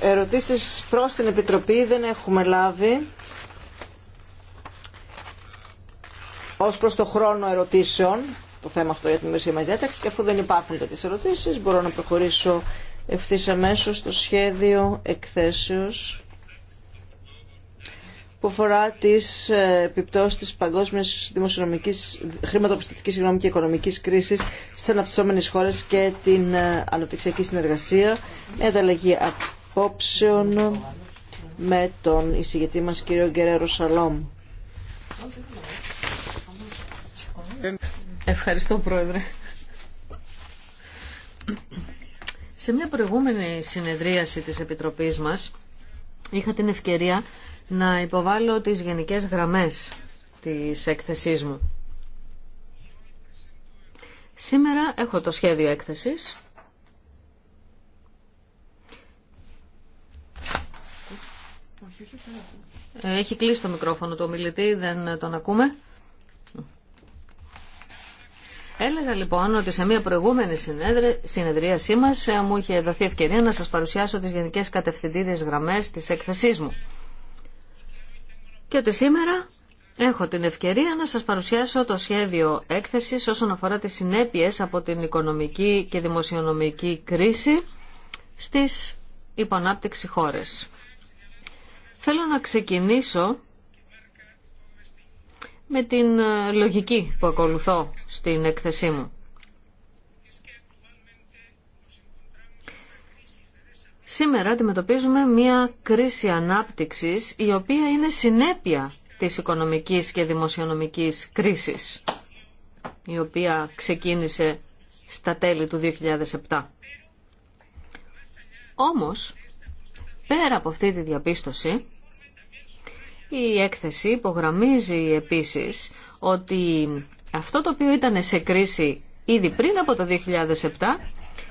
Ερωτήσεις προς την Επιτροπή δεν έχουμε λάβει. Ως προς το χρόνο ερωτήσεων, το θέμα αυτό για την ημερησία μας και αφού δεν υπάρχουν τέτοιες ερωτήσεις, μπορώ να προχωρήσω ευθύς αμέσως στο σχέδιο εκθέσεως που αφορά τις ε, επιπτώσεις της παγκόσμιας δημοσιονομικής, χρηματοπιστωτικής συγγνώμη, και οικονομικής κρίσης στις αναπτυσσόμενες χώρες και την ε, αναπτυξιακή συνεργασία, με ανταλλαγή απόψεων με τον εισηγητή μας κύριο Γκερέρο Σαλόμ. Ευχαριστώ Πρόεδρε. Σε μια προηγούμενη συνεδρίαση της Επιτροπής μας είχα την ευκαιρία να υποβάλω τις γενικές γραμμές της έκθεσής μου. Σήμερα έχω το σχέδιο έκθεσης Έχει κλείσει το μικρόφωνο του ομιλητή, δεν τον ακούμε. Έλεγα λοιπόν ότι σε μια προηγούμενη συνεδρίασή μα ε, μου είχε δοθεί ευκαιρία να σα παρουσιάσω τι γενικέ κατευθυντήριε γραμμέ τη έκθεσή μου. Και ότι σήμερα έχω την ευκαιρία να σας παρουσιάσω το σχέδιο έκθεσης όσον αφορά τις συνέπειες από την οικονομική και δημοσιονομική κρίση στις υπονάπτυξη χώρες. Θέλω να ξεκινήσω με την ε, λογική που ακολουθώ στην έκθεσή μου. Σήμερα αντιμετωπίζουμε μια κρίση ανάπτυξης η οποία είναι συνέπεια της οικονομικής και δημοσιονομικής κρίσης η οποία ξεκίνησε στα τέλη του 2007. Όμως, Πέρα από αυτή τη διαπίστωση, η έκθεση υπογραμμίζει επίσης ότι αυτό το οποίο ήταν σε κρίση ήδη πριν από το 2007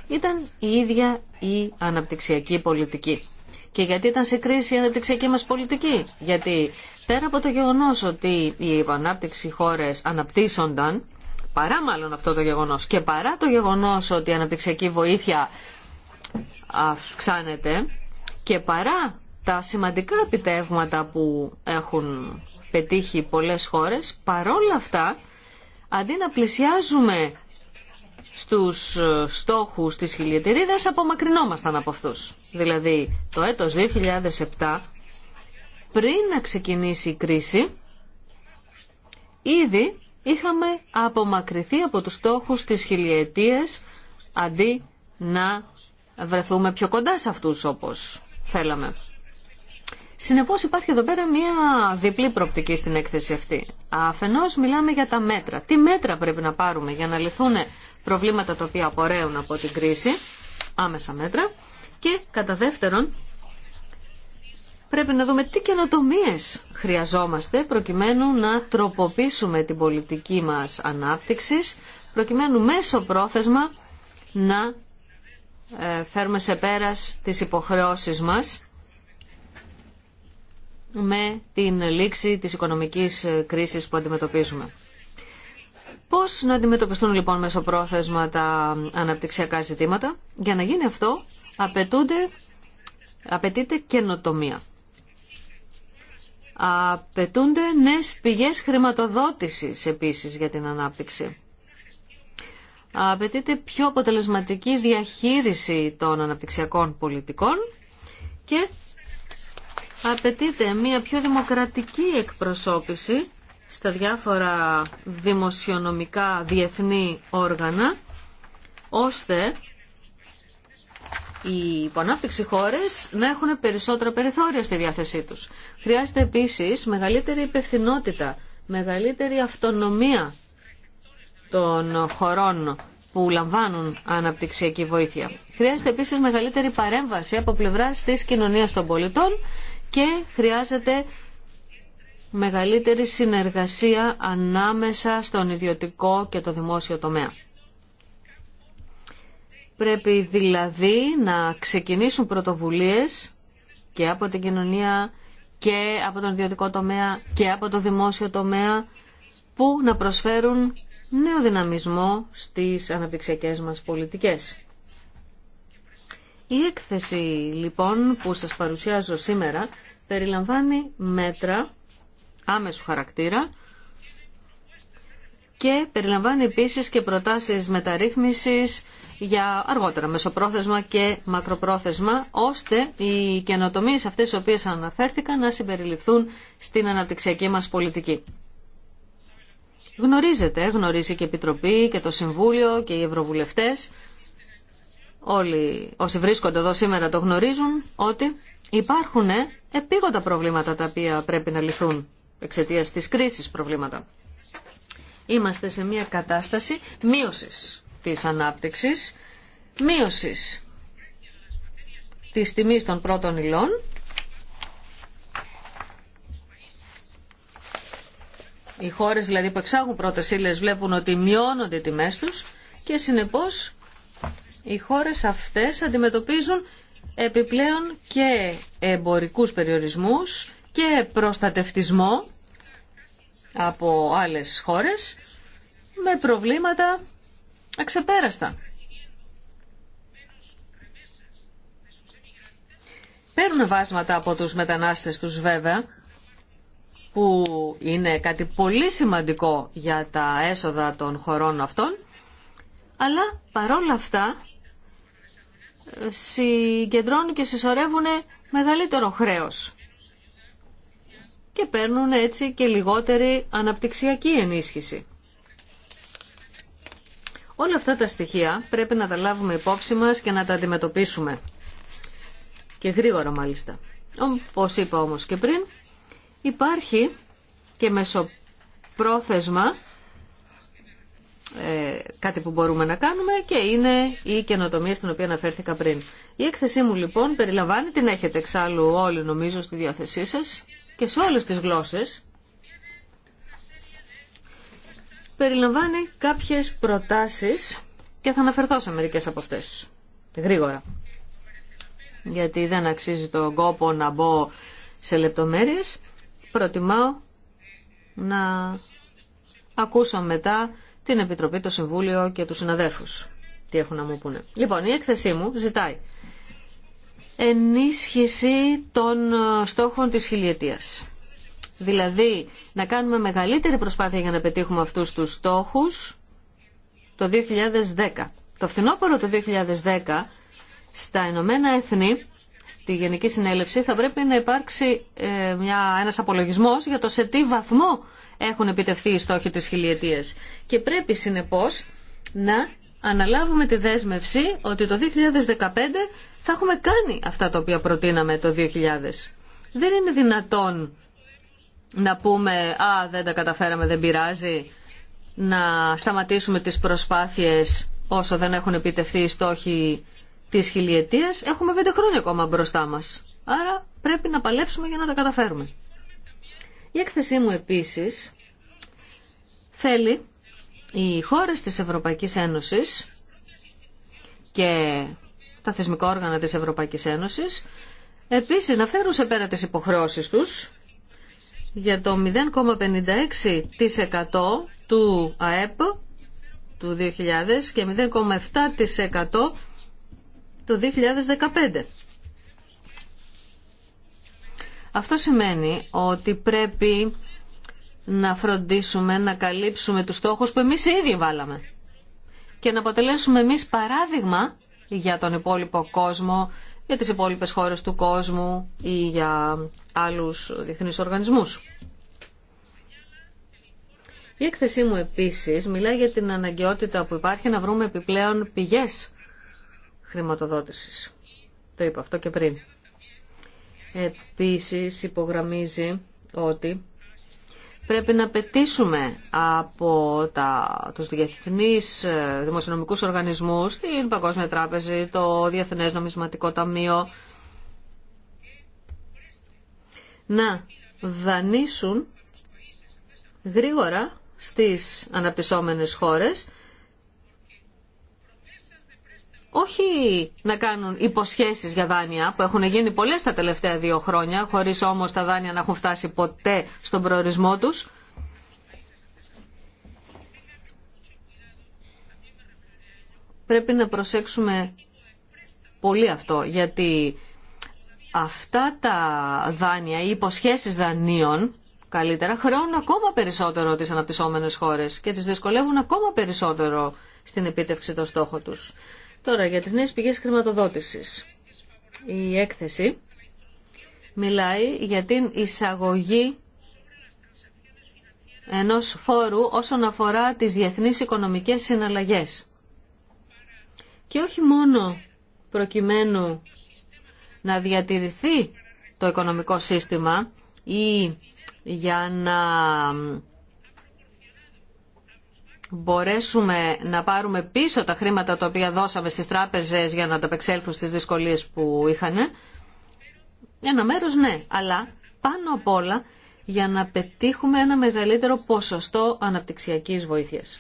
ήταν η ίδια η αναπτυξιακή πολιτική. Και γιατί ήταν σε κρίση η αναπτυξιακή μας πολιτική. Γιατί πέρα από το γεγονός ότι οι ανάπτυξη χώρες αναπτύσσονταν, παρά μάλλον αυτό το γεγονός και παρά το γεγονός ότι η αναπτυξιακή βοήθεια αυξάνεται, και παρά τα σημαντικά επιτεύγματα που έχουν πετύχει πολλές χώρες, παρόλα αυτά, αντί να πλησιάζουμε στους στόχους της χιλιετηρίδας, απομακρυνόμασταν από αυτούς. Δηλαδή, το έτος 2007, πριν να ξεκινήσει η κρίση, ήδη είχαμε απομακρυθεί από τους στόχους της χιλιετίας, αντί να βρεθούμε πιο κοντά σε αυτούς όπως θέλαμε. Συνεπώς υπάρχει εδώ πέρα μία διπλή προοπτική στην έκθεση αυτή. Αφενός μιλάμε για τα μέτρα. Τι μέτρα πρέπει να πάρουμε για να λυθούν προβλήματα τα οποία απορρέουν από την κρίση, άμεσα μέτρα. Και κατά δεύτερον, πρέπει να δούμε τι καινοτομίε χρειαζόμαστε προκειμένου να τροποποιήσουμε την πολιτική μας ανάπτυξης, προκειμένου μέσω πρόθεσμα να ε, φέρουμε σε πέρας τις υποχρεώσεις μας με την λήξη της οικονομικής ε, κρίσης που αντιμετωπίζουμε. Πώς να αντιμετωπιστούν λοιπόν μέσω πρόθεσμα τα αναπτυξιακά ζητήματα. Για να γίνει αυτό απαιτούνται, απαιτείται καινοτομία. Απαιτούνται νέες πηγές χρηματοδότησης επίσης για την ανάπτυξη απαιτείται πιο αποτελεσματική διαχείριση των αναπτυξιακών πολιτικών και απαιτείται μια πιο δημοκρατική εκπροσώπηση στα διάφορα δημοσιονομικά διεθνή όργανα, ώστε οι υπονάπτυξη χώρες να έχουν περισσότερα περιθώρια στη διάθεσή τους. Χρειάζεται επίσης μεγαλύτερη υπευθυνότητα, μεγαλύτερη αυτονομία των χωρών που λαμβάνουν αναπτυξιακή βοήθεια. Χρειάζεται επίσης μεγαλύτερη παρέμβαση από πλευράς της κοινωνίας των πολιτών και χρειάζεται μεγαλύτερη συνεργασία ανάμεσα στον ιδιωτικό και το δημόσιο τομέα. Πρέπει δηλαδή να ξεκινήσουν πρωτοβουλίες και από την κοινωνία και από τον ιδιωτικό τομέα και από το δημόσιο τομέα που να προσφέρουν νέο δυναμισμό στις αναπτυξιακές μας πολιτικές. Η έκθεση λοιπόν που σας παρουσιάζω σήμερα περιλαμβάνει μέτρα άμεσου χαρακτήρα και περιλαμβάνει επίσης και προτάσεις μεταρρύθμισης για αργότερα μεσοπρόθεσμα και μακροπρόθεσμα ώστε οι καινοτομίες αυτές οι οποίες αναφέρθηκαν να συμπεριληφθούν στην αναπτυξιακή μας πολιτική. Γνωρίζετε, γνωρίζει και η Επιτροπή και το Συμβούλιο και οι Ευρωβουλευτές. Όλοι όσοι βρίσκονται εδώ σήμερα το γνωρίζουν ότι υπάρχουν επίγοντα προβλήματα τα οποία πρέπει να λυθούν εξαιτία της κρίσης προβλήματα. Είμαστε σε μια κατάσταση μείωση της ανάπτυξη, μείωση της τιμή των πρώτων υλών Οι χώρες δηλαδή που εξάγουν πρώτες ύλες βλέπουν ότι μειώνονται οι τιμές τους και συνεπώς οι χώρες αυτές αντιμετωπίζουν επιπλέον και εμπορικούς περιορισμούς και προστατευτισμό από άλλες χώρες με προβλήματα αξεπέραστα. Παίρνουν βάσματα από τους μετανάστες τους βέβαια, που είναι κάτι πολύ σημαντικό για τα έσοδα των χωρών αυτών, αλλά παρόλα αυτά ε, συγκεντρώνουν και συσσωρεύουν μεγαλύτερο χρέος και παίρνουν έτσι και λιγότερη αναπτυξιακή ενίσχυση. Όλα αυτά τα στοιχεία πρέπει να τα λάβουμε υπόψη μας και να τα αντιμετωπίσουμε. Και γρήγορα μάλιστα. Όπως είπα όμως και πριν, Υπάρχει και μεσοπρόθεσμα ε, κάτι που μπορούμε να κάνουμε και είναι η καινοτομία στην οποία αναφέρθηκα πριν. Η έκθεσή μου λοιπόν περιλαμβάνει, την έχετε εξάλλου όλοι νομίζω στη διάθεσή σας και σε όλες τις γλώσσες. Περιλαμβάνει κάποιες προτάσεις και θα αναφερθώ σε μερικές από αυτές γρήγορα. Γιατί δεν αξίζει τον κόπο να μπω σε λεπτομέρειες προτιμάω να ακούσω μετά την Επιτροπή, το Συμβούλιο και τους συναδέλφους τι έχουν να μου πούνε. Λοιπόν, η έκθεσή μου ζητάει ενίσχυση των ε, στόχων της χιλιετίας. Δηλαδή, να κάνουμε μεγαλύτερη προσπάθεια για να πετύχουμε αυτούς τους στόχους το 2010. Το φθινόπωρο του 2010 στα Ηνωμένα Έθνη στη Γενική Συνέλευση θα πρέπει να υπάρξει ε, μια, ένας απολογισμός για το σε τι βαθμό έχουν επιτευχθεί οι στόχοι της χιλιετίας. Και πρέπει συνεπώς να αναλάβουμε τη δέσμευση ότι το 2015 θα έχουμε κάνει αυτά τα οποία προτείναμε το 2000. Δεν είναι δυνατόν να πούμε «Α, δεν τα καταφέραμε, δεν πειράζει» να σταματήσουμε τις προσπάθειες όσο δεν έχουν επιτευχθεί οι στόχοι Τη χιλιετία έχουμε πέντε χρόνια ακόμα μπροστά μας. Άρα πρέπει να παλέψουμε για να τα καταφέρουμε. Η έκθεσή μου επίσης θέλει οι χώρε της Ευρωπαϊκής Ένωσης και τα θεσμικά όργανα της Ευρωπαϊκής Ένωσης επίσης να φέρουν σε πέρα τι υποχρεώσει τους για το 0,56% του ΑΕΠ του 2000 και 0,7% το 2015. Αυτό σημαίνει ότι πρέπει να φροντίσουμε να καλύψουμε τους στόχους που εμείς ήδη βάλαμε και να αποτελέσουμε εμείς παράδειγμα για τον υπόλοιπο κόσμο, για τις υπόλοιπες χώρες του κόσμου ή για άλλους διεθνείς οργανισμούς. Η έκθεσή μου επίσης μιλάει για την αναγκαιότητα που υπάρχει να βρούμε επιπλέον πηγές χρηματοδότησης. Το είπα αυτό και πριν. Επίσης υπογραμμίζει ότι πρέπει να πετύσουμε από τα, τους διεθνείς ε, δημοσιονομικούς οργανισμούς, την Παγκόσμια Τράπεζη, το Διεθνές Νομισματικό Ταμείο, να δανείσουν γρήγορα στις αναπτυσσόμενες χώρες όχι να κάνουν υποσχέσεις για δάνεια που έχουν γίνει πολλές τα τελευταία δύο χρόνια χωρίς όμως τα δάνεια να έχουν φτάσει ποτέ στον προορισμό τους. Πρέπει να προσέξουμε πολύ αυτό γιατί αυτά τα δάνεια ή υποσχέσεις δανείων καλύτερα χρεώνουν ακόμα περισσότερο τις αναπτυσσόμενες χώρες και τις δυσκολεύουν ακόμα περισσότερο στην επίτευξη των στόχων τους. Τώρα για τις νέες πηγές χρηματοδότησης. Η έκθεση μιλάει για την εισαγωγή ενός φόρου όσον αφορά τις διεθνείς οικονομικές συναλλαγές. Και όχι μόνο προκειμένου να διατηρηθεί το οικονομικό σύστημα ή για να μπορέσουμε να πάρουμε πίσω τα χρήματα τα οποία δώσαμε στις τράπεζες για να ανταπεξέλθουν στις δυσκολίες που είχαν. Ένα μέρος ναι, αλλά πάνω απ' όλα για να πετύχουμε ένα μεγαλύτερο ποσοστό αναπτυξιακής βοήθειας.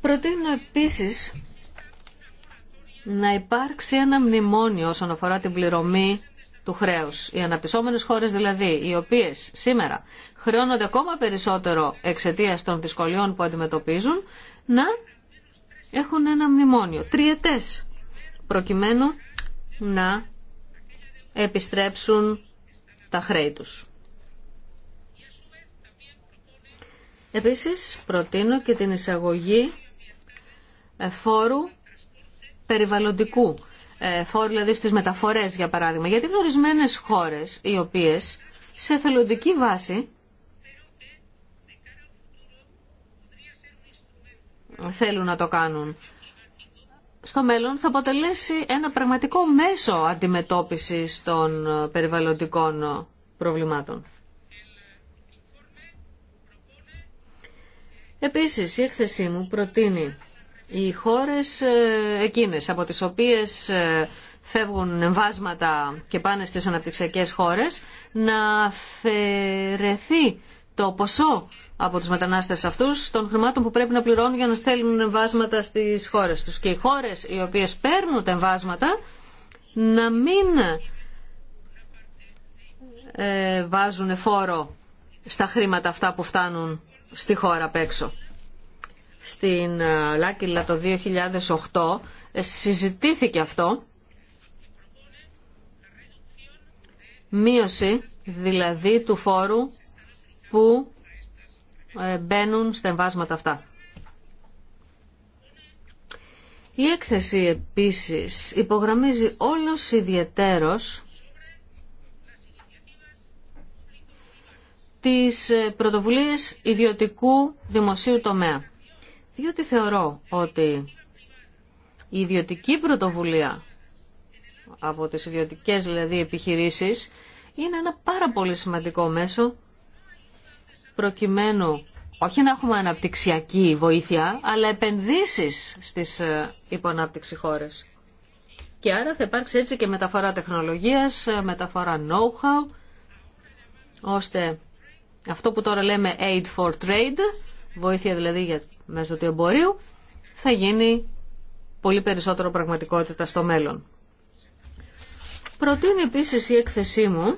Προτείνω επίσης να υπάρξει ένα μνημόνιο όσον αφορά την πληρωμή του χρέου. Οι αναπτυσσόμενες χώρε, δηλαδή, οι οποίες σήμερα χρεώνονται ακόμα περισσότερο εξαιτία των δυσκολιών που αντιμετωπίζουν, να έχουν ένα μνημόνιο, τριετές, προκειμένου να επιστρέψουν τα χρέη τους. Επίσης, προτείνω και την εισαγωγή ε, φόρου περιβαλλοντικού ε, φόροι δηλαδή στις μεταφορές για παράδειγμα, γιατί είναι ορισμένες χώρες οι οποίες σε θελοντική βάση θέλουν να το κάνουν. Στο μέλλον θα αποτελέσει ένα πραγματικό μέσο αντιμετώπισης των ε, περιβαλλοντικών ε, προβλημάτων. Επίσης, η έκθεσή μου προτείνει οι χώρες ε, εκείνες από τις οποίες ε, φεύγουν εμβάσματα και πάνε στις αναπτυξιακές χώρες να αφαιρεθεί το ποσό από τους μετανάστες αυτούς των χρημάτων που πρέπει να πληρώνουν για να στέλνουν εμβάσματα στις χώρες τους. Και οι χώρες οι οποίες παίρνουν τα εμβάσματα να μην ε, βάζουν φόρο στα χρήματα αυτά που φτάνουν στη χώρα απ' έξω στην ε, Λάκυλα το 2008 ε, συζητήθηκε αυτό μείωση δηλαδή του φόρου που ε, μπαίνουν στα εμβάσματα αυτά. Η έκθεση επίσης υπογραμμίζει όλος ιδιαιτέρως τις πρωτοβουλίες ιδιωτικού δημοσίου τομέα διότι θεωρώ ότι η ιδιωτική πρωτοβουλία από τις ιδιωτικές δηλαδή επιχειρήσεις είναι ένα πάρα πολύ σημαντικό μέσο προκειμένου όχι να έχουμε αναπτυξιακή βοήθεια, αλλά επενδύσεις στις ε, υποανάπτυξη χώρες. Και άρα θα υπάρξει έτσι και μεταφορά τεχνολογίας, ε, μεταφορά know-how, ώστε αυτό που τώρα λέμε aid for trade, βοήθεια δηλαδή για μέσω του εμπορίου θα γίνει πολύ περισσότερο πραγματικότητα στο μέλλον. Προτείνει επίσης η έκθεσή μου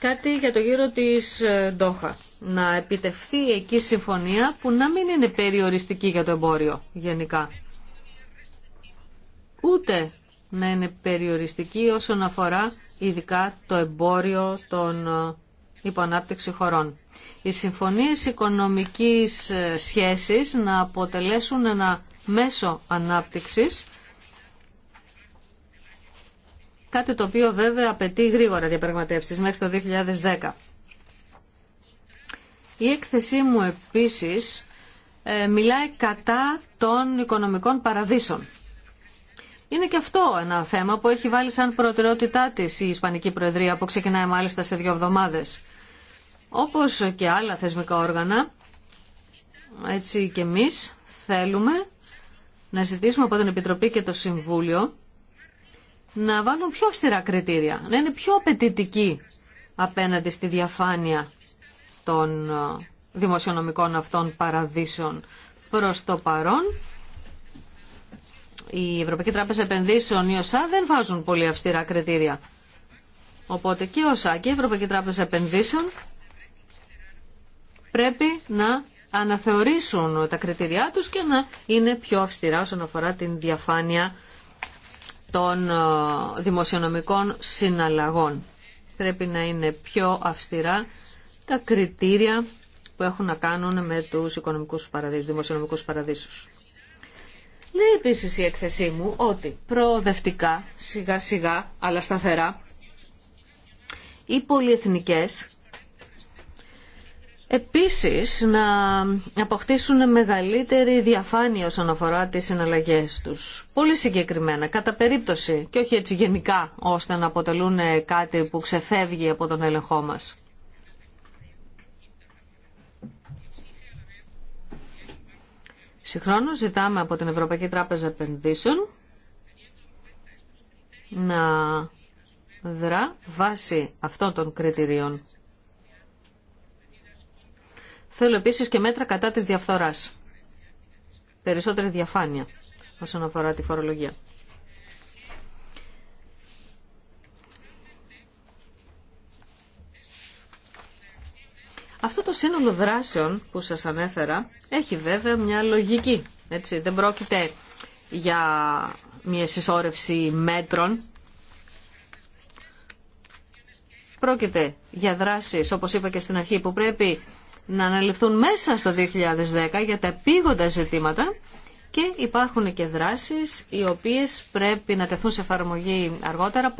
κάτι για το γύρο της ε, Ντόχα. Να επιτευχθεί εκεί συμφωνία που να μην είναι περιοριστική για το εμπόριο γενικά. Ούτε να είναι περιοριστική όσον αφορά ειδικά το εμπόριο των ε, υποανάπτυξη χωρών οι συμφωνίες οικονομικής ε, σχέσης να αποτελέσουν ένα μέσο ανάπτυξης, κάτι το οποίο βέβαια απαιτεί γρήγορα διαπραγματεύσεις μέχρι το 2010. Η έκθεσή μου επίσης ε, μιλάει κατά των οικονομικών παραδείσων. Είναι και αυτό ένα θέμα που έχει βάλει σαν προτεραιότητά της η Ισπανική Προεδρία που ξεκινάει μάλιστα σε δύο εβδομάδες. Όπως και άλλα θεσμικά όργανα, έτσι και εμείς θέλουμε να ζητήσουμε από την Επιτροπή και το Συμβούλιο να βάλουν πιο αυστηρά κριτήρια, να είναι πιο απαιτητικοί απέναντι στη διαφάνεια των ε, δημοσιονομικών αυτών παραδείσεων Προς το παρόν, η Ευρωπαϊκή Τράπεζα Επενδύσεων, η ΟΣΑ, δεν βάζουν πολύ αυστηρά κριτήρια. Οπότε και ο ΟΣΑ και η Ευρωπαϊκή Τράπεζα Επενδύσεων πρέπει να αναθεωρήσουν τα κριτηριά τους και να είναι πιο αυστηρά όσον αφορά την διαφάνεια των ε, δημοσιονομικών συναλλαγών. Πρέπει να είναι πιο αυστηρά τα κριτήρια που έχουν να κάνουν με τους οικονομικούς παραδείσους, δημοσιονομικούς παραδείσους. Λέει επίσης η έκθεσή μου ότι προοδευτικά, σιγά σιγά, αλλά σταθερά, οι πολυεθνικές Επίσης, να αποκτήσουν μεγαλύτερη διαφάνεια όσον αφορά τις συναλλαγές τους. Πολύ συγκεκριμένα, κατά περίπτωση και όχι έτσι γενικά, ώστε να αποτελούν κάτι που ξεφεύγει από τον έλεγχό μας. Συγχρόνως ζητάμε από την Ευρωπαϊκή Τράπεζα Επενδύσεων να δρά βάσει αυτών των κριτηρίων. Θέλω επίση και μέτρα κατά της διαφθορά. Περισσότερη διαφάνεια όσον αφορά τη φορολογία. Αυτό το σύνολο δράσεων που σας ανέφερα έχει βέβαια μια λογική. Έτσι. Δεν πρόκειται για μια συσσόρευση μέτρων. Πρόκειται για δράσεις, όπως είπα και στην αρχή, που πρέπει να αναλυφθούν μέσα στο 2010 για τα επίγοντα ζητήματα και υπάρχουν και δράσεις οι οποίες πρέπει να τεθούν σε εφαρμογή αργότερα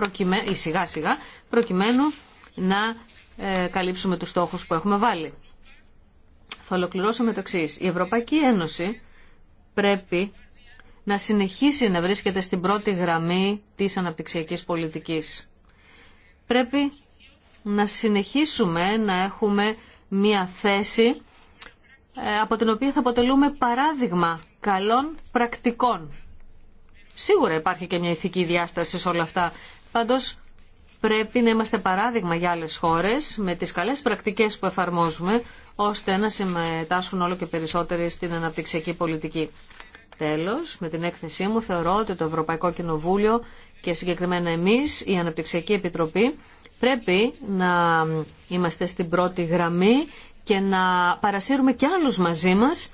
ή σιγά σιγά προκειμένου να ε, καλύψουμε τους στόχους που έχουμε βάλει. Θα ολοκληρώσω με το εξή. Η Ευρωπαϊκή Ένωση πρέπει να συνεχίσει να βρίσκεται στην πρώτη γραμμή της αναπτυξιακής πολιτικής. Πρέπει να συνεχίσουμε να έχουμε μία θέση ε, από την οποία θα αποτελούμε παράδειγμα καλών πρακτικών. Σίγουρα υπάρχει και μια ηθική διάσταση σε όλα αυτά. Πάντως πρέπει να είμαστε παράδειγμα για άλλες χώρες με τις καλές πρακτικές που εφαρμόζουμε ώστε να συμμετάσχουν όλο και περισσότεροι στην αναπτυξιακή πολιτική. Τέλος, με την έκθεσή μου θεωρώ ότι το Ευρωπαϊκό Κοινοβούλιο και συγκεκριμένα εμείς, η Αναπτυξιακή Επιτροπή, πρέπει να είμαστε στην πρώτη γραμμή και να παρασύρουμε και άλλους μαζί μας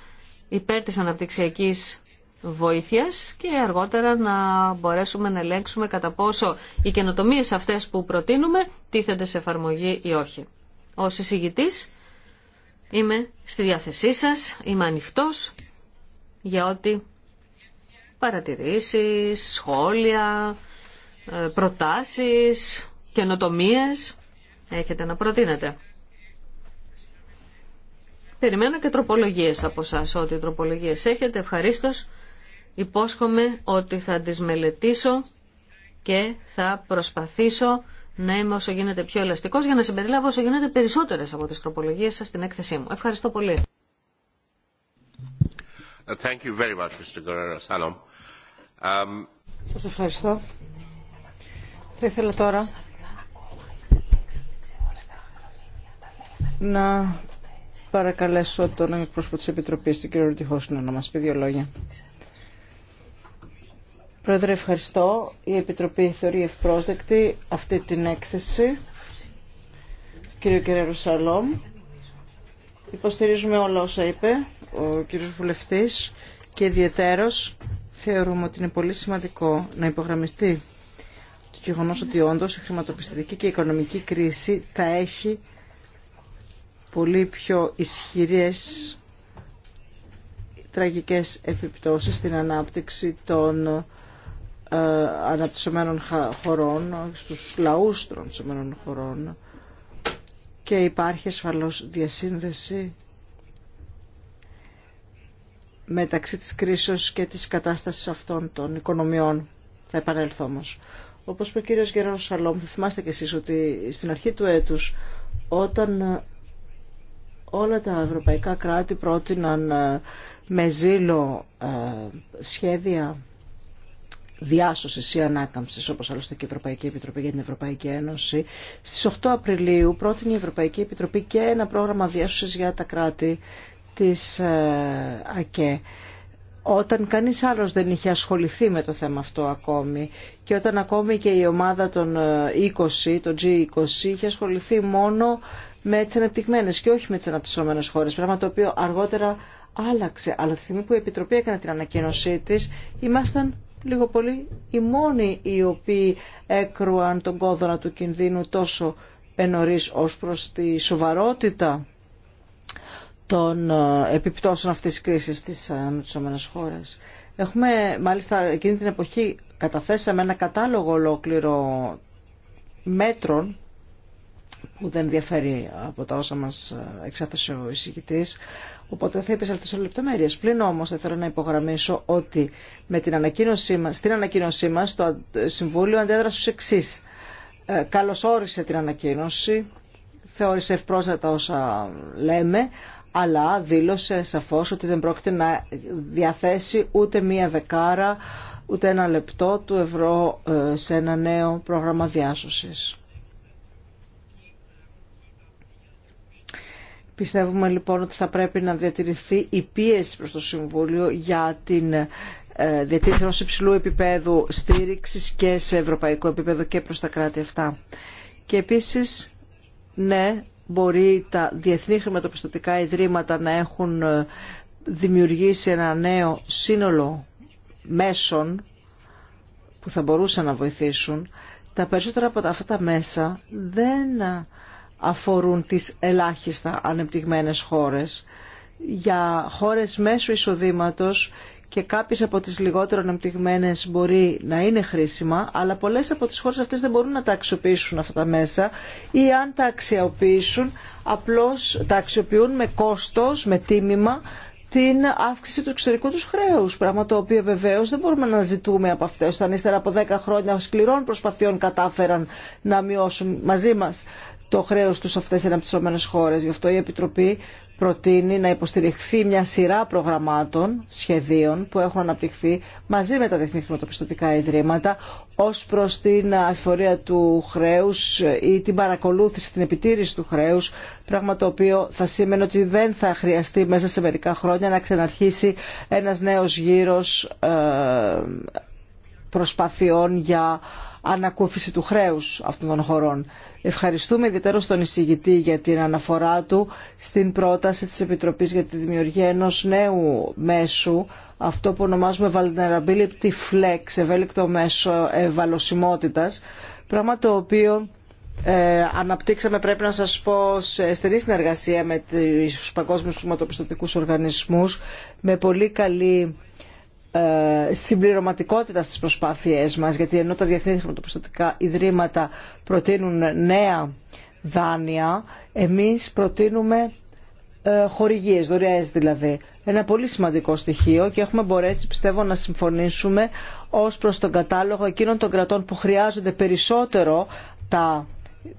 υπέρ της αναπτυξιακής βοήθειας και αργότερα να μπορέσουμε να ελέγξουμε κατά πόσο οι καινοτομίε αυτές που προτείνουμε τίθενται σε εφαρμογή ή όχι. Ο εισηγητή είμαι στη διάθεσή σας, είμαι ανοιχτό για ό,τι παρατηρήσεις, σχόλια, ε, προτάσεις Καινοτομίε, έχετε να προτείνετε. Περιμένω και τροπολογίες από εσά. Ό,τι τροπολογίες έχετε, ευχαριστώ. Υπόσχομαι ότι θα τις μελετήσω και θα προσπαθήσω να είμαι όσο γίνεται πιο ελαστικός για να συμπεριλάβω όσο γίνεται περισσότερες από τις τροπολογίες σας στην έκθεσή μου. Ευχαριστώ πολύ. Thank you very much, Mr. Um... Σας ευχαριστώ. Θα ήθελα τώρα να παρακαλέσω τον εκπρόσωπο της Επιτροπής, τον κύριο Ρουτιχώσνο, να μας πει δύο λόγια. Πρόεδρε, ευχαριστώ. Η Επιτροπή θεωρεί ευπρόσδεκτη αυτή την έκθεση. Κύριο κύριε Σαλόμ, υποστηρίζουμε όλα όσα είπε ο κύριος Βουλευτής και ιδιαιτέρως θεωρούμε ότι είναι πολύ σημαντικό να υπογραμμιστεί το γεγονό ότι όντω η χρηματοπιστωτική και η οικονομική κρίση θα έχει πολύ πιο ισχυρές τραγικές επιπτώσεις στην ανάπτυξη των ε, αναπτυσσομένων χωρών, στους λαούς των αναπτυσσομένων χωρών και υπάρχει ασφαλώς διασύνδεση μεταξύ της κρίσης και της κατάστασης αυτών των οικονομιών. Θα επανέλθω όμω. Όπως είπε ο κύριος Γερόνος Σαλόμ, θα θυμάστε κι εσείς ότι στην αρχή του έτους όταν όλα τα ευρωπαϊκά κράτη πρότειναν ε, με ζήλο ε, σχέδια διάσωσης ή ανάκαμψης, όπως άλλωστε και η Ευρωπαϊκή Επιτροπή για την Ευρωπαϊκή Ένωση. Στις 8 Απριλίου πρότεινε η Ευρωπαϊκή Επιτροπή και ένα πρόγραμμα διάσωσης για τα κράτη της ε, ΑΚΕ όταν κανείς άλλος δεν είχε ασχοληθεί με το θέμα αυτό ακόμη και όταν ακόμη και η ομάδα των 20, το G20, είχε ασχοληθεί μόνο με τι ανεπτυγμένε και όχι με τι αναπτυσσόμενε χώρε. Πράγμα το οποίο αργότερα άλλαξε. Αλλά τη στιγμή που η Επιτροπή έκανε την ανακοίνωσή τη, ήμασταν λίγο πολύ οι μόνοι οι οποίοι έκρουαν τον κόδωνα του κινδύνου τόσο ενωρί ω προ τη σοβαρότητα των ε, επιπτώσεων αυτής της κρίσης στις αναπτυσσόμενες χώρες. Έχουμε μάλιστα εκείνη την εποχή καταθέσαμε ένα κατάλογο ολόκληρο μέτρων που δεν διαφέρει από τα όσα μας ε, εξέθεσε ο εισηγητής. Οπότε θα αυτές σε λεπτομέρειες. Πλην όμως θα ήθελα να υπογραμμίσω ότι με την ανακοίνωσή μας, στην ανακοίνωσή μας το Συμβούλιο αντέδρασε ως εξή. Ε, καλώς όρισε την ανακοίνωση, θεώρησε ευπρόσδετα όσα λέμε, αλλά δήλωσε σαφώς ότι δεν πρόκειται να διαθέσει ούτε μία δεκάρα, ούτε ένα λεπτό του ευρώ ε, σε ένα νέο πρόγραμμα διάσωσης. Πιστεύουμε λοιπόν ότι θα πρέπει να διατηρηθεί η πίεση προς το Συμβούλιο για την ε, διατήρηση ενός υψηλού επίπεδου στήριξης και σε ευρωπαϊκό επίπεδο και προς τα κράτη αυτά. Και επίσης, ναι, μπορεί τα διεθνή χρηματοπιστωτικά ιδρύματα να έχουν ε, δημιουργήσει ένα νέο σύνολο μέσων που θα μπορούσαν να βοηθήσουν. Τα περισσότερα από αυτά τα μέσα δεν ε, αφορούν τις ελάχιστα ανεπτυγμένες χώρες. Για χώρες μέσου εισοδήματος και κάποιες από τις λιγότερο ανεπτυγμένες μπορεί να είναι χρήσιμα, αλλά πολλές από τις χώρες αυτές δεν μπορούν να τα αξιοποιήσουν αυτά τα μέσα ή αν τα αξιοποιήσουν, απλώς τα αξιοποιούν με κόστος, με τίμημα, την αύξηση του εξωτερικού του χρέου, πράγμα το οποίο βεβαίω δεν μπορούμε να ζητούμε από αυτές, όταν ύστερα από 10 χρόνια σκληρών προσπαθειών κατάφεραν να μειώσουν μαζί μα το χρέος τους σε αυτές οι αναπτυσσόμενες χώρες. Γι' αυτό η Επιτροπή προτείνει να υποστηριχθεί μια σειρά προγραμμάτων, σχεδίων που έχουν αναπτυχθεί μαζί με τα διεθνή χρηματοπιστωτικά ιδρύματα ως προς την αφορία του χρέους ή την παρακολούθηση, την επιτήρηση του χρέους, πράγμα το οποίο θα σήμαινε ότι δεν θα χρειαστεί μέσα σε μερικά χρόνια να ξαναρχίσει ένας νέος γύρος ε, προσπαθειών για ανακούφιση του χρέους αυτών των χωρών. Ευχαριστούμε ιδιαίτερα τον εισηγητή για την αναφορά του στην πρόταση της Επιτροπής για τη δημιουργία ενός νέου μέσου, αυτό που ονομάζουμε Vulnerability Flex, ευέλικτο μέσο ευαλωσιμότητας, πράγμα το οποίο ε, αναπτύξαμε πρέπει να σας πω σε στενή συνεργασία με τους παγκόσμιους χρηματοπιστωτικούς οργανισμούς με πολύ καλή ε, συμπληρωματικότητα στις προσπάθειές μας γιατί ενώ τα διεθνή χρηματοπιστωτικά ιδρύματα προτείνουν νέα δάνεια εμείς προτείνουμε ε, χορηγίες, δωρεές δηλαδή. Ένα πολύ σημαντικό στοιχείο και έχουμε μπορέσει πιστεύω να συμφωνήσουμε ως προς τον κατάλογο εκείνων των κρατών που χρειάζονται περισσότερο τα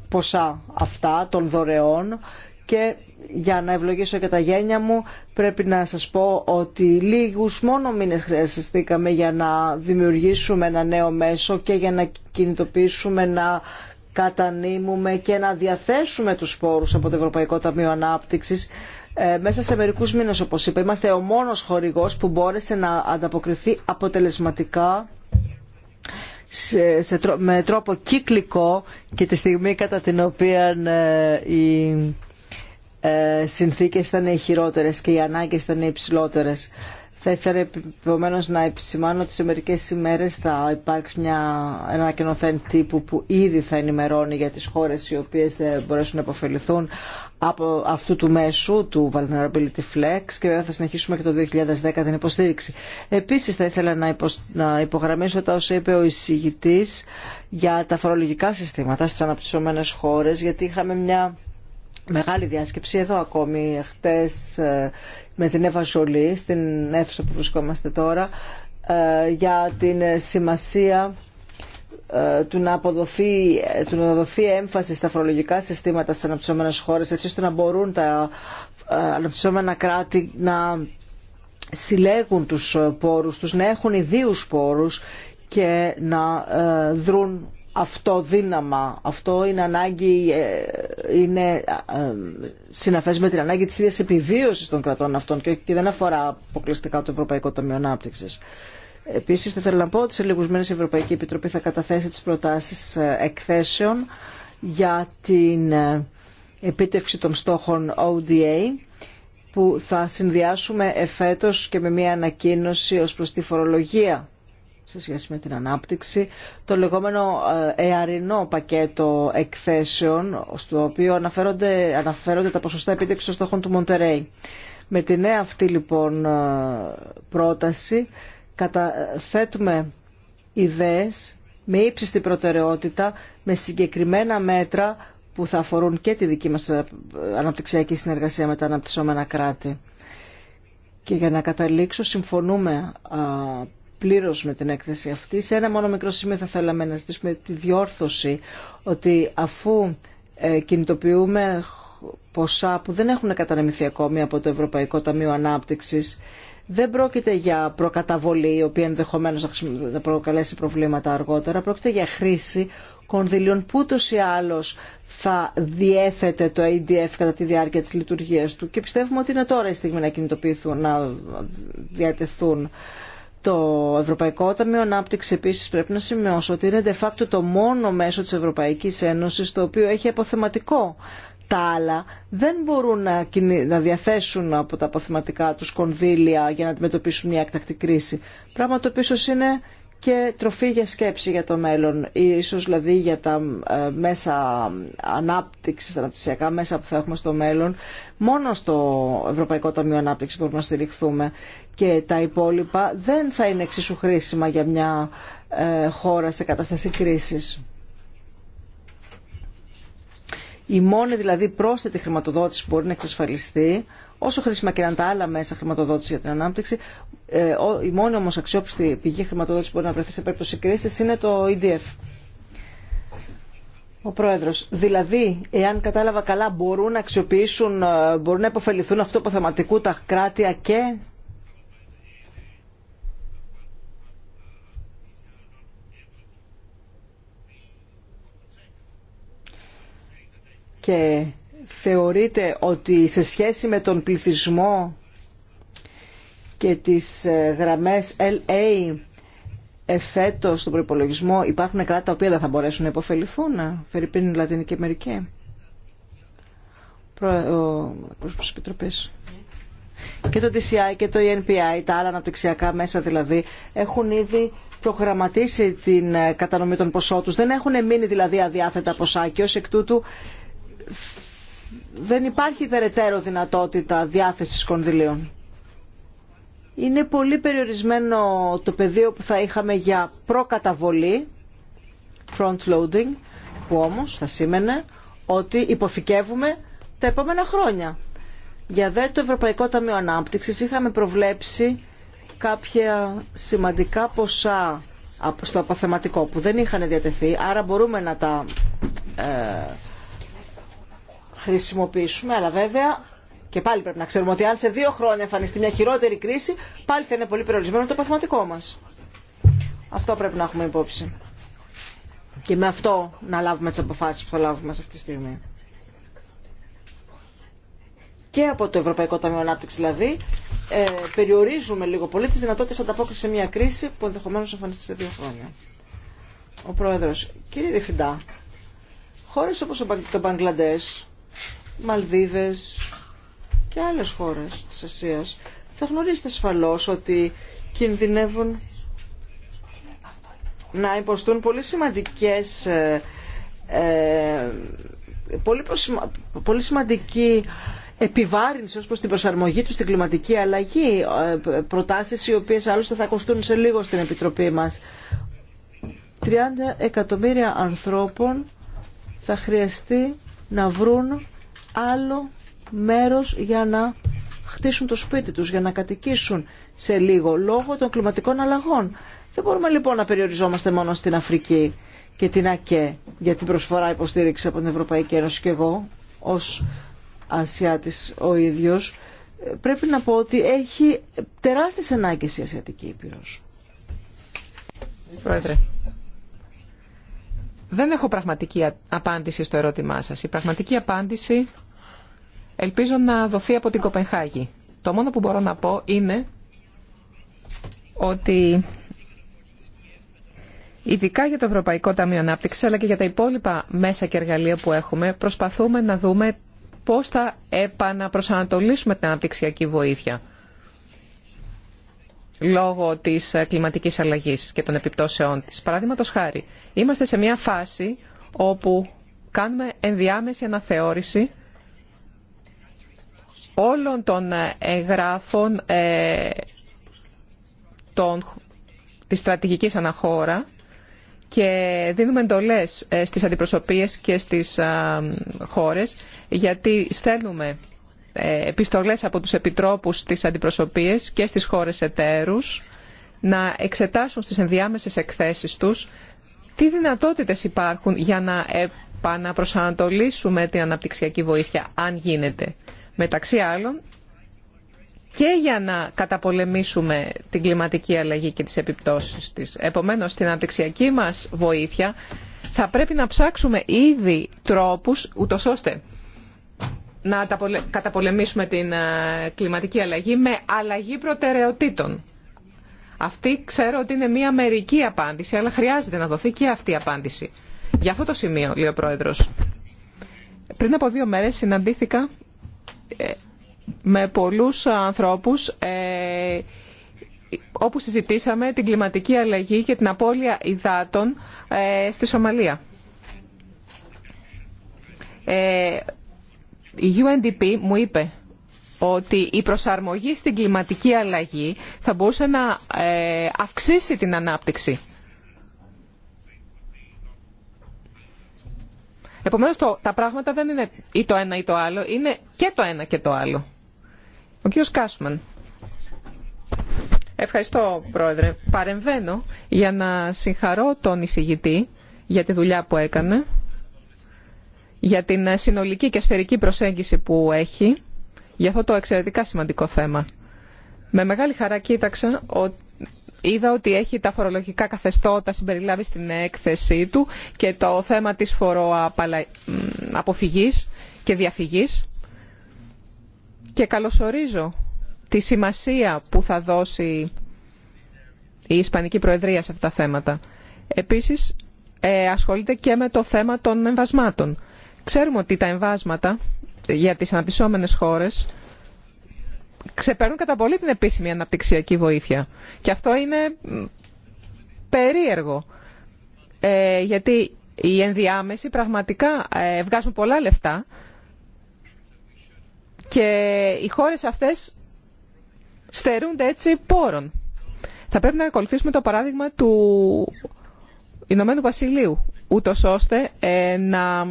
ποσά αυτά των δωρεών και για να ευλογήσω και τα γένια μου πρέπει να σας πω ότι λίγους μόνο μήνες χρειαστήκαμε για να δημιουργήσουμε ένα νέο μέσο και για να κινητοποιήσουμε να κατανείμουμε και να διαθέσουμε τους σπόρους από το Ευρωπαϊκό Ταμείο Ανάπτυξης ε, μέσα σε μερικούς μήνες όπως είπα. Είμαστε ο μόνος χορηγός που μπόρεσε να ανταποκριθεί αποτελεσματικά με τρόπο κύκλικό και τη στιγμή κατά την οποία ε, η ε, συνθήκες ήταν οι χειρότερες και οι ανάγκες ήταν οι υψηλότερες. Θα ήθελα επομένω να επισημάνω ότι σε μερικέ ημέρε θα υπάρξει μια, ένα ανακοινωθέν τύπου που ήδη θα ενημερώνει για τι χώρε οι οποίε θα μπορέσουν να υποφεληθούν από αυτού του μέσου, του Vulnerability Flex και βέβαια θα συνεχίσουμε και το 2010 την υποστήριξη. Επίση θα ήθελα να, να υπογραμμίσω τα όσα είπε ο εισηγητή για τα φορολογικά συστήματα στι αναπτυσσόμενε χώρε, γιατί είχαμε μια μεγάλη διάσκεψη εδώ ακόμη χτες ε, με την Εύα Ζολή στην αίθουσα που βρισκόμαστε τώρα ε, για την σημασία ε, του να, αποδοθεί, του να δοθεί έμφαση στα φορολογικά συστήματα στις αναπτυσσόμενες χώρες έτσι ώστε να μπορούν τα αναπτυσσόμενα κράτη να συλλέγουν τους πόρους τους, να έχουν ιδίους πόρους και να δρουν αυτό δύναμα. Αυτό είναι ανάγκη, ε, είναι ε, συναφές με την ανάγκη της ίδιας επιβίωσης των κρατών αυτών και δεν αφορά αποκλειστικά το Ευρωπαϊκό Ταμείο Ανάπτυξη. Επίσης, θα ήθελα να πω ότι σε λίγου μήνε η Ευρωπαϊκή Επιτροπή θα καταθέσει τις προτάσεις ε, εκθέσεων για την επίτευξη των στόχων ODA που θα συνδυάσουμε εφέτος και με μια ανακοίνωση ως προς τη φορολογία σε σχέση με την ανάπτυξη, το λεγόμενο ε, εαρινό πακέτο εκθέσεων, στο οποίο αναφέρονται, αναφέρονται τα ποσοστά επίτευξης των στόχων του Μοντερέι. Με τη νέα αυτή λοιπόν ε, πρόταση καταθέτουμε ε, ιδέες με ύψιστη προτεραιότητα, με συγκεκριμένα μέτρα που θα αφορούν και τη δική μας αναπτυξιακή συνεργασία με τα αναπτυσσόμενα κράτη. Και για να καταλήξω, συμφωνούμε πλήρως με την έκθεση αυτή. Σε ένα μόνο μικρό σημείο θα θέλαμε να ζητήσουμε τη διόρθωση ότι αφού ε, κινητοποιούμε ποσά που δεν έχουν κατανεμηθεί ακόμη από το Ευρωπαϊκό Ταμείο Ανάπτυξης, δεν πρόκειται για προκαταβολή, η οποία ενδεχομένω θα προκαλέσει προβλήματα αργότερα. Πρόκειται για χρήση κονδυλίων που ούτω ή άλλω θα διέθετε το ADF κατά τη διάρκεια τη λειτουργία του. Και πιστεύουμε ότι είναι τώρα η στιγμή να κινητοποιηθούν, να διατεθούν το Ευρωπαϊκό Ταμείο Ανάπτυξη επίσης πρέπει να σημειώσω ότι είναι de facto το μόνο μέσο της Ευρωπαϊκής Ένωσης το οποίο έχει αποθεματικό. Τα άλλα δεν μπορούν να διαθέσουν από τα αποθεματικά τους κονδύλια για να αντιμετωπίσουν μια έκτακτη κρίση. Πράγμα το οποίο είναι και τροφή για σκέψη για το μέλλον, ίσως δηλαδή για τα ε, μέσα ανάπτυξης, τα αναπτυξιακά μέσα που θα έχουμε στο μέλλον. Μόνο στο Ευρωπαϊκό Ταμείο Ανάπτυξη μπορούμε να στηριχθούμε και τα υπόλοιπα δεν θα είναι εξίσου χρήσιμα για μια ε, χώρα σε κατάσταση κρίσης. Η μόνη δηλαδή πρόσθετη χρηματοδότηση που μπορεί να εξασφαλιστεί, όσο χρήσιμα και τα άλλα μέσα χρηματοδότηση για την ανάπτυξη, ε, η μόνη όμως αξιόπιστη πηγή χρηματοδότηση που μπορεί να βρεθεί σε περίπτωση κρίση είναι το EDF. Ο Πρόεδρος, δηλαδή, εάν κατάλαβα καλά, μπορούν να αξιοποιήσουν, ε, μπορούν να υποφεληθούν αυτό που αποθεματικού τα κράτη και... Και θεωρείτε ότι σε σχέση με τον πληθυσμό και τις ε, γραμμές LA εφέτος στον προπολογισμό υπάρχουν κράτη τα οποία δεν θα μπορέσουν να υποφεληθούν, Λατινική Αμερική. Και το DCI και το ENPI, τα άλλα αναπτυξιακά μέσα δηλαδή, έχουν ήδη προγραμματίσει την ε, κατανομή των ποσό Δεν έχουν μείνει δηλαδή αδιάθετα ποσά και ως εκ τούτου δεν υπάρχει περαιτέρω δυνατότητα διάθεσης κονδυλίων. Είναι πολύ περιορισμένο το πεδίο που θα είχαμε για προκαταβολή, front loading, που όμως θα σήμαινε ότι υποθηκεύουμε τα επόμενα χρόνια. Για δε το Ευρωπαϊκό Ταμείο Ανάπτυξης είχαμε προβλέψει κάποια σημαντικά ποσά στο αποθεματικό που δεν είχαν διατεθεί, άρα μπορούμε να τα ε, χρησιμοποιήσουμε, αλλά βέβαια και πάλι πρέπει να ξέρουμε ότι αν σε δύο χρόνια εμφανιστεί μια χειρότερη κρίση, πάλι θα είναι πολύ περιορισμένο το παθηματικό μα. Αυτό πρέπει να έχουμε υπόψη. Και με αυτό να λάβουμε τι αποφάσει που θα λάβουμε σε αυτή τη στιγμή. Και από το Ευρωπαϊκό Ταμείο Ανάπτυξη δηλαδή, ε, περιορίζουμε λίγο πολύ τι δυνατότητε ανταπόκριση σε μια κρίση που ενδεχομένω εμφανιστεί σε δύο χρόνια. Ο Πρόεδρο, κύριε Διευθυντά, χώρε όπω το Μπαγκλαντέ, Μαλδίβε, και άλλες χώρες της Ασίας. Θα γνωρίζετε ασφαλώς ότι κινδυνεύουν να υποστούν πολύ σημαντικές ε, ε, πολύ, προσημα... πολύ σημαντική επιβάρυνση ως προς την προσαρμογή του στην κλιματική αλλαγή ε, προτάσεις οι οποίες άλλωστε θα κοστούν σε λίγο στην Επιτροπή μας 30 εκατομμύρια ανθρώπων θα χρειαστεί να βρουν άλλο μέρος για να χτίσουν το σπίτι τους, για να κατοικήσουν σε λίγο λόγω των κλιματικών αλλαγών. Δεν μπορούμε λοιπόν να περιοριζόμαστε μόνο στην Αφρική και την ΑΚΕ για την προσφορά υποστήριξη από την Ευρωπαϊκή Ένωση και εγώ ως Ασιάτης ο ίδιος. Πρέπει να πω ότι έχει τεράστιες ανάγκες η Ασιατική Ήπειρος. Πρόεδρε, δεν έχω πραγματική απάντηση στο ερώτημά σας. Η πραγματική απάντηση Ελπίζω να δοθεί από την Κοπενχάγη. Το μόνο που μπορώ να πω είναι ότι ειδικά για το Ευρωπαϊκό Ταμείο Ανάπτυξης αλλά και για τα υπόλοιπα μέσα και εργαλεία που έχουμε προσπαθούμε να δούμε πώς θα επαναπροσανατολίσουμε την αναπτυξιακή βοήθεια λόγω της κλιματικής αλλαγής και των επιπτώσεών της. Παραδείγματος χάρη, είμαστε σε μια φάση όπου κάνουμε ενδιάμεση αναθεώρηση όλων των ε, εγγράφων ε, των, της στρατηγικής αναχώρα και δίνουμε εντολές ε, στις αντιπροσωπείες και στις ε, χώρες γιατί στέλνουμε επιστολές από τους επιτρόπους στις αντιπροσωπείες και στις χώρες εταίρους να εξετάσουν στις ενδιάμεσες εκθέσεις τους τι δυνατότητες υπάρχουν για να επαναπροσανατολίσουμε την αναπτυξιακή βοήθεια, αν γίνεται μεταξύ άλλων και για να καταπολεμήσουμε την κλιματική αλλαγή και τις επιπτώσεις της. Επομένως, στην αναπτυξιακή μας βοήθεια θα πρέπει να ψάξουμε ήδη τρόπους ούτως ώστε να καταπολεμήσουμε την ε, κλιματική αλλαγή με αλλαγή προτεραιοτήτων. Αυτή ξέρω ότι είναι μία μερική απάντηση, αλλά χρειάζεται να δοθεί και αυτή η απάντηση. Για αυτό το σημείο, λέει ο Πρόεδρος. Πριν από δύο μέρες συναντήθηκα ε, με πολλούς ανθρώπους ε, όπου συζητήσαμε την κλιματική αλλαγή και την απώλεια υδάτων ε, στη Σομαλία. Η UNDP μου είπε ότι η προσαρμογή στην κλιματική αλλαγή θα μπορούσε να αυξήσει την ανάπτυξη. Επομένως τα πράγματα δεν είναι ή το ένα ή το άλλο, είναι και το ένα και το άλλο. Ο κύριος Κάσμαν. Ευχαριστώ πρόεδρε. Παρεμβαίνω για να συγχαρώ τον εισηγητή για τη δουλειά που έκανε, για την συνολική και σφαιρική προσέγγιση που έχει για αυτό το εξαιρετικά σημαντικό θέμα. Με μεγάλη χαρά κοίταξα ότι είδα ότι έχει τα φορολογικά καθεστώτα συμπεριλάβει στην έκθεσή του και το θέμα της φοροαποφυγής και διαφυγής και καλωσορίζω τη σημασία που θα δώσει η Ισπανική Προεδρία σε αυτά τα θέματα. Επίσης, ε, ασχολείται και με το θέμα των εμβασμάτων. Ξέρουμε ότι τα εμβάσματα για τις αναπτυσσόμενες χώρες ξεπερνούν κατά πολύ την επίσημη αναπτυξιακή βοήθεια. Και αυτό είναι περίεργο. Ε, γιατί οι ενδιάμεσοι πραγματικά ε, βγάζουν πολλά λεφτά και οι χώρες αυτές στερούνται έτσι πόρων. Θα πρέπει να ακολουθήσουμε το παράδειγμα του Ηνωμένου Βασιλείου, ούτω ώστε ε, να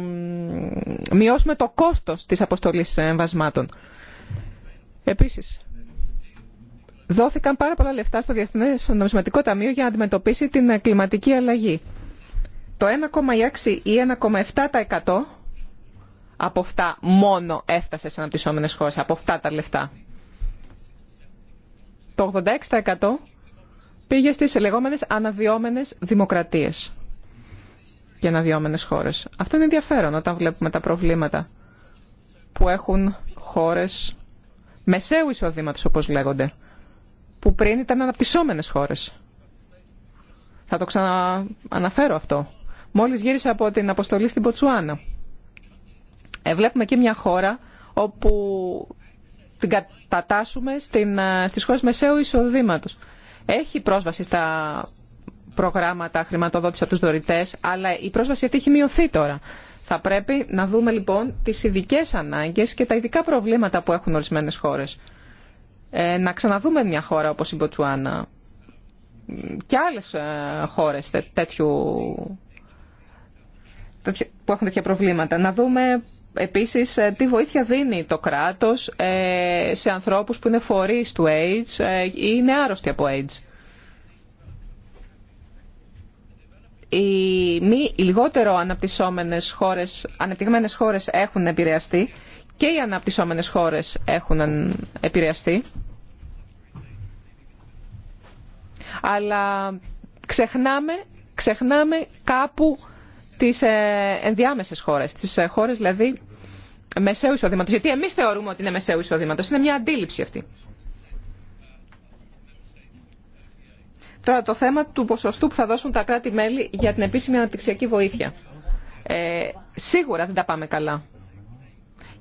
μειώσουμε το κόστος της αποστολής εμβασμάτων. Επίσης, δόθηκαν πάρα πολλά λεφτά στο Διεθνές Νομισματικό Ταμείο για να αντιμετωπίσει την κλιματική αλλαγή. Το 1,6 ή 1,7% από αυτά μόνο έφτασε σε αναπτυσσόμενες χώρες, από αυτά τα λεφτά. Το 86% πήγε στις λεγόμενες αναβιώμενες δημοκρατίες και αναδυόμενες χώρες. Αυτό είναι ενδιαφέρον όταν βλέπουμε τα προβλήματα που έχουν χώρες μεσαίου εισοδήματος όπως λέγονται, που πριν ήταν αναπτυσσόμενες χώρες. Θα το ξανααναφέρω αυτό. Μόλις γύρισα από την αποστολή στην Ποτσουάνα. Ε, βλέπουμε εκεί μια χώρα όπου την κατατάσσουμε στην, ε, στις χώρες μεσαίου εισοδήματος. Έχει πρόσβαση στα προγράμματα χρηματοδότηση από τους δωρητές, αλλά η πρόσβαση αυτή έχει μειωθεί τώρα. Θα πρέπει να δούμε λοιπόν τις ειδικέ ανάγκες και τα ειδικά προβλήματα που έχουν ορισμένες χώρες. Ε, να ξαναδούμε μια χώρα όπως η Μποτσουάνα και άλλες ε, χώρες τέτοιου, που έχουν τέτοια προβλήματα. Να δούμε επίσης ε, τι βοήθεια δίνει το κράτος σε ανθρώπους που είναι φορείς του AIDS ή είναι άρρωστοι από AIDS. οι, μη, λιγότερο αναπτυσσόμενες χώρες, αναπτυγμένες χώρες έχουν επηρεαστεί και οι αναπτυσσόμενες χώρες έχουν επηρεαστεί. Αλλά ξεχνάμε, ξεχνάμε κάπου τις ε, ενδιάμεσες χώρες, τις ε, χώρες δηλαδή μεσαίου εισοδήματος. Γιατί εμείς θεωρούμε ότι είναι μεσαίου εισοδήματος. Είναι μια αντίληψη αυτή. Τώρα το θέμα του ποσοστού που θα δώσουν τα κράτη-μέλη για την επίσημη αναπτυξιακή βοήθεια. Ε, σίγουρα δεν τα πάμε καλά.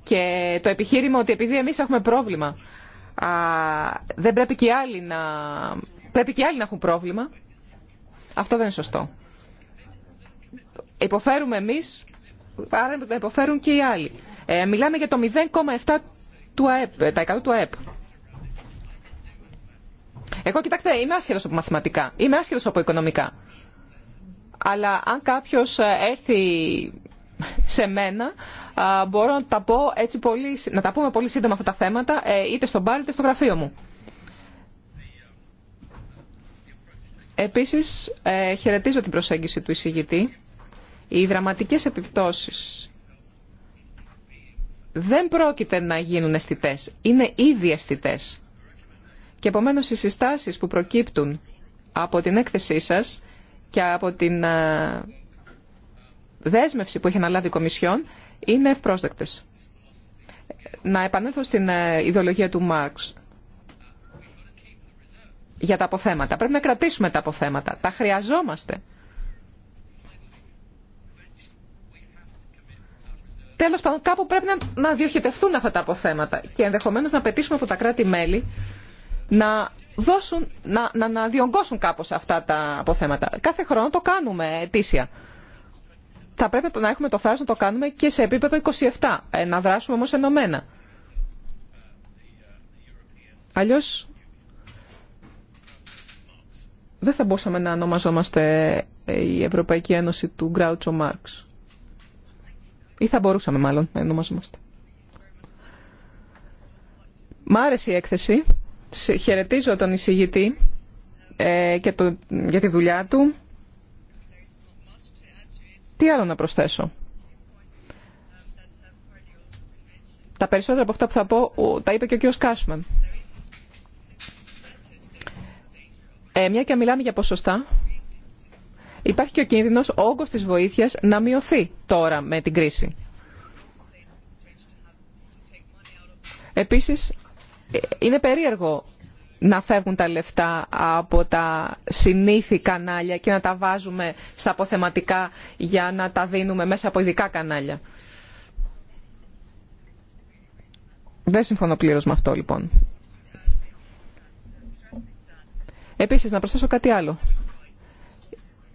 Και το επιχείρημα ότι επειδή εμείς έχουμε πρόβλημα, α, δεν πρέπει και, οι άλλοι να, πρέπει και άλλοι να έχουν πρόβλημα, αυτό δεν είναι σωστό. Υποφέρουμε εμείς, άρα θα υποφέρουν και οι άλλοι. Ε, μιλάμε για το 0,7% του ΑΕΠ, ε, τα 100 του ΑΕΠ. Εγώ, κοιτάξτε, είμαι άσχετος από μαθηματικά, είμαι άσχετος από οικονομικά. Αλλά αν κάποιος ε, έρθει σε μένα, μπορώ να τα, πω έτσι πολύ, να τα πούμε πολύ σύντομα αυτά τα θέματα, ε, είτε στο μπάρ είτε στο γραφείο μου. Επίσης, ε, χαιρετίζω την προσέγγιση του εισηγητή. Οι δραματικές επιπτώσεις δεν πρόκειται να γίνουν αισθητέ. Είναι ήδη αισθητέ. Και επομένως οι συστάσεις που προκύπτουν από την έκθεσή σας και από την ε, δέσμευση που έχει αναλάβει η Κομισιόν είναι ευπρόσδεκτες. Να επανέλθω στην ε, ιδεολογία του Μάρξ για τα αποθέματα. Πρέπει να κρατήσουμε τα αποθέματα. Τα χρειαζόμαστε. Τέλος πάντων, κάπου πρέπει να διοχετευτούν αυτά τα αποθέματα και ενδεχομένως να πετύσουμε από τα κράτη-μέλη να δώσουν, να, να, κάπως αυτά τα αποθέματα. Κάθε χρόνο το κάνουμε ετήσια. Θα πρέπει να έχουμε το θάρρος να το κάνουμε και σε επίπεδο 27, ε, να δράσουμε όμως ενωμένα. Αλλιώς δεν θα μπορούσαμε να ονομαζόμαστε ε, η Ευρωπαϊκή Ένωση του Γκράουτσο Μάρξ. Ή θα μπορούσαμε μάλλον να ονομαζόμαστε. Μ' άρεσε η έκθεση. Χαιρετίζω τον εισηγητή ε, και το, για τη δουλειά του. Τι άλλο να προσθέσω. Τα περισσότερα από αυτά που θα πω τα είπε και ο κύριος Κάσμαν. Ε, μια και μιλάμε για ποσοστά, υπάρχει και ο κίνδυνος ο όγκος της βοήθειας να μειωθεί τώρα με την κρίση. Επίσης, είναι περίεργο να φεύγουν τα λεφτά από τα συνήθη κανάλια και να τα βάζουμε στα αποθεματικά για να τα δίνουμε μέσα από ειδικά κανάλια. Δεν συμφωνώ πλήρως με αυτό λοιπόν. Επίσης, να προσθέσω κάτι άλλο.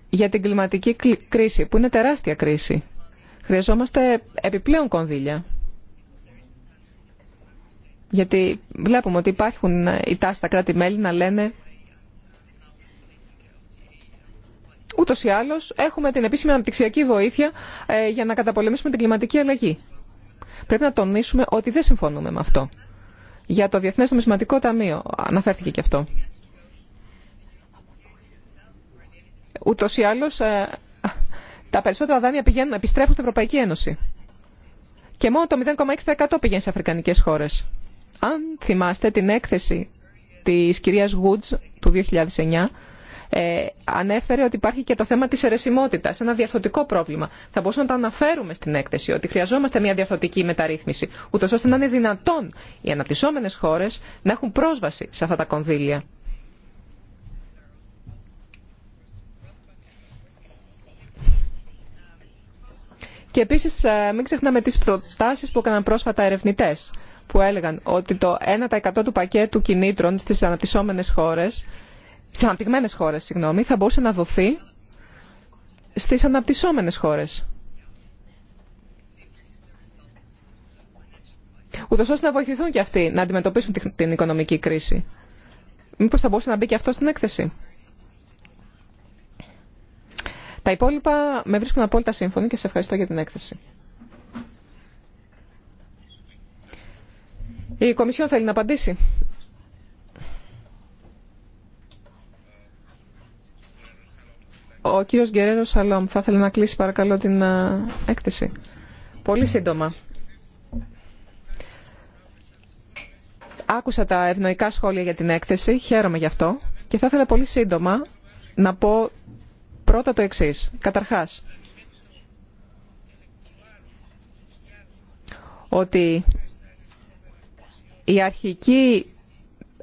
Για την κλιματική κρίση, που είναι τεράστια κρίση, χρειαζόμαστε επιπλέον κονδύλια γιατί βλέπουμε ότι υπάρχουν οι τάσεις στα κράτη-μέλη να λένε ούτως ή άλλως έχουμε την επίσημη αναπτυξιακή βοήθεια ε, για να καταπολεμήσουμε την κλιματική αλλαγή. Πρέπει να τονίσουμε ότι δεν συμφωνούμε με αυτό. Για το Διεθνές Νομισματικό Ταμείο αναφέρθηκε και αυτό. Ούτως ή άλλως ε, τα περισσότερα δάνεια πηγαίνουν, επιστρέφουν στην Ευρωπαϊκή Ένωση. Και μόνο το 0,6% πηγαίνει σε αφρικανικές χώρες. Αν θυμάστε την έκθεση της κυρίας Γουτζ του 2009, ε, ανέφερε ότι υπάρχει και το θέμα της αιρεσιμότητας, ένα διαρθωτικό πρόβλημα. Θα μπορούσαμε να το αναφέρουμε στην έκθεση, ότι χρειαζόμαστε μια διαρθωτική μεταρρύθμιση, ούτως ώστε να είναι δυνατόν οι αναπτυσσόμενες χώρες να έχουν πρόσβαση σε αυτά τα κονδύλια. Και επίσης ε, μην ξεχνάμε τις προτάσεις που έκαναν πρόσφατα ερευνητές που έλεγαν ότι το 1% του πακέτου κινήτρων στις αναπτυσσόμενες χώρες, στις αναπτυγμένες χώρες, συγγνώμη, θα μπορούσε να δοθεί στις αναπτυσσόμενες χώρες. Ούτως ώστε να βοηθηθούν και αυτοί να αντιμετωπίσουν την οικονομική κρίση. Μήπως θα μπορούσε να μπει και αυτό στην έκθεση. Τα υπόλοιπα με βρίσκουν απόλυτα σύμφωνοι και σε ευχαριστώ για την έκθεση. Η Κομισιόν θέλει να απαντήσει. Ο κύριος Γκερέρο Σαλόμ θα ήθελε να κλείσει παρακαλώ την ε, έκθεση. Πολύ σύντομα. Άκουσα τα ευνοϊκά σχόλια για την έκθεση, χαίρομαι γι' αυτό και θα ήθελα πολύ σύντομα να πω πρώτα το εξής. Καταρχάς, ότι η αρχική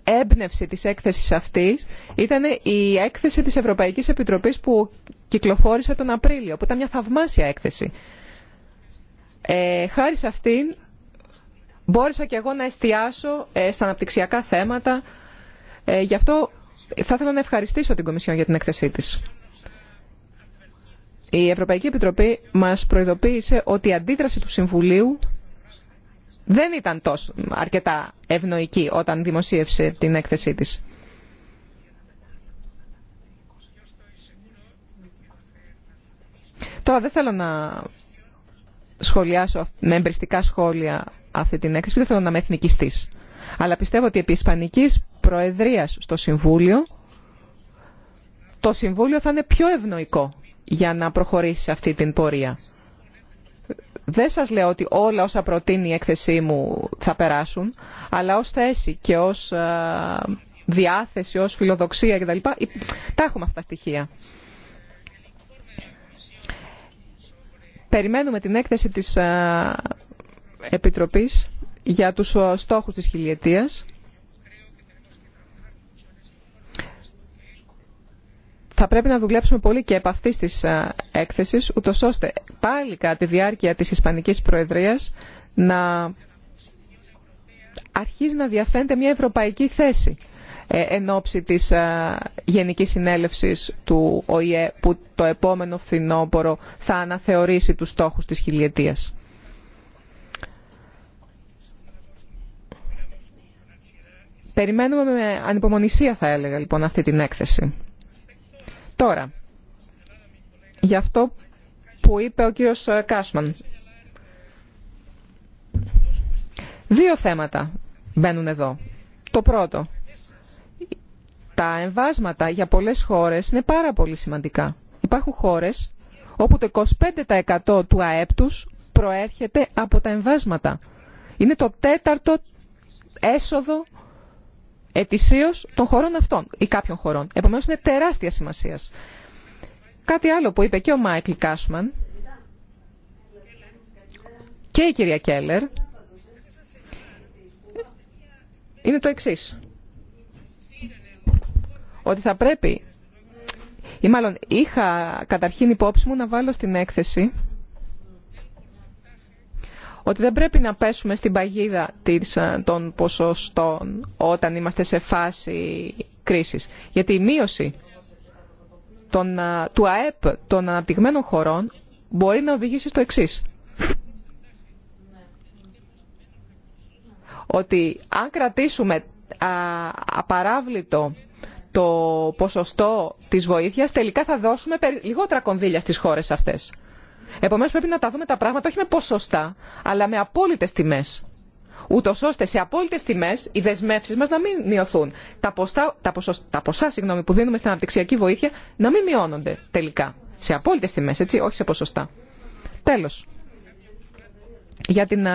έμπνευση της έκθεσης αυτής ήταν η έκθεση της Ευρωπαϊκής Επιτροπής που κυκλοφόρησε τον Απρίλιο, που ήταν μια θαυμάσια έκθεση. Ε, χάρη σε αυτήν μπόρεσα και εγώ να εστιάσω ε, στα αναπτυξιακά θέματα. Ε, γι' αυτό θα ήθελα να ευχαριστήσω την Κομισιόν για την έκθεσή της. Η Ευρωπαϊκή Επιτροπή μας προειδοποίησε ότι η αντίδραση του Συμβουλίου δεν ήταν τόσο αρκετά ευνοϊκή όταν δημοσίευσε την έκθεσή της. Τώρα δεν θέλω να σχολιάσω με εμπριστικά σχόλια αυτή την έκθεση, δεν θέλω να είμαι εθνικιστής. Αλλά πιστεύω ότι επί Ισπανικής Προεδρίας στο Συμβούλιο, το Συμβούλιο θα είναι πιο ευνοϊκό για να προχωρήσει αυτή την πορεία δεν σας λέω ότι όλα όσα προτείνει η έκθεσή μου θα περάσουν, αλλά ως θέση και ως ε, διάθεση, ως φιλοδοξία κτλ. Τα έχουμε αυτά τα στοιχεία. Περιμένουμε την έκθεση της ε, Επιτροπής για τους ε, στόχους της χιλιετίας θα πρέπει να δουλέψουμε πολύ και επ' αυτής της ε, έκθεσης, ούτως ώστε πάλι κατά τη διάρκεια της Ισπανικής Προεδρίας να αρχίζει να διαφαίνεται μια ευρωπαϊκή θέση ε, εν ώψη της ε, Γενικής Συνέλευσης του ΟΗΕ που το επόμενο φθινόπωρο θα αναθεωρήσει τους στόχους της χιλιετίας. Περιμένουμε με ανυπομονησία θα έλεγα λοιπόν αυτή την έκθεση. Τώρα, για αυτό που είπε ο κύριος ε, Κάσμαν. Δύο θέματα μπαίνουν εδώ. Το πρώτο, τα εμβάσματα για πολλές χώρες είναι πάρα πολύ σημαντικά. Υπάρχουν χώρες όπου το 25% του ΑΕΠ τους προέρχεται από τα εμβάσματα. Είναι το τέταρτο έσοδο ετησίω των χωρών αυτών ή κάποιων χωρών. Επομένως είναι τεράστια σημασία. Κάτι άλλο που είπε και ο Μάικλ Κάσμαν και η κυρία Κέλλερ είναι το εξή. Ότι θα πρέπει, ή μάλλον είχα καταρχήν υπόψη μου να βάλω στην έκθεση ότι δεν πρέπει να πέσουμε στην παγίδα ε, των ποσοστών όταν είμαστε σε φάση κρίσης. Γιατί η μείωση των, ε, του ΑΕΠ των αναπτυγμένων χωρών μπορεί να οδηγήσει στο εξή. Ότι αν κρατήσουμε απαράβλητο το ποσοστό της βοήθειας, τελικά θα δώσουμε λιγότερα κονδύλια στις χώρες αυτές. Επομένω πρέπει να τα δούμε τα πράγματα όχι με ποσοστά, αλλά με απόλυτε τιμέ. Ούτω ώστε σε απόλυτε τιμέ οι δεσμεύσει μα να μην μειωθούν. Τα, τα, ποσά συγγνώμη, που δίνουμε στην αναπτυξιακή βοήθεια να μην μειώνονται τελικά. Σε απόλυτε τιμέ, έτσι, όχι σε ποσοστά. Τέλο. Για την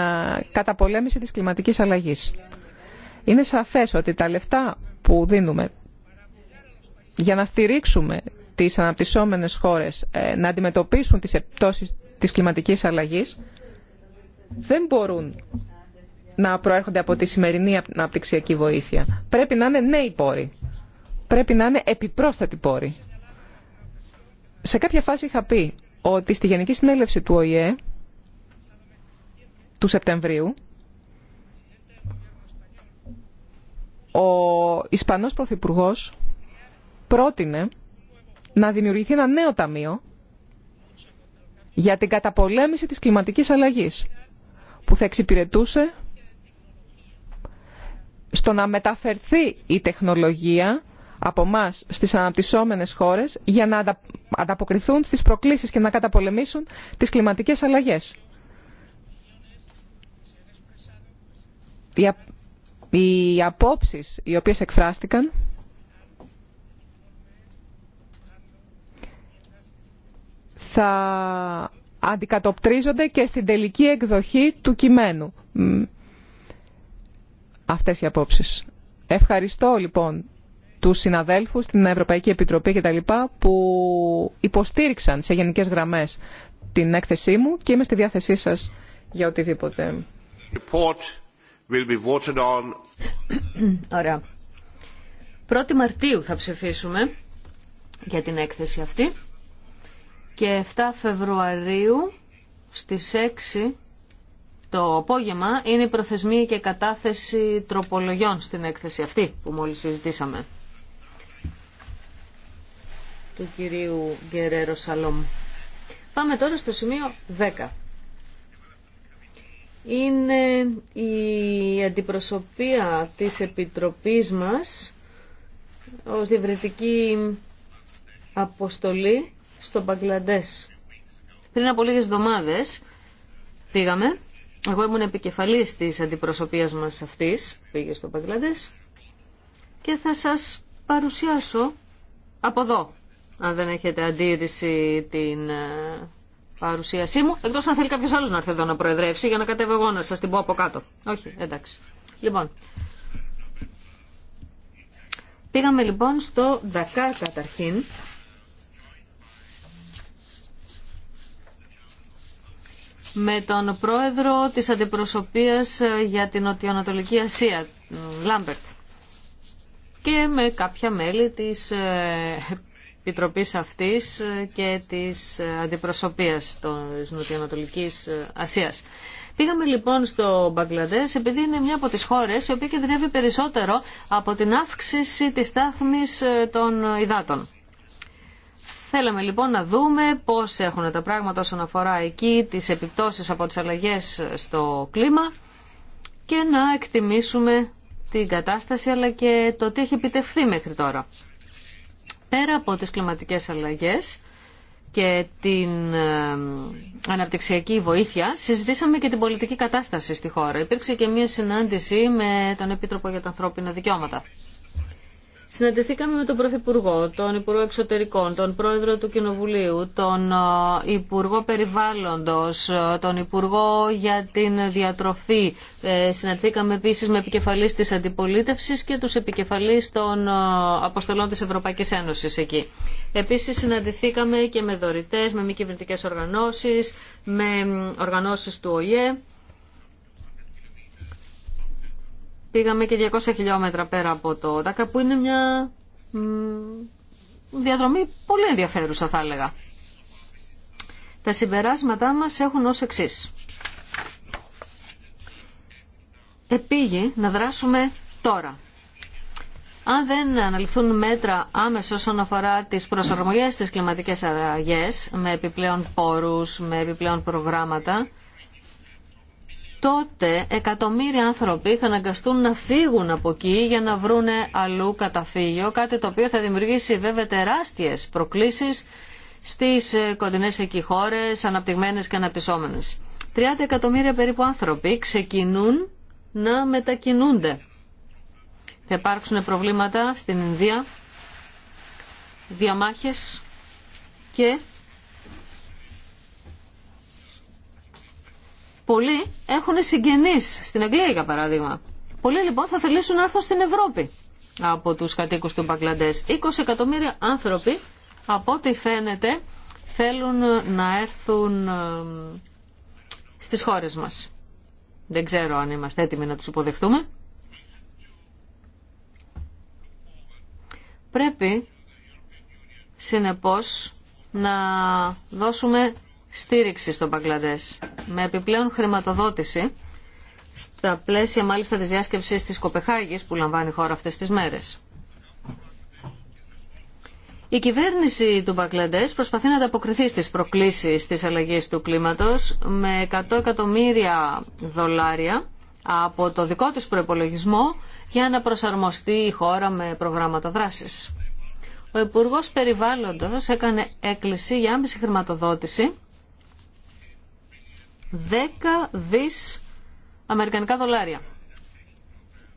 καταπολέμηση τη κλιματική αλλαγή. Είναι σαφέ ότι τα λεφτά που δίνουμε για να στηρίξουμε τις αναπτυσσόμενες χώρες ε, να αντιμετωπίσουν τις επιπτώσεις της κλιματικής αλλαγής δεν μπορούν να προέρχονται από τη σημερινή αναπτυξιακή βοήθεια. Πρέπει να είναι νέοι πόροι. Πρέπει να είναι επιπρόσθετοι πόροι. Σε κάποια φάση είχα πει ότι στη Γενική Συνέλευση του ΟΗΕ του Σεπτεμβρίου ο Ισπανός Πρωθυπουργός πρότεινε να δημιουργηθεί ένα νέο ταμείο για την καταπολέμηση της κλιματικής αλλαγής που θα εξυπηρετούσε στο να μεταφερθεί η τεχνολογία από εμά στις αναπτυσσόμενες χώρες για να ανταποκριθούν στις προκλήσεις και να καταπολεμήσουν τις κλιματικές αλλαγές. Οι απόψεις οι οποίες εκφράστηκαν θα αντικατοπτρίζονται και στην τελική εκδοχή του κειμένου. Αυτές οι απόψεις. Ευχαριστώ λοιπόν του συναδέλφους την Ευρωπαϊκή Επιτροπή και τα λοιπά που υποστήριξαν σε γενικές γραμμές την έκθεσή μου και είμαι στη διάθεσή σας για οτιδήποτε. Will Ωραία. 1η Μαρτίου θα ψηφίσουμε για την έκθεση αυτή και 7 Φεβρουαρίου στις 6 το απόγευμα είναι η προθεσμία και κατάθεση τροπολογιών στην έκθεση αυτή που μόλις συζητήσαμε του κυρίου Γκερέρο Σαλόμ. Πάμε τώρα στο σημείο 10. Είναι η αντιπροσωπεία της Επιτροπής μας ως διευρετική αποστολή στο Μπαγκλαντές. Πριν από λίγες εβδομάδες πήγαμε. Εγώ ήμουν επικεφαλής της αντιπροσωπείας μας αυτής, πήγε στο Μπαγκλαντές. Και θα σας παρουσιάσω από εδώ, αν δεν έχετε αντίρρηση την ε, παρουσίασή μου. Εκτός αν θέλει κάποιος άλλος να έρθει εδώ να προεδρεύσει για να κατέβω εγώ να σας την πω από κάτω. Όχι, εντάξει. Λοιπόν, πήγαμε λοιπόν στο Ντακάρ καταρχήν με τον πρόεδρο της αντιπροσωπείας ε, για την Νοτιοανατολική Ασία, Λάμπερτ, και με κάποια μέλη της ε, επιτροπής αυτής ε, και της αντιπροσωπείας της Νοτιοανατολικής Ασίας. Πήγαμε λοιπόν στο Μπαγκλαντές επειδή είναι μια από τις χώρες η οποία κεντρεύει περισσότερο από την αύξηση της στάθμης των υδάτων. Θέλαμε λοιπόν να δούμε πώς έχουν τα πράγματα όσον αφορά εκεί τις επιπτώσεις από τις αλλαγές στο κλίμα και να εκτιμήσουμε την κατάσταση αλλά και το τι έχει επιτευχθεί μέχρι τώρα. Πέρα από τις κλιματικές αλλαγές και την αναπτυξιακή βοήθεια, συζητήσαμε και την πολιτική κατάσταση στη χώρα. Υπήρξε και μία συνάντηση με τον Επίτροπο για τα Ανθρώπινα Δικαιώματα. Συναντηθήκαμε με τον Πρωθυπουργό, τον Υπουργό Εξωτερικών, τον Πρόεδρο του Κοινοβουλίου, τον Υπουργό Περιβάλλοντος, τον Υπουργό για την Διατροφή. Ε, συναντηθήκαμε επίσης με επικεφαλής της Αντιπολίτευσης και τους επικεφαλής των Αποστολών της Ευρωπαϊκής Ένωσης εκεί. Επίσης συναντηθήκαμε και με δωρητές, με μη κυβερνητικέ οργανώσεις, με οργανώσεις του ΟΗΕ. πήγαμε και 200 χιλιόμετρα πέρα από το Δάκα που είναι μια διαδρομή πολύ ενδιαφέρουσα θα έλεγα. Τα συμπεράσματά μας έχουν ως εξής. Επίγει να δράσουμε τώρα. Αν δεν αναλυθούν μέτρα άμεσα όσον αφορά τις προσαρμογές στις κλιματικές αραγές, με επιπλέον πόρους, με επιπλέον προγράμματα, τότε εκατομμύρια άνθρωποι θα αναγκαστούν να φύγουν από εκεί για να βρούν αλλού καταφύγιο, κάτι το οποίο θα δημιουργήσει βέβαια τεράστιες προκλήσεις στις ε, κοντινές εκεί χώρες, αναπτυγμένες και αναπτυσσόμενες. 30 εκατομμύρια περίπου άνθρωποι ξεκινούν να μετακινούνται. Θα υπάρξουν προβλήματα στην Ινδία, διαμάχες και Πολλοί έχουν συγγενεί στην Αγγλία για παράδειγμα. Πολλοί λοιπόν θα θελήσουν να έρθουν στην Ευρώπη από τους κατοίκους του Μπαγκλαντές. 20 εκατομμύρια άνθρωποι από ό,τι φαίνεται θέλουν να έρθουν στις χώρες μας. Δεν ξέρω αν είμαστε έτοιμοι να τους υποδεχτούμε. Πρέπει συνεπώς να δώσουμε στήριξη στον Παγκλαντέ. με επιπλέον χρηματοδότηση στα πλαίσια μάλιστα της διάσκεψη της Κοπεχάγης που λαμβάνει η χώρα αυτές τις μέρες. Η κυβέρνηση του Μπαγκλαντές προσπαθεί να ανταποκριθεί στις προκλήσεις της αλλαγής του κλίματος με 100 εκατομμύρια δολάρια από το δικό της προπολογισμό για να προσαρμοστεί η χώρα με προγράμματα δράσης. Ο Υπουργός Περιβάλλοντος έκανε έκκληση για άμεση χρηματοδότηση 10 δις αμερικανικά δολάρια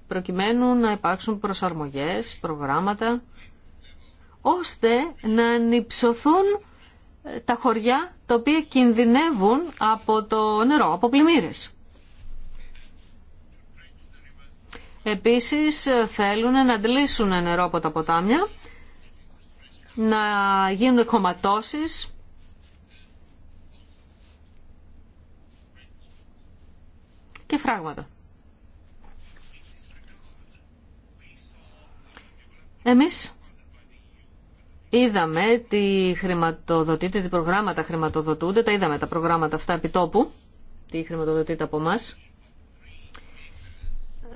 προκειμένου να υπάρξουν προσαρμογές, προγράμματα, ώστε να ανυψωθούν ε, τα χωριά τα οποία κινδυνεύουν από το νερό, από πλημμύρες. Επίσης ε, θέλουν να αντλήσουν νερό από τα ποτάμια, να γίνουν κομματώσεις και φράγματα. Εμείς είδαμε τι χρηματοδοτείται, τι προγράμματα χρηματοδοτούνται, τα είδαμε τα προγράμματα αυτά επιτόπου, τι χρηματοδοτείται από εμά.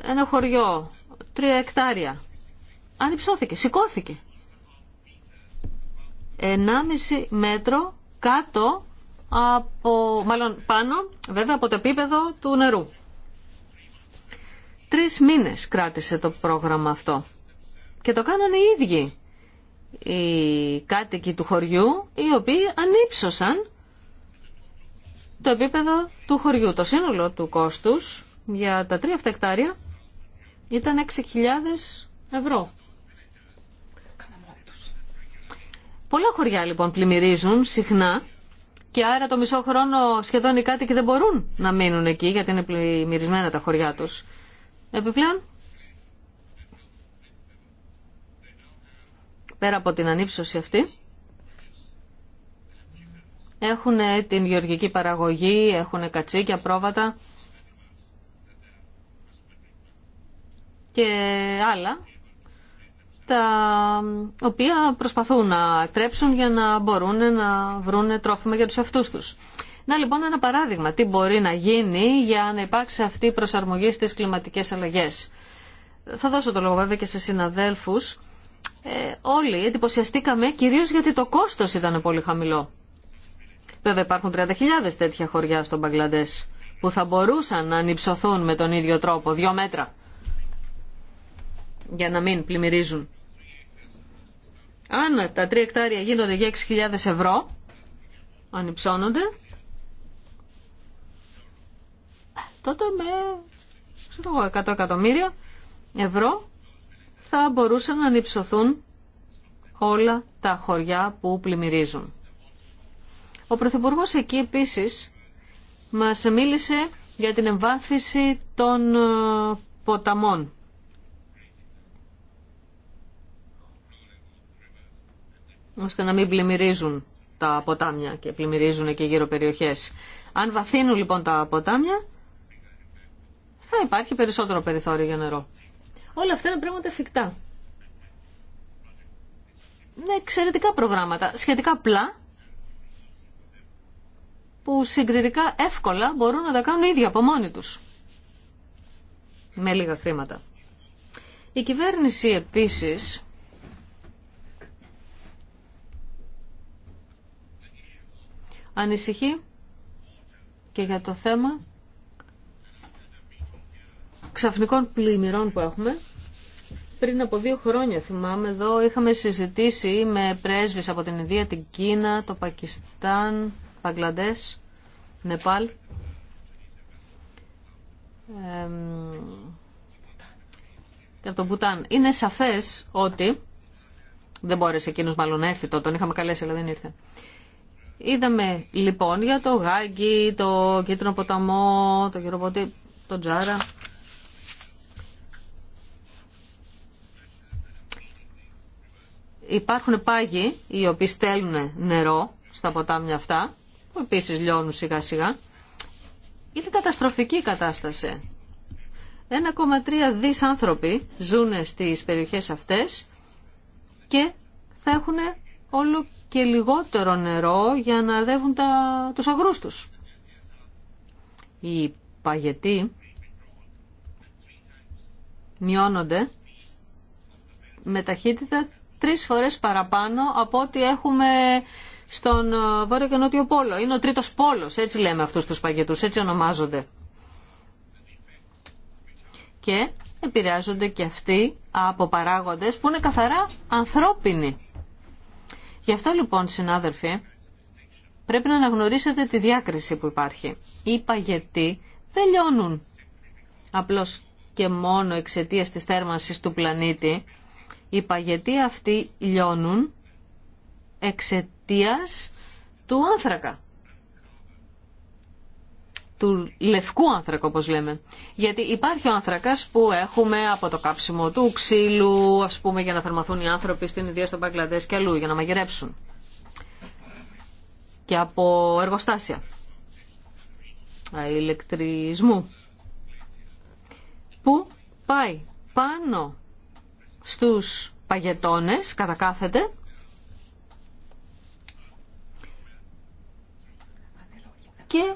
Ένα χωριό, τρία εκτάρια, ανυψώθηκε, σηκώθηκε. 1,5 μέτρο κάτω από, μάλλον πάνω, βέβαια από το επίπεδο του νερού. Τρεις μήνες κράτησε το πρόγραμμα αυτό. Και το κάνανε οι ίδιοι οι κάτοικοι του χωριού, οι οποίοι ανήψωσαν το επίπεδο του χωριού. Το σύνολο του κόστους για τα τρία αυτά εκτάρια ήταν 6.000 ευρώ. Πολλά χωριά λοιπόν πλημμυρίζουν συχνά και άρα το μισό χρόνο σχεδόν οι κάτοικοι δεν μπορούν να μείνουν εκεί γιατί είναι πλημμυρισμένα τα χωριά τους. Επιπλέον, πέρα από την ανύψωση αυτή, έχουν την γεωργική παραγωγή, έχουν κατσίκια, πρόβατα και άλλα, τα οποία προσπαθούν να τρέψουν για να μπορούν να βρουν τρόφιμα για τους αυτούς τους. Να λοιπόν ένα παράδειγμα τι μπορεί να γίνει για να υπάρξει αυτή η προσαρμογή στις κλιματικές αλλαγές. Θα δώσω το λόγο βέβαια και σε συναδέλφους. Ε, όλοι εντυπωσιαστήκαμε κυρίως γιατί το κόστος ήταν πολύ χαμηλό. Βέβαια υπάρχουν 30.000 τέτοια χωριά στον Μπαγκλαντές που θα μπορούσαν να ανυψωθούν με τον ίδιο τρόπο, δύο μέτρα, για να μην πλημμυρίζουν. Αν τα τρία εκτάρια γίνονται για 6.000 ευρώ, ανυψώνονται, τότε με 100 εκατομμύρια ευρώ θα μπορούσαν να ανυψωθούν όλα τα χωριά που πλημμυρίζουν. Ο Πρωθυπουργός εκεί επίσης μας μίλησε για την εμβάθυνση των ε, ποταμών. ώστε να μην πλημμυρίζουν τα ποτάμια και πλημμυρίζουν και γύρω περιοχές. Αν βαθύνουν λοιπόν τα ποτάμια, θα υπάρχει περισσότερο περιθώριο για νερό. Όλα αυτά είναι πράγματα εφικτά. Είναι εξαιρετικά προγράμματα, σχετικά απλά, που συγκριτικά εύκολα μπορούν να τα κάνουν οι ίδιοι από μόνοι τους. Με λίγα χρήματα. Η κυβέρνηση επίσης ανησυχεί και για το θέμα ξαφνικών πλημμυρών που έχουμε, πριν από δύο χρόνια θυμάμαι εδώ, είχαμε συζητήσει με πρέσβεις από την Ινδία, την Κίνα, το Πακιστάν, Παγκλαντές, Νεπάλ. Ε, και από τον Πουτάν. Είναι σαφές ότι δεν μπόρεσε εκείνο μάλλον να έρθει τότε, τον είχαμε καλέσει αλλά δεν ήρθε. Είδαμε λοιπόν για το Γάγκη, το Κίτρινο Ποταμό, το Γεροποτή, το Τζάρα. υπάρχουν πάγοι οι οποίοι στέλνουν νερό στα ποτάμια αυτά, που επίσης λιώνουν σιγά σιγά. Είναι καταστροφική κατάσταση. 1,3 δις άνθρωποι ζουν στις περιοχές αυτές και θα έχουν όλο και λιγότερο νερό για να αρδεύουν τα, τους αγρούς τους. Οι παγετοί μειώνονται με ταχύτητα τρεις φορές παραπάνω από ό,τι έχουμε στον ε, Βόρειο και Νότιο Πόλο. Είναι ο τρίτος πόλος, έτσι λέμε αυτούς τους παγετούς, έτσι ονομάζονται. Και επηρεάζονται και αυτοί από παράγοντες που είναι καθαρά ανθρώπινοι. Γι' αυτό λοιπόν, συνάδελφοι, πρέπει να αναγνωρίσετε τη διάκριση που υπάρχει. Οι παγετοί δεν λιώνουν απλώς και μόνο εξαιτίας της θέρμανσης του πλανήτη, οι παγετοί αυτοί λιώνουν εξαιτίας του άνθρακα. Του λευκού άνθρακα όπως λέμε. Γιατί υπάρχει ο άνθρακας που έχουμε από το κάψιμο του ξύλου, ας πούμε για να θερμαθούν οι άνθρωποι στην Ιδία, στον Παγκλαντέ και αλλού, για να μαγειρέψουν. Και από εργοστάσια αηλεκτρισμού που πάει πάνω στους παγετώνες κατακάθεται και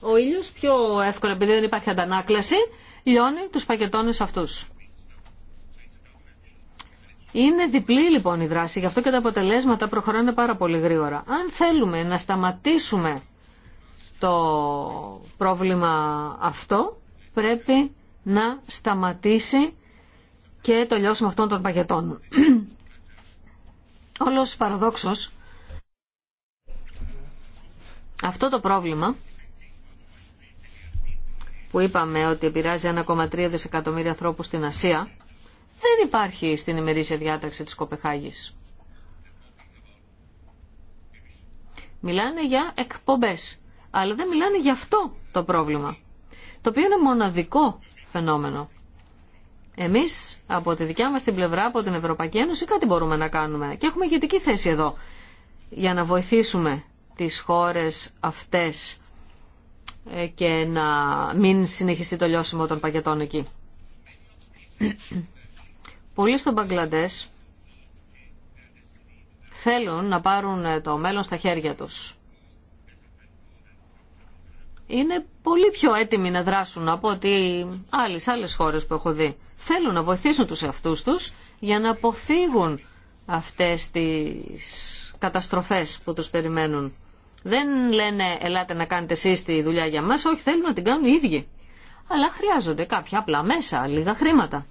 ο ήλιος πιο εύκολα επειδή δεν υπάρχει αντανάκλαση λιώνει τους παγετώνες αυτούς. Είναι διπλή λοιπόν η δράση, γι' αυτό και τα αποτελέσματα προχωράνε πάρα πολύ γρήγορα. Αν θέλουμε να σταματήσουμε το πρόβλημα αυτό, πρέπει να σταματήσει και το λιώσουμε αυτών των παγετών. Όλος παραδόξως, αυτό το πρόβλημα που είπαμε ότι επηρεάζει 1,3 δισεκατομμύρια ανθρώπου στην Ασία, δεν υπάρχει στην ημερήσια διάταξη της Κοπεχάγης. Μιλάνε για εκπομπές, αλλά δεν μιλάνε για αυτό το πρόβλημα, το οποίο είναι μοναδικό φαινόμενο. Εμεί από τη δικιά μας την πλευρά, από την Ευρωπαϊκή Ένωση, κάτι μπορούμε να κάνουμε. Και έχουμε ηγετική θέση εδώ για να βοηθήσουμε τις χώρες αυτές ε, και να μην συνεχιστεί το λιώσιμο των πακετών εκεί. Πολλοί στον Παγκλαντέ θέλουν να πάρουν το μέλλον στα χέρια τους είναι πολύ πιο έτοιμοι να δράσουν από ότι άλλες, άλλες χώρες που έχω δει. Θέλουν να βοηθήσουν τους εαυτούς τους για να αποφύγουν αυτές τις καταστροφές που τους περιμένουν. Δεν λένε ελάτε να κάνετε εσείς τη δουλειά για μας, όχι θέλουν να την κάνουν οι ίδιοι. Αλλά χρειάζονται κάποια απλά μέσα, λίγα χρήματα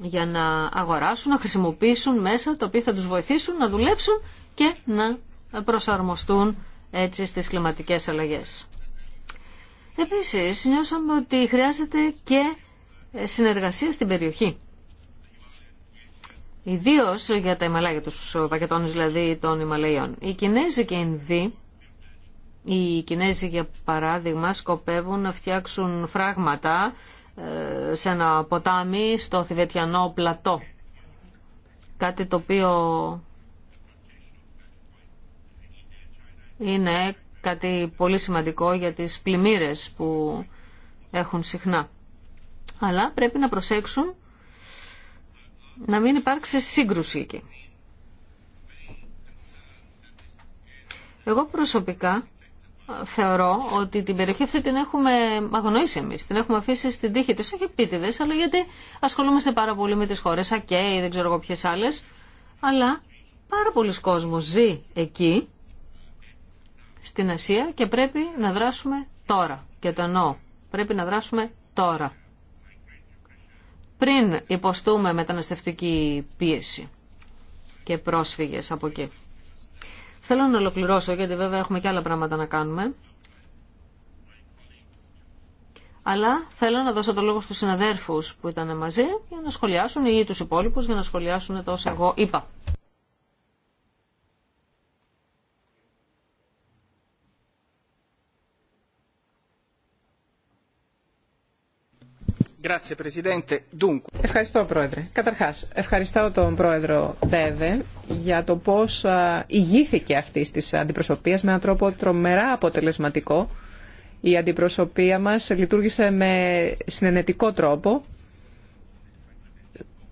για να αγοράσουν, να χρησιμοποιήσουν μέσα τα οποία θα τους βοηθήσουν να δουλέψουν και να προσαρμοστούν έτσι στις κλιματικές αλλαγές. Επίσης, νιώσαμε ότι χρειάζεται και συνεργασία στην περιοχή. Ιδίω για τα Ιμαλάγια, τους πακετώνες δηλαδή των Ιμαλαίων. Οι Κινέζοι και οι Ινδοί, οι Κινέζοι για παράδειγμα, σκοπεύουν να φτιάξουν φράγματα ε, σε ένα ποτάμι στο Θηβετιανό πλατό. Κάτι το οποίο είναι κάτι πολύ σημαντικό για τις πλημμύρες που έχουν συχνά. Αλλά πρέπει να προσέξουν να μην υπάρξει σύγκρουση εκεί. Εγώ προσωπικά θεωρώ ότι την περιοχή αυτή την έχουμε αγνοήσει εμείς, την έχουμε αφήσει στην τύχη της, όχι επίτηδες, αλλά γιατί ασχολούμαστε πάρα πολύ με τις χώρες, ΑΚΕ δεν ξέρω εγώ ποιες άλλες, αλλά πάρα πολλοί κόσμος ζει εκεί στην Ασία και πρέπει να δράσουμε τώρα. Και το εννοώ. Πρέπει να δράσουμε τώρα. Πριν υποστούμε μεταναστευτική πίεση και πρόσφυγες από εκεί. Θέλω να ολοκληρώσω γιατί βέβαια έχουμε και άλλα πράγματα να κάνουμε. Αλλά θέλω να δώσω το λόγο στους συναδέρφους που ήταν μαζί για να σχολιάσουν ή τους υπόλοιπους για να σχολιάσουν το όσα εγώ είπα. Ευχαριστώ, Πρόεδρε. Καταρχάς, ευχαριστώ τον Πρόεδρο Δέδε για το πώς ηγήθηκε αυτή της αντιπροσωπείας με έναν τρόπο τρομερά αποτελεσματικό. Η αντιπροσωπεία μας λειτουργήσε με συνενετικό τρόπο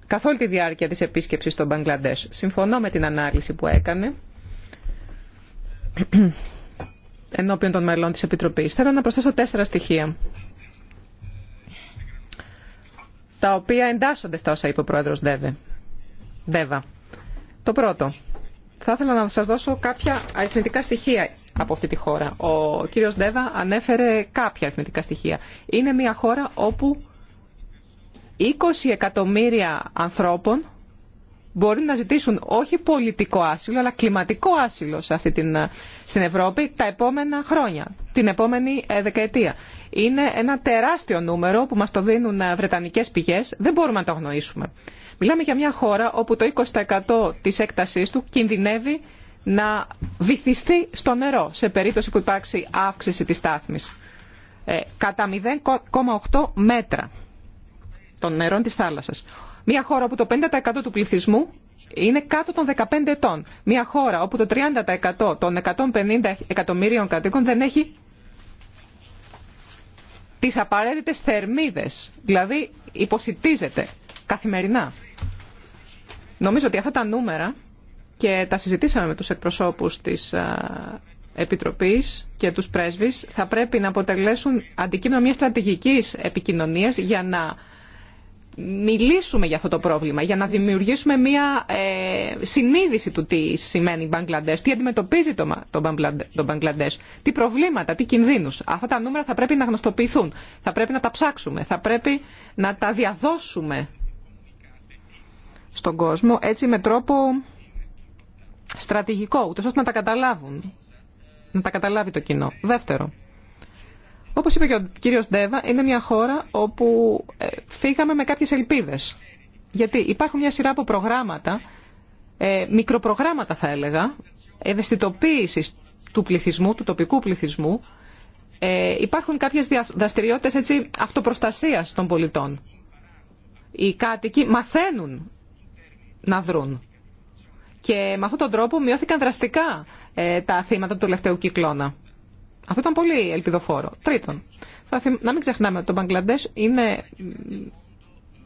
καθ' όλη τη διάρκεια της επίσκεψης στο Μπαγκλαντές. Συμφωνώ με την ανάλυση που έκανε ενώπιον των μελών της Επιτροπής. Θέλω να προσθέσω τέσσερα στοιχεία τα οποία εντάσσονται στα όσα είπε ο πρόεδρος Δέβα. Το πρώτο, θα ήθελα να σας δώσω κάποια αριθμητικά στοιχεία από αυτή τη χώρα. Ο κύριος Δέβα ανέφερε κάποια αριθμητικά στοιχεία. Είναι μια χώρα όπου 20 εκατομμύρια ανθρώπων μπορεί να ζητήσουν όχι πολιτικό άσυλο, αλλά κλιματικό άσυλο σε αυτή την, στην Ευρώπη τα επόμενα χρόνια, την επόμενη ε, δεκαετία είναι ένα τεράστιο νούμερο που μας το δίνουν ε, βρετανικές πηγές. Δεν μπορούμε να το αγνοήσουμε. Μιλάμε για μια χώρα όπου το 20% της έκτασής του κινδυνεύει να βυθιστεί στο νερό σε περίπτωση που υπάρξει αύξηση της στάθμης. Ε, κατά 0,8 μέτρα των νερών της θάλασσας. Μια χώρα όπου το 50% του πληθυσμού είναι κάτω των 15 ετών. Μια χώρα όπου το 30% των 150 εκατομμύριων κατοίκων δεν έχει τις απαραίτητες θερμίδες. Δηλαδή υποσυτίζεται καθημερινά. Νομίζω ότι αυτά τα νούμερα και τα συζητήσαμε με τους εκπροσώπους της Επιτροπής και τους πρέσβης, θα πρέπει να αποτελέσουν αντικείμενο μιας στρατηγικής επικοινωνίας για να μιλήσουμε για αυτό το πρόβλημα, για να δημιουργήσουμε μια ε, συνείδηση του τι σημαίνει η τι αντιμετωπίζει το, το τι προβλήματα, τι κινδύνου. Αυτά τα νούμερα θα πρέπει να γνωστοποιηθούν, θα πρέπει να τα ψάξουμε, θα πρέπει να τα διαδώσουμε στον κόσμο έτσι με τρόπο στρατηγικό, ούτω ώστε να τα καταλάβουν, να τα καταλάβει το κοινό. Δεύτερο, όπως είπε και ο κύριος Ντέβα, είναι μια χώρα όπου ε, φύγαμε με κάποιες ελπίδες. Γιατί υπάρχουν μια σειρά από προγράμματα ε, μικροπρογράμματα θα έλεγα, ευαισθητοποίησης του πληθυσμού, του τοπικού πληθυσμού. Ε, υπάρχουν κάποιες δραστηριότητες έτσι, αυτοπροστασίας των πολιτών. Οι κάτοικοι μαθαίνουν να δρουν. Και με αυτόν τον τρόπο μειώθηκαν δραστικά ε, τα θύματα του τελευταίου κυκλώνα. Αυτό ήταν πολύ ελπιδοφόρο. Τρίτον, θα να μην ξεχνάμε ότι το Μπαγκλαντές είναι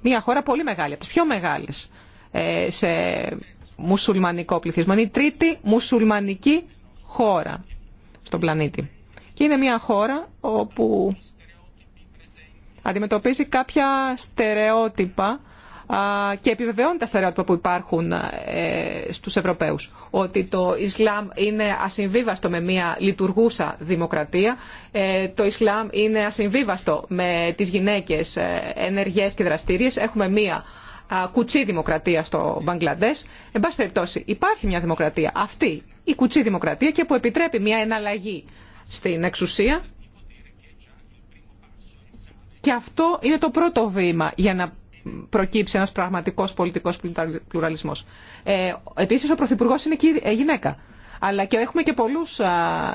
μια χώρα πολύ μεγάλη, από τις πιο μεγάλες ε, σε μουσουλμανικό πληθυσμό. Είναι η τρίτη μουσουλμανική χώρα στον πλανήτη. Και είναι μια χώρα όπου αντιμετωπίζει κάποια στερεότυπα και επιβεβαιώνει τα στερεότυπα που υπάρχουν ε, στους Ευρωπαίους. Ότι το Ισλάμ είναι ασυμβίβαστο με μια λειτουργούσα δημοκρατία, ε, το Ισλάμ είναι ασυμβίβαστο με τις γυναίκες ε, ενεργές και δραστήριες. Έχουμε μια κουτσή δημοκρατία στο Μπαγκλαντές. Εν πάση περιπτώσει, υπάρχει μια δημοκρατία. Αυτή η κουτσή δημοκρατία και που επιτρέπει μια εναλλαγή στην εξουσία. Και αυτό είναι το πρώτο βήμα για να προκύψει ένας πραγματικός πολιτικός πλουραλισμός. Ε, επίσης, ο Πρωθυπουργό είναι ε, γυναίκα. Αλλά και έχουμε και πολλούς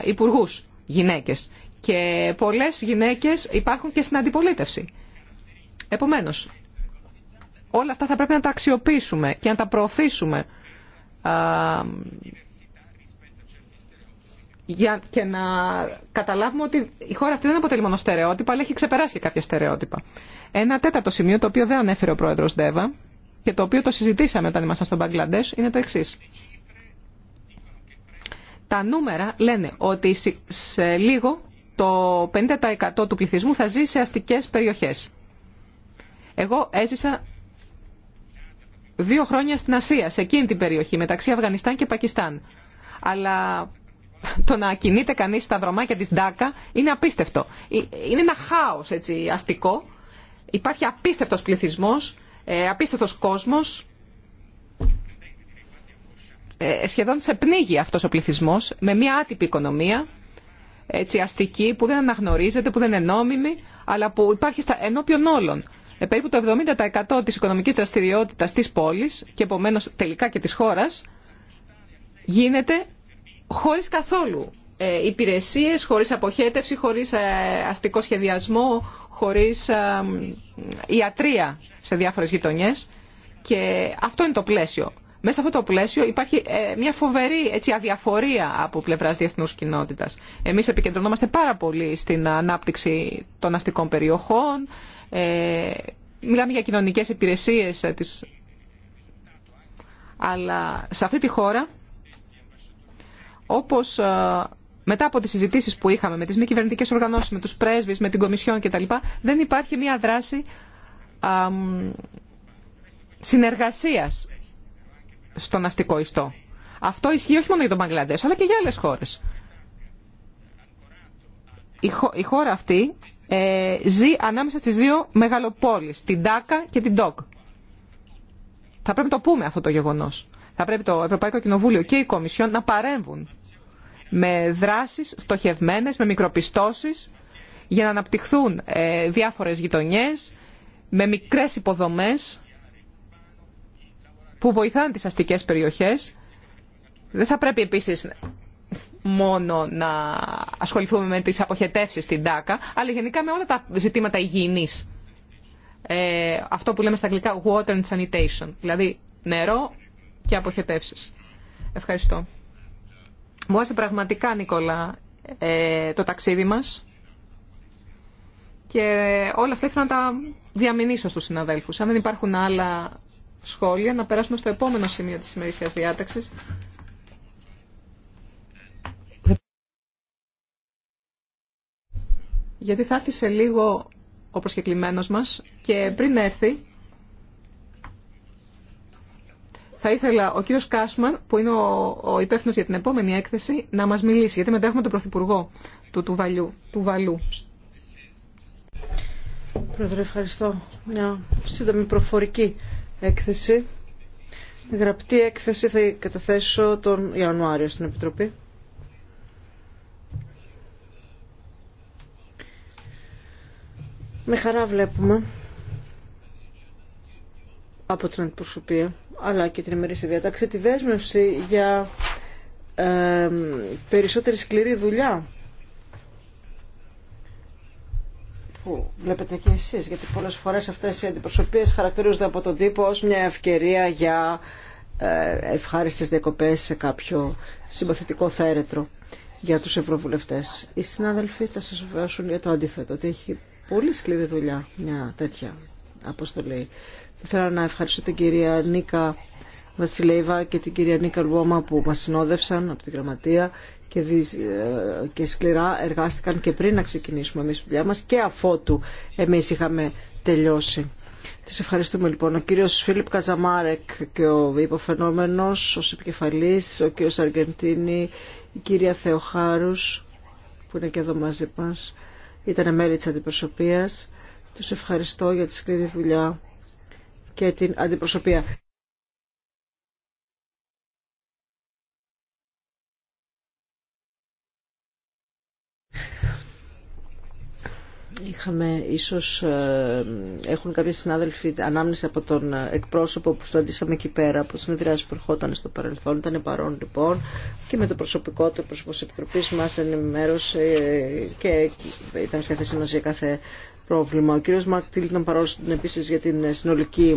υπουργού γυναίκες. Και πολλές γυναίκες υπάρχουν και στην αντιπολίτευση. Επομένως, Όλα αυτά θα πρέπει να τα αξιοποιήσουμε και να τα προωθήσουμε για, και να καταλάβουμε ότι η χώρα αυτή δεν αποτελεί μόνο στερεότυπα, αλλά έχει ξεπεράσει και κάποια στερεότυπα. Ένα τέταρτο σημείο, το οποίο δεν ανέφερε ο πρόεδρος Ντέβα και το οποίο το συζητήσαμε όταν ήμασταν στον Μπαγκλαντές, είναι το εξής. Τα νούμερα λένε ότι σε λίγο το 50% του πληθυσμού θα ζει σε αστικές περιοχές. Εγώ έζησα δύο χρόνια στην Ασία, σε εκείνη την περιοχή, μεταξύ Αφγανιστάν και Πακιστάν. Αλλά το να κινείται κανείς στα δρομάκια της Ντάκα είναι απίστευτο. Ε, είναι ένα χάος έτσι, αστικό. Υπάρχει απίστευτος πληθυσμός, ε, απίστευτος κόσμος. Ε, σχεδόν σε πνίγει αυτός ο πληθυσμός με μια άτυπη οικονομία, έτσι, αστική, που δεν αναγνωρίζεται, που δεν είναι νόμιμη, αλλά που υπάρχει στα, ενώπιον όλων. Ε, περίπου το 70% της οικονομικής δραστηριότητας της πόλης και επομένως τελικά και της χώρας γίνεται χωρίς καθόλου ε, υπηρεσίες, χωρίς αποχέτευση, χωρίς ε, αστικό σχεδιασμό, χωρίς ε, ιατρία σε διάφορες γειτονιές και αυτό είναι το πλαίσιο. Μέσα σε αυτό το πλαίσιο υπάρχει μια φοβερή έτσι, αδιαφορία από πλευρά διεθνού κοινότητα. Εμεί επικεντρωνόμαστε πάρα πολύ στην ανάπτυξη των αστικών περιοχών, ε, μιλάμε για κοινωνικές υπηρεσίες ε, της αλλά σε αυτή τη χώρα, όπως ε, μετά από τις συζητήσεις που είχαμε με τις μη κυβερνητικές οργανώσεις, με τους πρέσβεις, με την Κομισιόν κτλ, δεν υπάρχει μια δράση α, συνεργασίας στον αστικό ιστό. Αυτό ισχύει όχι μόνο για τον Μπαγκλαντές, αλλά και για άλλες χώρες. Η, χώρα αυτή ε, ζει ανάμεσα στις δύο μεγαλοπόλεις, την Τάκα και την Τόκ. Θα πρέπει το πούμε αυτό το γεγονός. Θα πρέπει το Ευρωπαϊκό Κοινοβούλιο και η Κομισιόν να παρέμβουν με δράσεις στοχευμένες, με μικροπιστώσεις, για να αναπτυχθούν ε, διάφορες γειτονιές, με μικρές υποδομές που βοηθάνε τις αστικές περιοχές. Δεν θα πρέπει επίσης μόνο να ασχοληθούμε με τις αποχετεύσεις στην ΤΑΚΑ, αλλά γενικά με όλα τα ζητήματα υγιεινής. Ε, αυτό που λέμε στα αγγλικά water and sanitation, δηλαδή νερό και αποχετεύσεις. Ευχαριστώ. Μου άρεσε πραγματικά, Νίκολα, ε, το ταξίδι μας και όλα αυτά ήθελα να τα διαμηνήσω στους συναδέλφους. Αν δεν υπάρχουν άλλα σχόλια, να περάσουμε στο επόμενο σημείο της ημερησίας διάταξης, γιατί θα έρθει σε λίγο ο προσκεκλημένος μας και πριν έρθει θα ήθελα ο κύριος Κάσμαν, που είναι ο, ο υπεύθυνο για την επόμενη έκθεση, να μας μιλήσει, γιατί μετά έχουμε τον Πρωθυπουργό του, του, Βαλιού, του Βαλού. Πρόεδρε, ευχαριστώ. Μια σύντομη προφορική έκθεση. Γραπτή έκθεση θα καταθέσω τον Ιανουάριο στην Επιτροπή. Με χαρά βλέπουμε από την αντιπροσωπεία αλλά και την ημερήσια διατάξη τη δέσμευση για ε, περισσότερη σκληρή δουλειά που βλέπετε και εσείς γιατί πολλές φορές αυτές οι αντιπροσωπείες χαρακτηρίζονται από τον τύπο ως μια ευκαιρία για ε, ευχάριστες διακοπές σε κάποιο συμπαθητικό θέρετρο για τους ευρωβουλευτές. Οι συνάδελφοι θα σας βεβαιώσουν για το αντίθετο, ότι έχει πολύ σκληρή δουλειά μια τέτοια αποστολή. Θα ήθελα να ευχαριστώ την κυρία Νίκα Βασιλεύα και την κυρία Νίκα Λουόμα που μας συνόδευσαν από την γραμματεία και, ε, και σκληρά εργάστηκαν και πριν να ξεκινήσουμε εμείς τη δουλειά μας και αφότου εμείς είχαμε τελειώσει. Τις ευχαριστούμε λοιπόν. Ο κύριος Φίλιπ Καζαμάρεκ και ο υποφαινόμενος, ως επικεφαλής, ο κύριος Αργεντίνη, η κυρία Θεοχάρους που είναι και εδώ μαζί μας ήταν μέλη της αντιπροσωπείας. Τους ευχαριστώ για τη σκληρή δουλειά και την αντιπροσωπεία. Είχαμε ίσως, ε, έχουν κάποιοι συνάδελφοι ανάμνηση από τον εκπρόσωπο που συναντήσαμε εκεί πέρα, από συνεδριάσεις που ερχόταν στο παρελθόν, ήταν παρόν λοιπόν και με το προσωπικό του, ο της Επιτροπής μας ενημέρωσε ε, και ήταν στη θέση μας για κάθε πρόβλημα. Ο κύριος Μαρκ Τίλ ήταν παρόν επίσης για την συνολική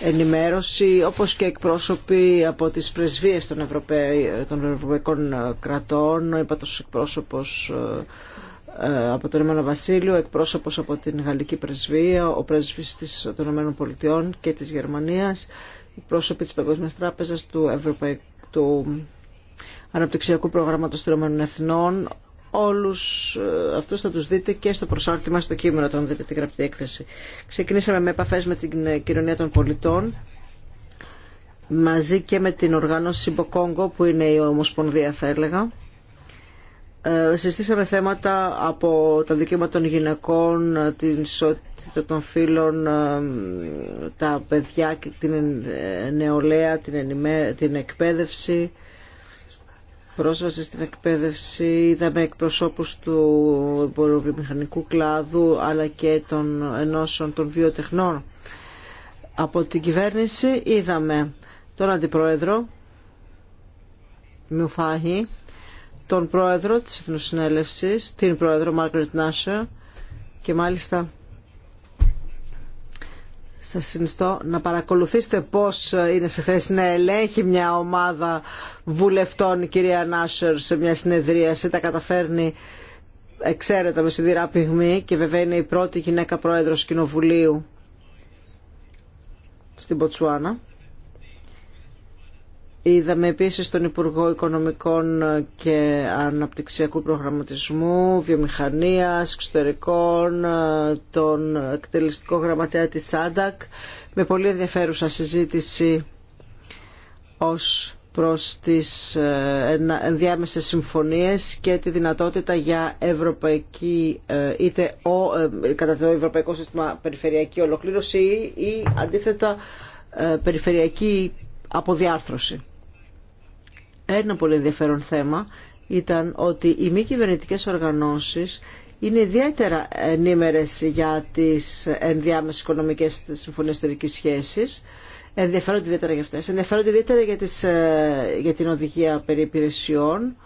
ενημέρωση, όπως και εκπρόσωποι από τις πρεσβείες των, των ευρωπαϊκών κρατών, ο εκπρόσωπος ε, ε, από το Ηνωμένο Βασίλειο, εκπρόσωπος από την Γαλλική Πρεσβεία, ο πρέσβης της, των Πολιτειών και της Γερμανίας, εκπρόσωποι της Παγκόσμιας Τράπεζας του, του Αναπτυξιακού Προγράμματος των Ηνωμένων Εθνών. Όλους ε, αυτούς θα τους δείτε και στο προσάρτημα στο κείμενο όταν δείτε την γραπτή έκθεση. Ξεκινήσαμε με επαφές με την ε, κοινωνία των πολιτών μαζί και με την οργάνωση Μποκόγκο που είναι η Ομοσπονδία θα έλεγα ε, συστήσαμε θέματα από τα δικαιώματα των γυναικών, την ισότητα των φίλων, ε, τα παιδιά, την νεολαία, την, την εκπαίδευση, πρόσβαση στην εκπαίδευση. Είδαμε εκπροσώπους του εμποροβιομηχανικού κλάδου αλλά και των ενώσεων των βιοτεχνών. Από την κυβέρνηση είδαμε τον Αντιπρόεδρο Μιουφάγη τον πρόεδρο της Εθνοσυνέλευσης, την πρόεδρο Μάργκριτ Νάσσερ και μάλιστα σας συνιστώ να παρακολουθήσετε πώς είναι σε θέση να ελέγχει μια ομάδα βουλευτών η κυρία Νάσσερ σε μια συνεδρίαση, τα καταφέρνει εξαίρετα με σιδηρά πυγμή και βέβαια είναι η πρώτη γυναίκα πρόεδρος κοινοβουλίου στην Ποτσουάνα. Είδαμε επίσης τον Υπουργό Οικονομικών και Αναπτυξιακού Προγραμματισμού, Βιομηχανίας, Εξωτερικών, τον εκτελεστικό γραμματέα της ΣΑΝΤΑΚ, με πολύ ενδιαφέρουσα συζήτηση ως προς τις ε, ενδιάμεσες συμφωνίες και τη δυνατότητα για ευρωπαϊκή, ε, είτε ο, ε, κατά το ευρωπαϊκό σύστημα περιφερειακή ολοκλήρωση ή, ή αντίθετα περιφερειακή αποδιάρθρωση. Ένα πολύ ενδιαφέρον θέμα ήταν ότι οι μη κυβερνητικέ οργανώσεις είναι ιδιαίτερα ενήμερες για τις ενδιάμεσες οικονομικές συμφωνίες σχέσεις, Ενδιαφέρονται ιδιαίτερα για αυτές. Ενδιαφέρονται ιδιαίτερα για, τις, ε, για την οδηγία περί υπηρεσιών.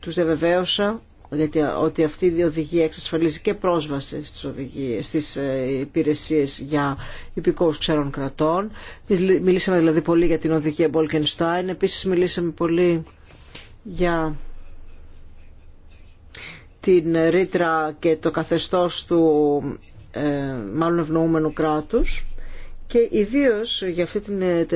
Τους διαβεβαίωσα γιατί ότι αυτή η οδηγία εξασφαλίζει και πρόσβαση στις, οδηγίες, στις ε, υπηρεσίες για υπηκόους ξένων κρατών. Μιλήσαμε δηλαδή πολύ για την οδηγία Bolkenstein, επίσης μιλήσαμε πολύ για την ρήτρα και το καθεστώς του ε, μάλλον ευνοούμενου κράτους και ιδίω για αυτή την, ε,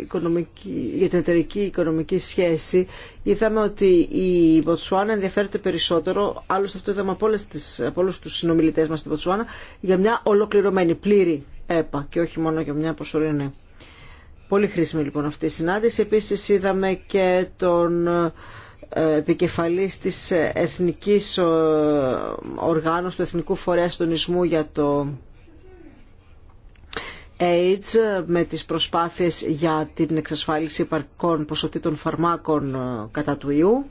οικονομική, εταιρική οικονομική σχέση είδαμε ότι η Μποτσουάνα ενδιαφέρεται περισσότερο, άλλωστε αυτό είδαμε από, τις, από όλους τους συνομιλητές μας στην Μποτσουάνα, για μια ολοκληρωμένη πλήρη ΕΠΑ και όχι μόνο για μια προσωρινή. Ναι. Πολύ χρήσιμη λοιπόν αυτή η συνάντηση. Επίσης είδαμε και τον ε, επικεφαλής της Εθνικής ε, Οργάνωσης του Εθνικού Φορέα Τονισμού για το AIDS με τις προσπάθειες για την εξασφάλιση υπαρκών ποσοτήτων φαρμάκων ε, κατά του ιού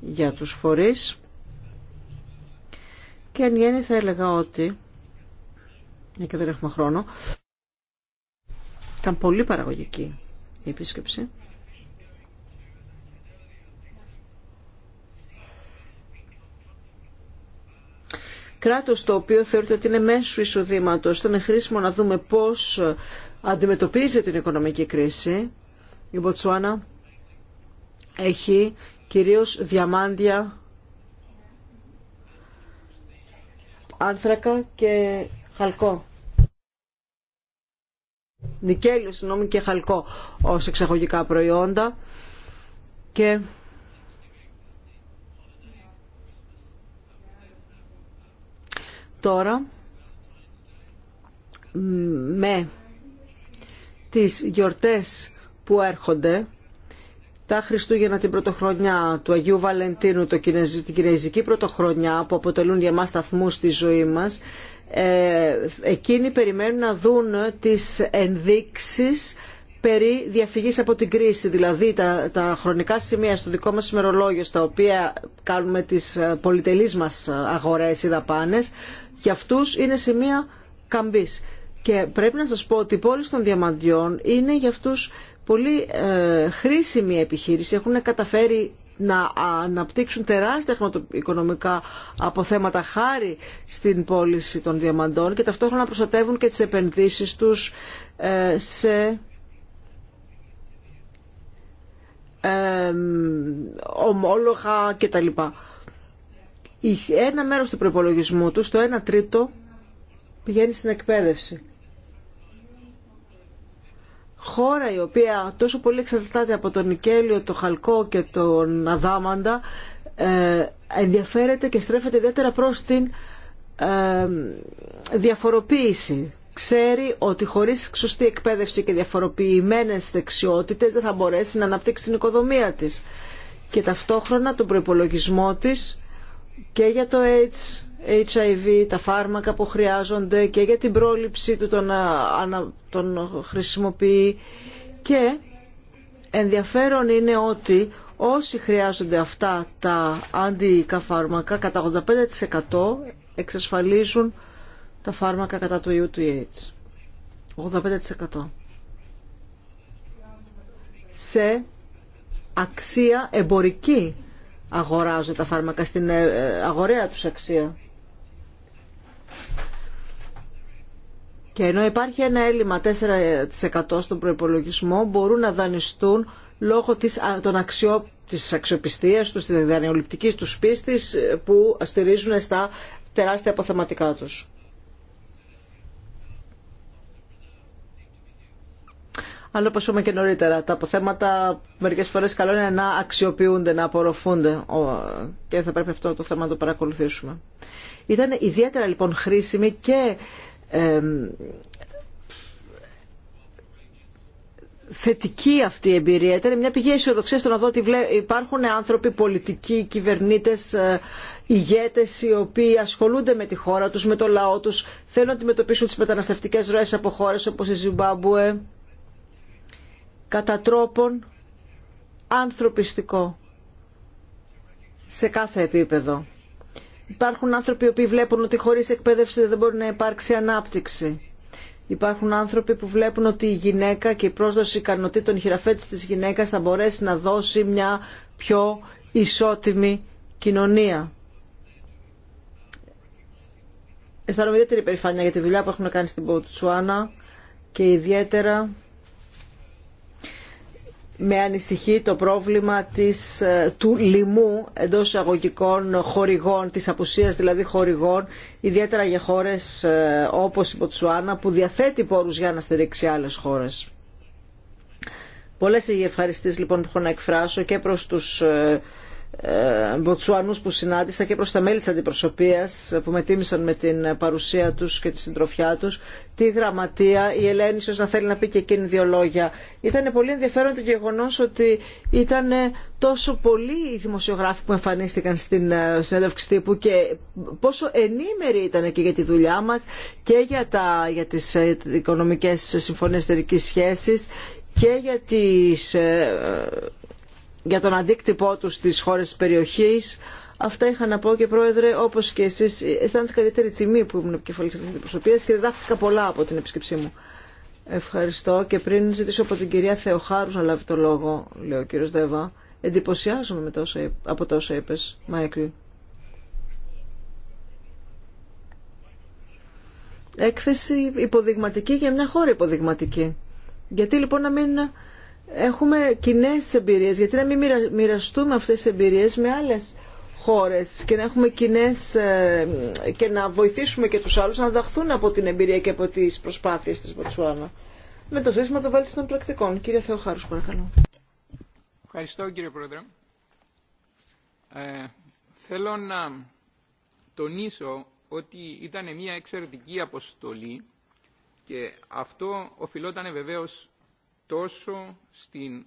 για τους φορείς και εν γέννη θα έλεγα ότι γιατί δεν έχουμε χρόνο ήταν πολύ παραγωγική η επίσκεψη κράτος το οποίο θεωρείται ότι είναι μέσου εισοδήματος. Είναι χρήσιμο να δούμε πώς αντιμετωπίζει την οικονομική κρίση. Η Μποτσουάνα έχει κυρίως διαμάντια, άνθρακα και χαλκό. Νικέλιο, συγγνώμη, και χαλκό ως εξαγωγικά προϊόντα. Και τώρα με τις γιορτές που έρχονται τα Χριστούγεννα την Πρωτοχρονιά, του Αγίου Βαλεντίνου, το την Κινέζικη Πρωτοχρονιά που αποτελούν για μας σταθμού στη ζωή μας, ε, εκείνοι περιμένουν να δουν τις ενδείξεις περί διαφυγής από την κρίση, δηλαδή τα, τα χρονικά σημεία στο δικό μας ημερολόγιο στα οποία κάνουμε τις ε, πολυτελείς μας ε, αγορές ή δαπάνες, για αυτούς είναι σημεία καμπή. Και πρέπει να σας πω ότι η πόλη των διαμαντιών είναι για αυτούς πολύ ε, χρήσιμη επιχείρηση. Έχουν καταφέρει να αναπτύξουν τεράστια οικονομικά αποθέματα χάρη στην πώληση των διαμαντών και ταυτόχρονα προστατεύουν και τις επενδύσεις τους ε, σε ε, ομόλογα κτλ ένα μέρος του προπολογισμού του το 1 τρίτο, πηγαίνει στην εκπαίδευση. Χώρα η οποία τόσο πολύ εξαρτάται από τον Νικέλιο, το Χαλκό και τον Αδάμαντα, ε, ενδιαφέρεται και στρέφεται ιδιαίτερα προς την ε, διαφοροποίηση ξέρει ότι χωρίς σωστή εκπαίδευση και διαφοροποιημένες δεξιότητες δεν θα μπορέσει να αναπτύξει την οικοδομία της και ταυτόχρονα τον προϋπολογισμό της και για το AIDS, HIV, τα φάρμακα που χρειάζονται και για την πρόληψη του τον, τον χρησιμοποιεί και ενδιαφέρον είναι ότι όσοι χρειάζονται αυτά τα αντικαφάρμακα, φάρμακα κατά 85% εξασφαλίζουν τα φάρμακα κατά το ιού του AIDS. 85%. Σε αξία εμπορική αγοράζω τα φάρμακα στην ε, αγοραία τους αξία. Και ενώ υπάρχει ένα έλλειμμα 4% στον προϋπολογισμό, μπορούν να δανειστούν λόγω της, των αξιό, της αξιοπιστίας τους, της δανειοληπτικής τους πίστης ε, που στηρίζουν στα τεράστια αποθεματικά τους. Αλλά όπω είπαμε και νωρίτερα, τα αποθέματα μερικέ φορέ καλό είναι να αξιοποιούνται, να απορροφούνται και θα πρέπει αυτό το θέμα να το παρακολουθήσουμε. Ήταν ιδιαίτερα λοιπόν χρήσιμη και ε, θετική αυτή η εμπειρία. Ήταν μια πηγή αισιοδοξία στο να δω ότι υπάρχουν άνθρωποι, πολιτικοί, κυβερνήτε, ε, ηγέτες οι οποίοι ασχολούνται με τη χώρα του, με το λαό του, θέλουν να αντιμετωπίσουν τι μεταναστευτικέ ροέ από χώρε όπω η Ζιμπάμπουε κατά τρόπον ανθρωπιστικό σε κάθε επίπεδο. Υπάρχουν άνθρωποι που βλέπουν ότι χωρίς εκπαίδευση δεν μπορεί να υπάρξει ανάπτυξη. Υπάρχουν άνθρωποι που βλέπουν ότι η γυναίκα και η πρόσδοση ικανοτήτων χειραφέτης της γυναίκας θα μπορέσει να δώσει μια πιο ισότιμη κοινωνία. Αισθάνομαι ιδιαίτερη περηφάνεια για τη δουλειά που έχουν κάνει στην Ποτσουάνα και ιδιαίτερα με ανησυχεί το πρόβλημα της, ε, του λοιμού εντό αγωγικών χορηγών, της απουσίας δηλαδή χορηγών, ιδιαίτερα για χώρες ε, όπως η Ποτσουάνα που διαθέτει πόρους για να στηρίξει άλλες χώρες. Πολλές ευχαριστήσεις λοιπόν που έχω να εκφράσω και προς τους ε, ε, Μποτσουανούς που συνάντησα και προς τα μέλη της αντιπροσωπείας που με τίμησαν με την παρουσία τους και τη συντροφιά τους τη γραμματεία, η Ελένη ίσως να θέλει να πει και εκείνη δύο λόγια. Ήταν πολύ ενδιαφέρον το γεγονός ότι ήταν τόσο πολλοί οι δημοσιογράφοι που εμφανίστηκαν στην ε, συνέντευξη τύπου και πόσο ενήμεροι ήταν και για τη δουλειά μας και για, τα, για τις ε, οικονομικές συμφωνίες εταιρικής σχέσης και για τις για τον αντίκτυπό τους στις χώρες της περιοχής. Αυτά είχα να πω και πρόεδρε, όπως και εσείς, αισθάνθηκα ιδιαίτερη τιμή που ήμουν επικεφαλής αυτής της και διδάχθηκα πολλά από την επισκεψή μου. Ευχαριστώ και πριν ζητήσω από την κυρία Θεοχάρου να λάβει το λόγο, λέει ο κύριος Δέβα, εντυπωσιάζομαι με τόσα, από τόσο είπες, Μάικλ. Έκθεση υποδειγματική για μια χώρα υποδειγματική. Γιατί λοιπόν να μην έχουμε κοινέ εμπειρίε. Γιατί να μην μοιραστούμε αυτέ τι εμπειρίε με άλλε χώρε και να έχουμε κοινέ ε, και να βοηθήσουμε και του άλλου να δαχθούν από την εμπειρία και από τι προσπάθειε τη Μποτσουάνα. Με το ζήτημα των πρακτικών. Κύριε Θεοχάρου, παρακαλώ. Ευχαριστώ κύριε Πρόεδρε. Ε, θέλω να τονίσω ότι ήταν μια εξαιρετική αποστολή και αυτό οφειλόταν βεβαίως τόσο στην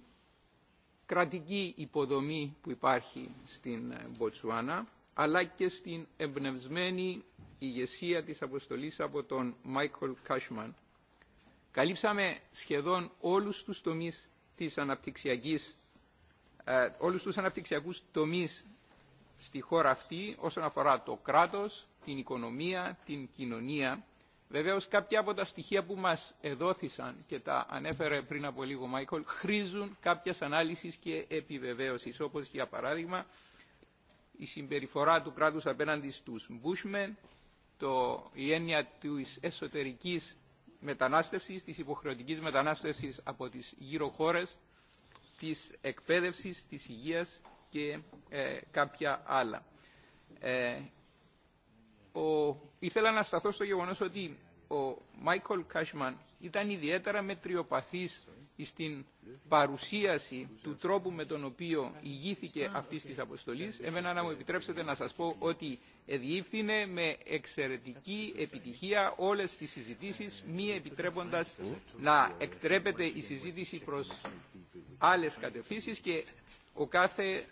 κρατική υποδομή που υπάρχει στην ε, Μποτσουάνα, αλλά και στην εμπνευσμένη ηγεσία της αποστολής από τον Μάικολ Κάσμαν. Καλύψαμε σχεδόν όλους τους τομείς της αναπτυξιακής, ε, όλους τους αναπτυξιακούς τομείς στη χώρα αυτή όσον αφορά το κράτος, την οικονομία, την κοινωνία Βεβαίως κάποια από τα στοιχεία που μας εδόθησαν και τα ανέφερε πριν από λίγο ο Μάικολ χρήζουν κάποιας ανάλυσης και επιβεβαίωσης όπως για παράδειγμα η συμπεριφορά του κράτους απέναντι στους Μπούσμεν, το, η έννοια της εσωτερικής μετανάστευσης, της υποχρεωτικής μετανάστευσης από τις γύρω χώρες, της εκπαίδευσης, της υγείας και ε, κάποια άλλα. Ε, ο... ήθελα να σταθώ στο γεγονός ότι ο Μάικολ Κάσμαν ήταν ιδιαίτερα μετριοπαθής στην παρουσίαση του τρόπου με τον οποίο ηγήθηκε αυτής της αποστολή, Εμένα να μου επιτρέψετε να σας πω ότι διεύθυνε με εξαιρετική επιτυχία όλες τις συζητήσεις, μη επιτρέποντας να εκτρέπεται η συζήτηση προς άλλες κατευθύνσεις και ο κάθε,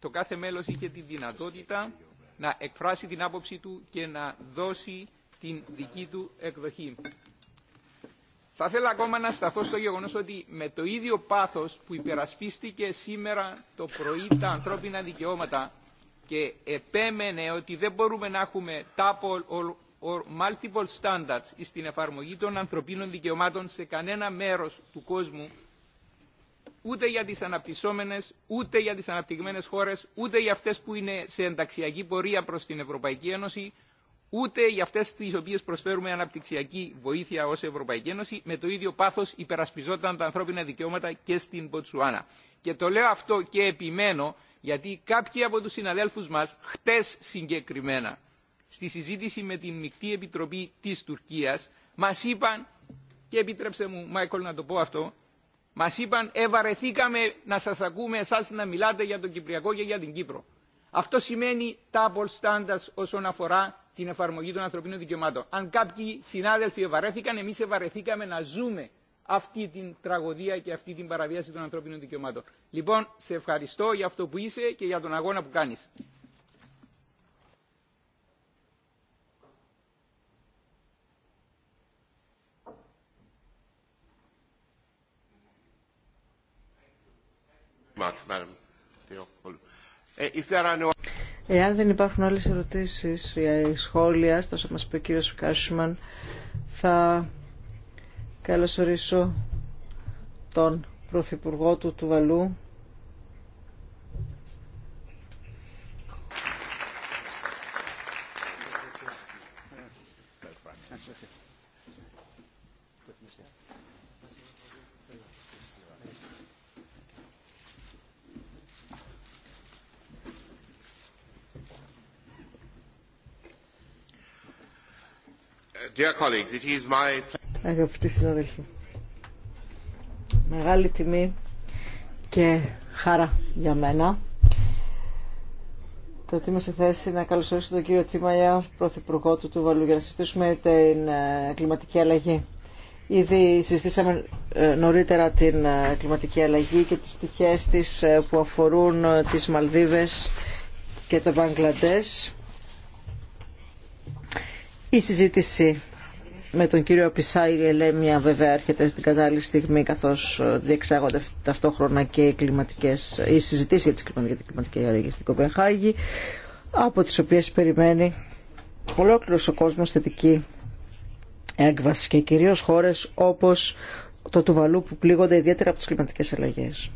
το κάθε μέλος είχε τη δυνατότητα να εκφράσει την άποψή του και να δώσει την δική του εκδοχή. Θα ήθελα ακόμα να σταθώ στο γεγονός ότι με το ίδιο πάθος που υπερασπίστηκε σήμερα το πρωί τα ανθρώπινα δικαιώματα και επέμενε ότι δεν μπορούμε να έχουμε τάπολ or multiple standards στην εφαρμογή των ανθρωπίνων δικαιωμάτων σε κανένα μέρος του κόσμου ούτε για τις αναπτυσσόμενες, ούτε για τις αναπτυγμένες χώρες, ούτε για αυτές που είναι σε ενταξιακή πορεία προς την Ευρωπαϊκή Ένωση, ούτε για αυτές τις οποίες προσφέρουμε αναπτυξιακή βοήθεια ως Ευρωπαϊκή Ένωση, με το ίδιο πάθος υπερασπιζόταν τα ανθρώπινα δικαιώματα και στην Ποτσουάνα. Και το λέω αυτό και επιμένω, γιατί κάποιοι από τους συναδέλφους μας, χτες συγκεκριμένα, στη συζήτηση με την Μικτή Επιτροπή της Τουρκίας, μας είπαν, και επίτρεψε μου Μάικολ να το πω αυτό, Μα είπαν «Ευαρεθήκαμε να σα ακούμε εσά να μιλάτε για τον Κυπριακό και για την Κύπρο». Αυτό σημαίνει double standards όσον αφορά την εφαρμογή των ανθρωπίνων δικαιωμάτων. Αν κάποιοι συνάδελφοι ευαρέθηκαν, εμεί ευαρεθήκαμε να ζούμε αυτή την τραγωδία και αυτή την παραβίαση των ανθρωπίνων δικαιωμάτων. Λοιπόν, σε ευχαριστώ για αυτό που είσαι και για τον αγώνα που κάνεις. Εάν δεν υπάρχουν άλλες ερωτήσεις ή σχόλια, θα μας πει ο κύριος Κάσιμαν, θα καλωσορίσω τον Πρωθυπουργό του Τουβαλού, Αγαπητοί συνάδελφοι, μεγάλη τιμή και χαρά για μένα. Το ότι είμαι σε θέση να καλωσορίσω τον κύριο Τσίμαγια, πρωθυπουργό του Τουβαλού, για να συζητήσουμε την ε, κλιματική αλλαγή. Ήδη συζητήσαμε ε, νωρίτερα την ε, κλιματική αλλαγή και τις πτυχές της που αφορούν τις Μαλδίβες και το Βαγκλαντές. Η συζήτηση με τον κύριο Πισάη Ελέμια βέβαια έρχεται στην κατάλληλη στιγμή καθώς ε, διεξάγονται ταυτόχρονα και οι, κλιματικές, ε, οι συζητήσεις για τις κλιματικές, κλιματικές αλλαγές στην Κοπενχάγη από τις οποίες περιμένει ολόκληρος ο κόσμος θετική έκβαση και κυρίως χώρες όπως το Τουβαλού που πλήγονται ιδιαίτερα από τις κλιματικές αλλαγές.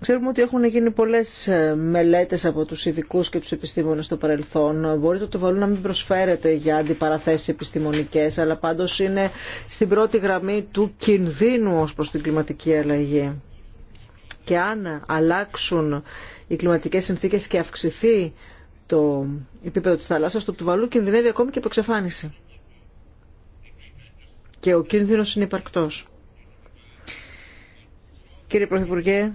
Ξέρουμε ότι έχουν γίνει πολλέ ε, μελέτες από τους ειδικού και του επιστήμονες στο παρελθόν. Μπορεί το τοβαλού να μην προσφέρεται για αντιπαραθέσεις επιστημονικές, αλλά πάντω είναι στην πρώτη γραμμή του κινδύνου ω προ την κλιματική αλλαγή. Και αν αλλάξουν οι κλιματικές συνθήκες και αυξηθεί το επίπεδο της θάλασσας, το τουβαλού κινδυνεύει ακόμη και από εξαφάνιση. Και ο κίνδυνος είναι υπαρκτός. Κύριε Πρωθυπουργέ,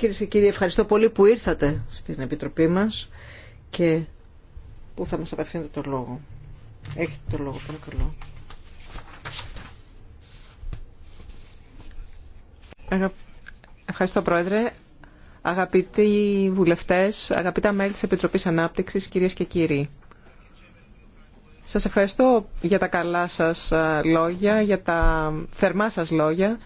Κυρίε και κύριοι, ευχαριστώ πολύ που ήρθατε στην Επιτροπή μας και που θα μας απευθύνετε το λόγο. Έχετε το λόγο, παρακαλώ. Ευχαριστώ, Πρόεδρε. Αγαπητοί βουλευτές, αγαπητά μέλη της Επιτροπής Ανάπτυξης, κυρίες και κύριοι. Σας ευχαριστώ για τα καλά σας λόγια, για τα θερμά σας λόγια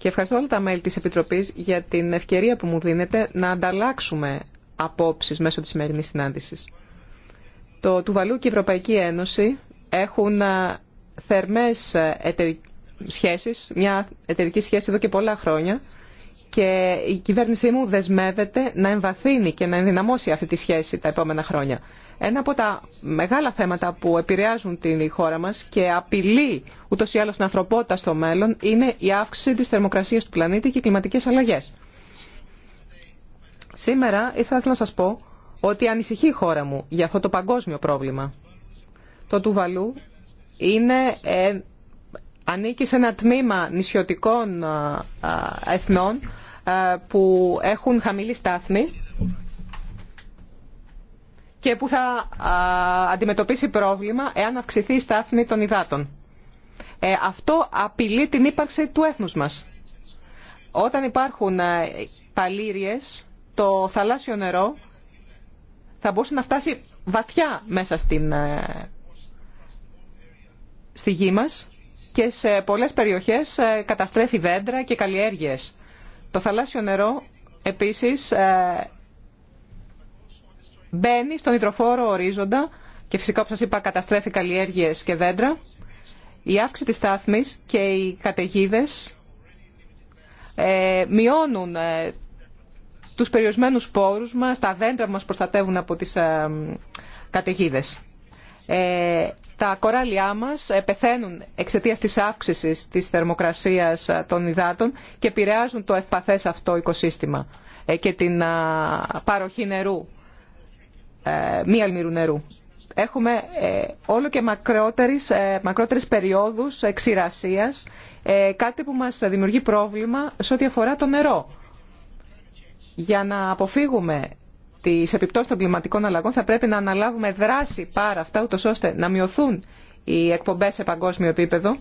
και ευχαριστώ όλα τα μέλη της Επιτροπής για την ευκαιρία που μου δίνετε να ανταλλάξουμε απόψεις μέσω της σημερινής συνάντησης. Το Τουβαλού και η Ευρωπαϊκή Ένωση έχουν ε, θερμές ε, σχέσεις, μια εταιρική σχέση εδώ και πολλά χρόνια και η κυβέρνησή μου δεσμεύεται να εμβαθύνει και να ενδυναμώσει αυτή τη σχέση τα επόμενα χρόνια. Ένα από τα μεγάλα θέματα που επηρεάζουν την χώρα μας και απειλεί ούτως ή άλλως την ανθρωπότητα στο μέλλον είναι η αύξηση της θερμοκρασίας του πλανήτη και οι κλιματικές αλλαγές. Σήμερα ήθελα να σας πω ότι ανησυχεί η χώρα μου για αυτό το παγκόσμιο πρόβλημα. Το Τουβαλού είναι, ε, ανήκει σε ένα τμήμα νησιωτικών εθνών που έχουν χαμηλή στάθμη και που θα αντιμετωπίσει πρόβλημα εάν αυξηθεί η στάθμη των υδάτων. Ε, αυτό απειλεί την ύπαρξη του έθνους μας. Όταν υπάρχουν ε, παλήριες, το θαλάσσιο νερό θα μπορούσε να φτάσει βαθιά μέσα στην, ε, στη γη μας και σε πολλές περιοχές καταστρέφει δέντρα και καλλιέργειες. Το θαλάσσιο νερό επίσης μπαίνει στον υδροφόρο ορίζοντα και φυσικά όπως σας είπα καταστρέφει καλλιέργειες και δέντρα. Η αύξηση της στάθμης και οι καταιγίδε ε, μειώνουν ε, τους περιορισμένους πόρους μας, τα δέντρα μας προστατεύουν από τις ε, καταιγίδε. Τα κοράλια μας πεθαίνουν εξαιτίας της αύξησης της θερμοκρασίας των υδάτων και επηρεάζουν το ευπαθές αυτό οικοσύστημα και την παροχή νερού ε, μη αλμύρου νερού. Έχουμε ε, όλο και μακρότερες, ε, μακρότερες περιόδους εξηρασίας, κάτι που μας δημιουργεί πρόβλημα σε ό,τι αφορά το νερό. Για να αποφύγουμε τις επιπτώσεις των κλιματικών αλλαγών θα πρέπει να αναλάβουμε δράση πάρα αυτά, ούτως ώστε να μειωθούν οι εκπομπές σε παγκόσμιο επίπεδο.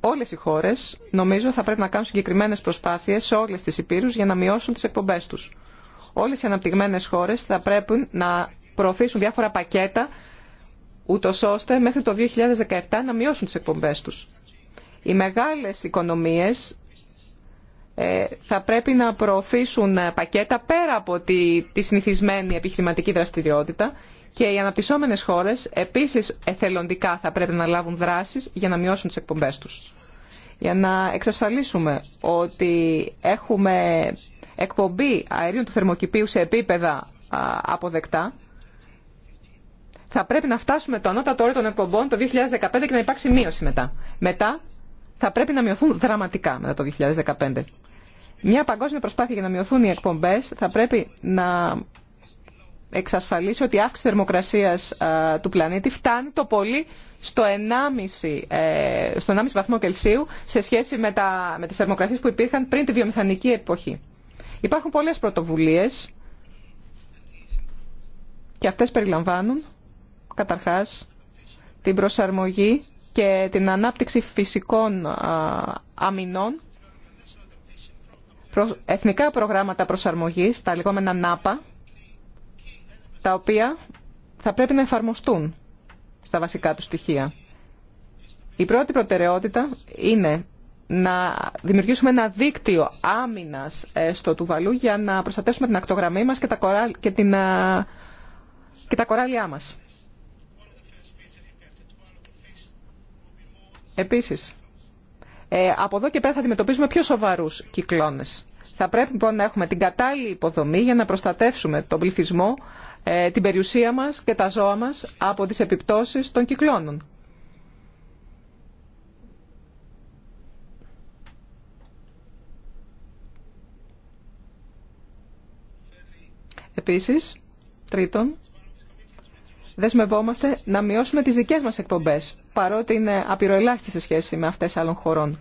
Όλες οι χώρες, νομίζω, θα πρέπει να κάνουν συγκεκριμένες προσπάθειες σε όλες τις υπήρους για να μειώσουν τις εκπομπές τους. Όλες οι αναπτυγμένες χώρες θα πρέπει να προωθήσουν διάφορα πακέτα ούτω ώστε μέχρι το 2017 να μειώσουν τις εκπομπές τους. Οι μεγάλες οικονομίες ε, θα πρέπει να προωθήσουν ε, πακέτα πέρα από τη, συνηθισμένη επιχειρηματική δραστηριότητα και οι αναπτυσσόμενες χώρες επίσης εθελοντικά θα πρέπει να λάβουν δράσεις για να μειώσουν τις εκπομπές τους. Για να εξασφαλίσουμε ότι έχουμε εκπομπή αερίων του θερμοκηπίου σε επίπεδα αποδεκτά, θα πρέπει να φτάσουμε το ανώτατο όριο των εκπομπών το 2015 και να υπάρξει μείωση μετά. Μετά θα πρέπει να μειωθούν δραματικά μετά το 2015. Μια παγκόσμια προσπάθεια για να μειωθούν οι εκπομπέ θα πρέπει να εξασφαλίσει ότι η αύξηση θερμοκρασία του πλανήτη φτάνει το πολύ στο 1,5, ε, στο 1,5 βαθμό Κελσίου σε σχέση με, τα, με τις θερμοκρασίες που υπήρχαν πριν τη βιομηχανική εποχή. Υπάρχουν πολλές πρωτοβουλίες και αυτές περιλαμβάνουν καταρχάς την προσαρμογή και την ανάπτυξη φυσικών αμυνών, εθνικά προγράμματα προσαρμογής, τα λεγόμενα ΝΑΠΑ, τα οποία θα πρέπει να εφαρμοστούν στα βασικά του στοιχεία. Η πρώτη προτεραιότητα είναι να δημιουργήσουμε ένα δίκτυο άμυνας ε, στο Τουβαλού για να προστατεύσουμε την ακτογραμμή μας και τα, κοράλ, και την, ε, και τα κοράλια μας. Επίσης, ε, από εδώ και πέρα θα αντιμετωπίζουμε πιο σοβαρούς κυκλώνες. Θα πρέπει λοιπόν να έχουμε την κατάλληλη υποδομή για να προστατεύσουμε τον πληθυσμό, την περιουσία μας και τα ζώα μας από τις επιπτώσεις των κυκλώνων. Επίσης, τρίτον, δεσμευόμαστε να μειώσουμε τις δικές μας εκπομπές, παρότι είναι απειροελάχιστη σε σχέση με αυτές άλλων χωρών.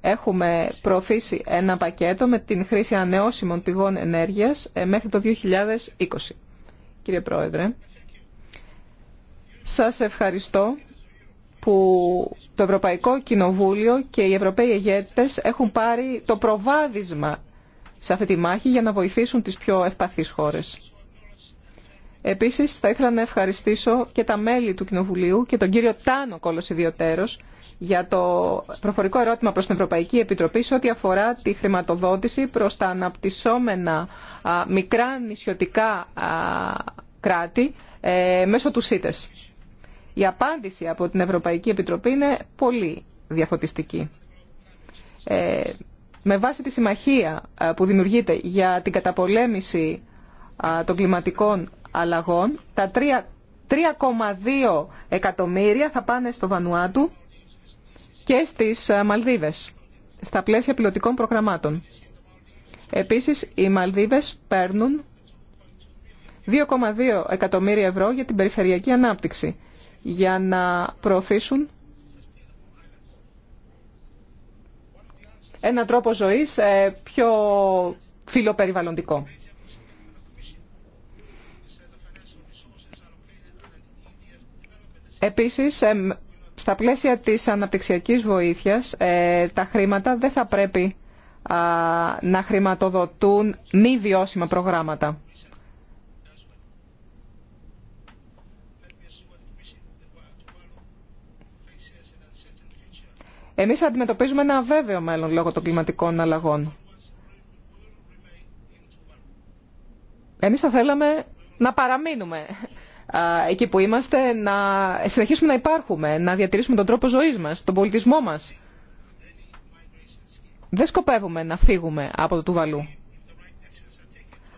Έχουμε προωθήσει ένα πακέτο με την χρήση ανεώσιμων πηγών ενέργειας ε, μέχρι το 2020. Κύριε Πρόεδρε, σας ευχαριστώ που το Ευρωπαϊκό Κοινοβούλιο και οι Ευρωπαίοι ηγέτες έχουν πάρει το προβάδισμα σε αυτή τη μάχη για να βοηθήσουν τις πιο ευπαθείς χώρες. Επίσης, θα ήθελα να ευχαριστήσω και τα μέλη του Κοινοβουλίου και τον κύριο Τάνο Κόλος Ιδιωτέρος για το προφορικό ερώτημα προς την Ευρωπαϊκή Επιτροπή σε ό,τι αφορά τη χρηματοδότηση προς τα αναπτυσσόμενα μικρά νησιωτικά κράτη ε, μέσω του ΣΥΤΕΣ. Η απάντηση από την Ευρωπαϊκή Επιτροπή είναι πολύ διαφωτιστική. Ε, με βάση τη συμμαχία ε, που δημιουργείται για την καταπολέμηση των κλιματικών αλλαγών, τα 3,2 εκατομμύρια θα πάνε στο Βανουάτου και στις ε, Μαλδίβες, στα πλαίσια πιλωτικών προγραμμάτων. Επίσης, οι Μαλδίβες παίρνουν 2,2 εκατομμύρια ευρώ για την περιφερειακή ανάπτυξη, για να προωθήσουν ένα τρόπο ζωής ε, πιο φιλοπεριβαλλοντικό. Επίσης, ε, στα πλαίσια της αναπτυξιακής βοήθειας, ε, τα χρήματα δεν θα πρέπει να χρηματοδοτούν μη βιώσιμα προγράμματα. Εμείς αντιμετωπίζουμε ένα αβέβαιο μέλλον λόγω των κλιματικών αλλαγών. Εμείς θα θέλαμε να παραμείνουμε εκεί που είμαστε, να συνεχίσουμε να υπάρχουμε, να διατηρήσουμε τον τρόπο ζωής μας, τον πολιτισμό μας. Δεν σκοπεύουμε να φύγουμε από το τουβαλού.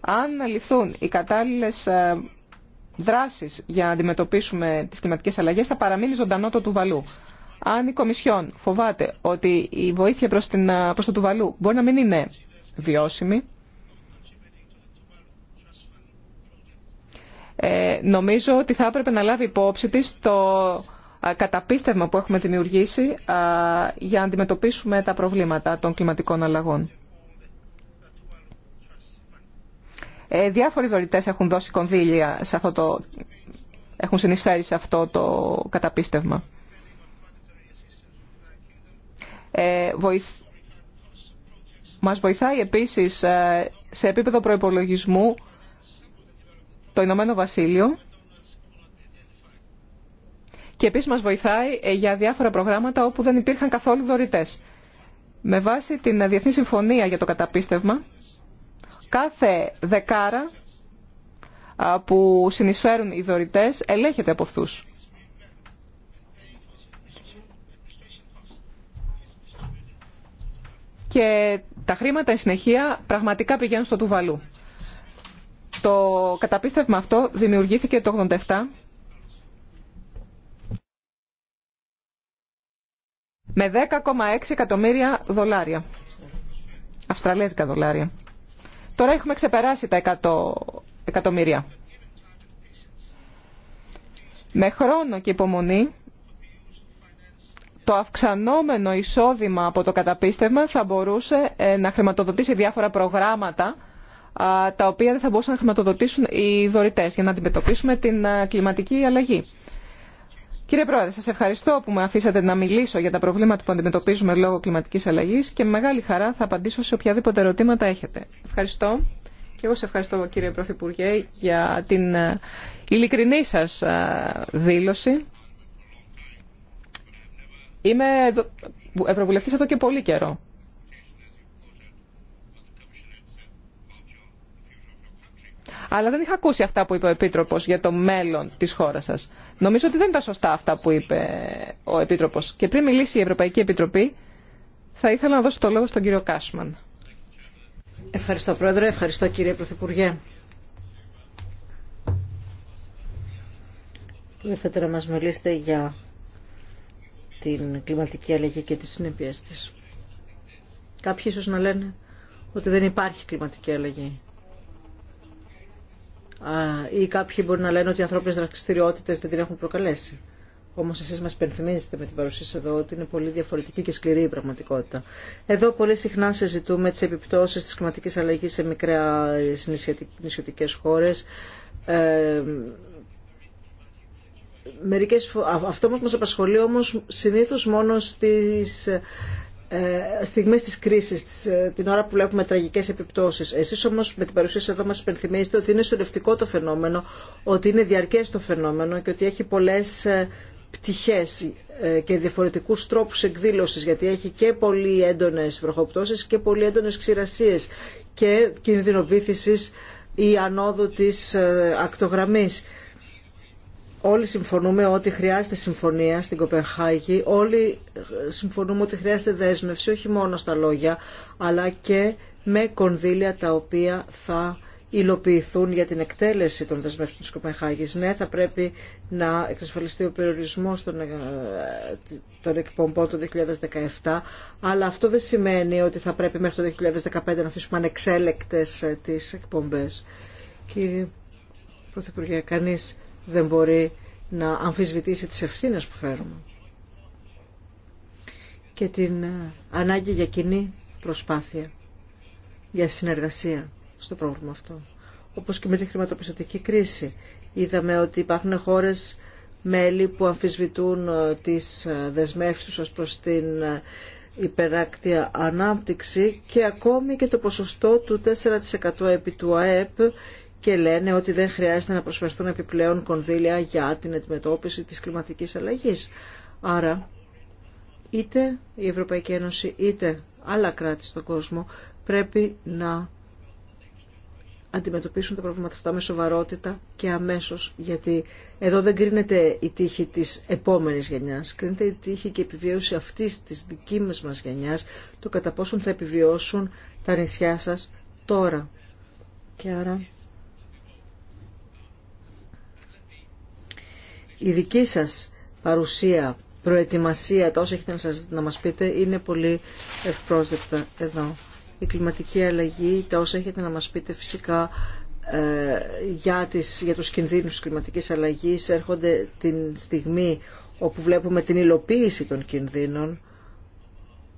Αν ληφθούν οι κατάλληλες δράσεις για να αντιμετωπίσουμε τις κλιματικές αλλαγές, θα παραμείνει ζωντανό το τουβαλού. Αν η Κομισιόν φοβάται ότι η βοήθεια προς, την, προς το τουβαλού μπορεί να μην είναι βιώσιμη, ε, νομίζω ότι θα έπρεπε να λάβει υπόψη της το ε, καταπίστευμα που έχουμε δημιουργήσει ε, για να αντιμετωπίσουμε τα προβλήματα των κλιματικών αλλαγών. διάφοροι δωρητές έχουν δώσει κονδύλια σε αυτό το, έχουν συνεισφέρει σε αυτό το καταπίστευμα. Ε, μας βοηθάει επίσης ε, σε επίπεδο προϋπολογισμού το Ηνωμένο Βασίλειο και επίσης μας βοηθάει ε, για διάφορα προγράμματα όπου δεν υπήρχαν καθόλου δωρητές. Με βάση την Διεθνή Συμφωνία για το Καταπίστευμα, κάθε δεκάρα που συνεισφέρουν οι δωρητές ελέγχεται από αυτούς. και τα χρήματα, η συνεχεία, πραγματικά πηγαίνουν στο τουβαλού. Το καταπίστευμα αυτό δημιουργήθηκε το 87 με 10,6 εκατομμύρια δολάρια. Αυστραλέζικα δολάρια. Τώρα έχουμε ξεπεράσει τα 100 εκατομμύρια. Με χρόνο και υπομονή το αυξανόμενο εισόδημα από το καταπίστευμα θα μπορούσε ε, να χρηματοδοτήσει διάφορα προγράμματα τα οποία δεν θα μπορούσαν να χρηματοδοτήσουν οι δωρητές για να αντιμετωπίσουμε την ε, κλιματική αλλαγή. Κύριε Πρόεδρε, σας ευχαριστώ που με αφήσατε να μιλήσω για τα προβλήματα που αντιμετωπίζουμε λόγω κλιματικής αλλαγής και με μεγάλη χαρά θα απαντήσω σε οποιαδήποτε ερωτήματα έχετε. Ευχαριστώ και εγώ σε ευχαριστώ κύριε Πρωθυπουργέ για την ε, ειλικρινή σας δήλωση. Είμαι ευρωβουλευτής εδώ και πολύ καιρό. Αλλά δεν είχα ακούσει αυτά που είπε ο Επίτροπος για το μέλλον της χώρας σας. Νομίζω ότι δεν ήταν σωστά αυτά που είπε ο Επίτροπος. Και πριν μιλήσει η Ευρωπαϊκή Επιτροπή, θα ήθελα να δώσω το λόγο στον κύριο Κάσμαν. Ευχαριστώ Πρόεδρε, ευχαριστώ κύριε Πρωθυπουργέ. Που ήρθατε να μας μιλήσετε για την κλιματική αλλαγή και τις συνέπειες της. Κάποιοι ίσως να λένε ότι δεν υπάρχει κλιματική αλλαγή. Ή κάποιοι μπορεί να λένε ότι οι ανθρώπινες δραστηριότητε δεν την έχουν προκαλέσει. Όμω εσεί μα υπενθυμίζετε με την παρουσία σα εδώ ότι είναι πολύ διαφορετική και σκληρή η πραγματικότητα. Εδώ πολύ συχνά συζητούμε τι επιπτώσει τη κλιματική αλλαγή σε μικρέ νησιωτικέ χώρε. Ε, μερικές, αυτό όμως μας απασχολεί όμως συνήθως μόνο στις ε, στιγμές της κρίσης, ε, την ώρα που βλέπουμε τραγικές επιπτώσεις. Εσείς όμως με την παρουσία σας εδώ μας υπενθυμίζετε ότι είναι σωρευτικό το φαινόμενο, ότι είναι διαρκές το φαινόμενο και ότι έχει πολλές ε, πτυχές και διαφορετικούς τρόπους εκδήλωσης, γιατί έχει και πολύ έντονες βροχοπτώσεις και πολύ έντονες ξηρασίες και κινδυνοποίθησης ή ανόδου της ακτογραμμής. Όλοι συμφωνούμε ότι χρειάζεται συμφωνία στην Κοπενχάγη, όλοι ε, συμφωνούμε ότι χρειάζεται δέσμευση όχι μόνο στα λόγια, αλλά και με κονδύλια τα οποία θα υλοποιηθούν για την εκτέλεση των δεσμεύσεων της Κοπενχάγης. Ναι, θα πρέπει να εξασφαλιστεί ο περιορισμός των, ε, των εκπομπών το 2017, αλλά αυτό δεν σημαίνει ότι θα πρέπει μέχρι το 2015 να αφήσουμε ανεξέλεκτες ε, τις εκπομπές. Κύριε Πρωθυπουργέ, κανείς δεν μπορεί να αμφισβητήσει τις ευθύνες που φέρουμε και την ε, ανάγκη για κοινή προσπάθεια, για συνεργασία στο πρόβλημα αυτό. Όπως και με τη χρηματοπιστωτική κρίση. Είδαμε ότι υπάρχουν χώρες μέλη που αμφισβητούν ε, τις ε, δεσμεύσεις ως προς την υπεράκτια ανάπτυξη και ακόμη και το ποσοστό του 4% επί του ΑΕΠ και λένε ότι δεν χρειάζεται να προσφερθούν επιπλέον κονδύλια για την αντιμετώπιση της κλιματικής αλλαγής. Άρα, είτε η Ευρωπαϊκή Ένωση, είτε άλλα κράτη στον κόσμο πρέπει να αντιμετωπίσουν τα προβλήματα αυτά με σοβαρότητα και αμέσως, γιατί εδώ δεν κρίνεται η τύχη της επόμενης γενιάς, κρίνεται η τύχη και η επιβίωση αυτής της δική μας γενιάς, το κατά πόσον θα επιβιώσουν τα νησιά σας τώρα. Και άρα η δική σας παρουσία, προετοιμασία, τα όσα έχετε να, μας πείτε είναι πολύ ευπρόσδεκτα εδώ. Η κλιματική αλλαγή, τα όσα έχετε να μας πείτε φυσικά ε, για, τις, για τους κινδύνους της κλιματικής αλλαγής έρχονται την στιγμή όπου βλέπουμε την υλοποίηση των κινδύνων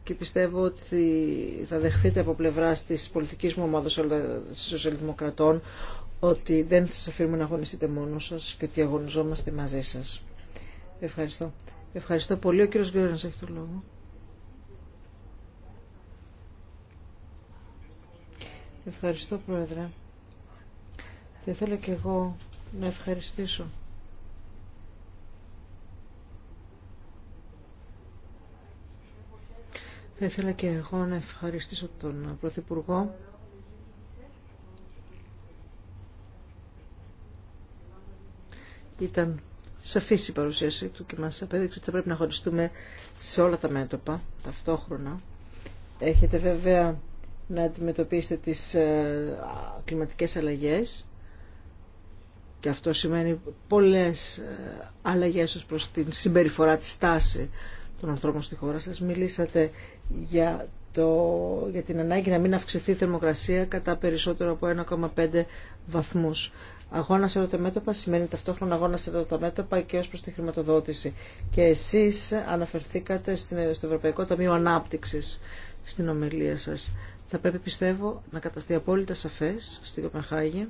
και πιστεύω ότι θα δεχθείτε από πλευράς της πολιτικής μου ομάδα Σοσιαλδημοκρατών ότι δεν σας αφήνουμε να αγωνιστείτε μόνος σας και ότι αγωνιζόμαστε μαζί σας. Ευχαριστώ. Ευχαριστώ πολύ. Ο κύριος Γκέρνας έχει το λόγο. Ευχαριστώ Πρόεδρε. Θα ήθελα και εγώ να ευχαριστήσω. Θα ήθελα και εγώ να ευχαριστήσω τον Πρωθυπουργό Ήταν σαφής η παρουσίασή του και μας απέδειξε ότι θα πρέπει να χωριστούμε σε όλα τα μέτωπα ταυτόχρονα. Έχετε βέβαια να αντιμετωπίσετε τις ε, κλιματικές αλλαγές και αυτό σημαίνει πολλές ε, αλλαγές ως προς την συμπεριφορά, τη στάση των ανθρώπων στη χώρα σας. Μιλήσατε για, το, για την ανάγκη να μην αυξηθεί η θερμοκρασία κατά περισσότερο από 1,5 βαθμούς. Αγώνα σε όλα τα μέτωπα σημαίνει ταυτόχρονα αγώνα σε όλα τα μέτωπα και ω προ τη χρηματοδότηση. Και εσεί αναφερθήκατε στο Ευρωπαϊκό Ταμείο Ανάπτυξη στην ομιλία σα. Θα πρέπει, πιστεύω, να καταστεί απόλυτα σαφέ στην Κοπενχάγη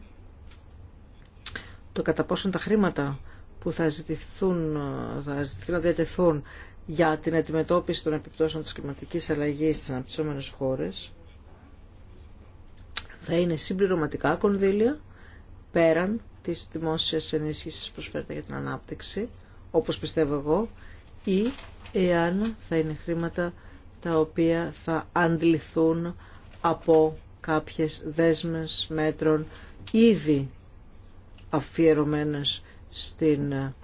το κατά πόσον τα χρήματα που θα ζητηθούν, θα ζητηθούν να διατεθούν για την αντιμετώπιση των επιπτώσεων της κλιματικής αλλαγής στις αναπτυσσόμενες χώρες θα είναι συμπληρωματικά κονδύλια πέραν της δημόσιας ενίσχυσης προσφέρεται για την ανάπτυξη, όπως πιστεύω εγώ, ή εάν θα είναι χρήματα τα οποία θα αντληθούν από κάποιες δέσμες μέτρων ήδη αφιερωμένες στην ε,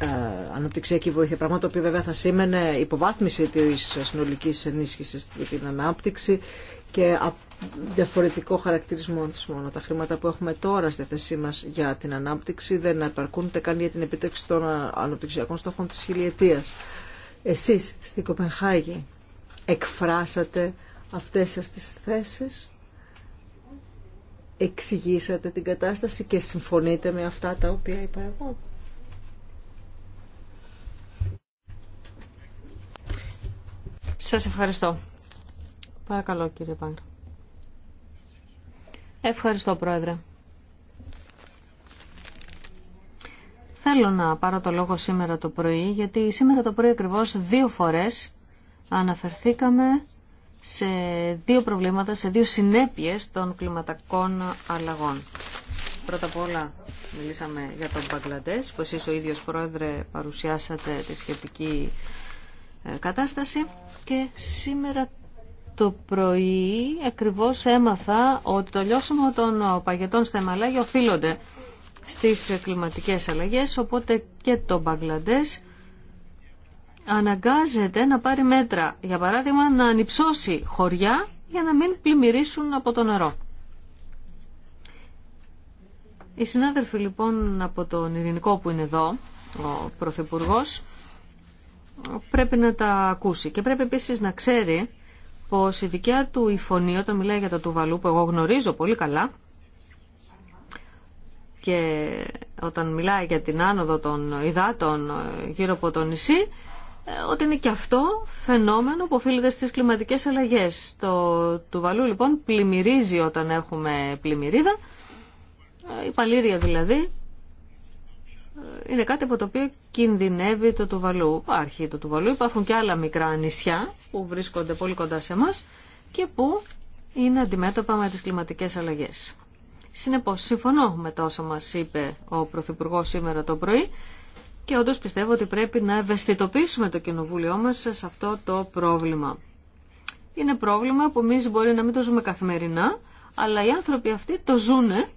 ε, αναπτυξιακή βοήθεια. Πράγμα το οποίο βέβαια θα σήμαινε υποβάθμιση της συνολικής ενίσχυσης για την ανάπτυξη και διαφορετικό χαρακτηρισμό της μόνο. Τα χρήματα που έχουμε τώρα στη θέση μας για την ανάπτυξη δεν επαρκούν ούτε καν για την επίτευξη των αναπτυξιακών στόχων της χιλιετίας. Εσείς στην Κοπενχάγη εκφράσατε αυτές σας τις θέσεις, εξηγήσατε την κατάσταση και συμφωνείτε με αυτά τα οποία είπα εγώ. Σας ευχαριστώ. Παρακαλώ κύριε Πάνκα. Ευχαριστώ, Πρόεδρε. Θέλω να πάρω το λόγο σήμερα το πρωί, γιατί σήμερα το πρωί ακριβώς δύο φορές αναφερθήκαμε σε δύο προβλήματα, σε δύο συνέπειες των κλιματικών αλλαγών. Πρώτα απ' όλα μιλήσαμε για τον Μπαγκλαντές, που εσείς ο ίδιος πρόεδρε παρουσιάσατε τη σχετική ε, κατάσταση και σήμερα το πρωί ακριβώς έμαθα ότι το λιώσιμο των παγετών στα Εμαλάγια οφείλονται στις κλιματικές αλλαγές, οπότε και το Μπαγκλαντές αναγκάζεται να πάρει μέτρα, για παράδειγμα να ανυψώσει χωριά για να μην πλημμυρίσουν από το νερό. Οι συνάδελφοι λοιπόν από τον Ειρηνικό που είναι εδώ, ο Πρωθυπουργό, πρέπει να τα ακούσει και πρέπει επίσης να ξέρει πως η δικιά του η φωνή όταν μιλάει για το τουβαλού που εγώ γνωρίζω πολύ καλά και όταν μιλάει για την άνοδο των υδάτων ε, γύρω από το νησί ε, ότι είναι και αυτό φαινόμενο που οφείλεται στις κλιματικές αλλαγές. Το τουβαλού λοιπόν πλημμυρίζει όταν έχουμε πλημμυρίδα, ε, η παλήρια δηλαδή είναι κάτι από το οποίο κινδυνεύει το Τουβαλού. Υπάρχει το Τουβαλού, υπάρχουν και άλλα μικρά νησιά που βρίσκονται πολύ κοντά σε εμά και που είναι αντιμέτωπα με τις κλιματικές αλλαγές. Συνεπώς, συμφωνώ με τα όσα μας είπε ο Πρωθυπουργός σήμερα το πρωί και όντως πιστεύω ότι πρέπει να ευαισθητοποιήσουμε το κοινοβούλιο μας σε αυτό το πρόβλημα. Είναι πρόβλημα που εμεί μπορεί να μην το ζούμε καθημερινά, αλλά οι άνθρωποι αυτοί το ζούνε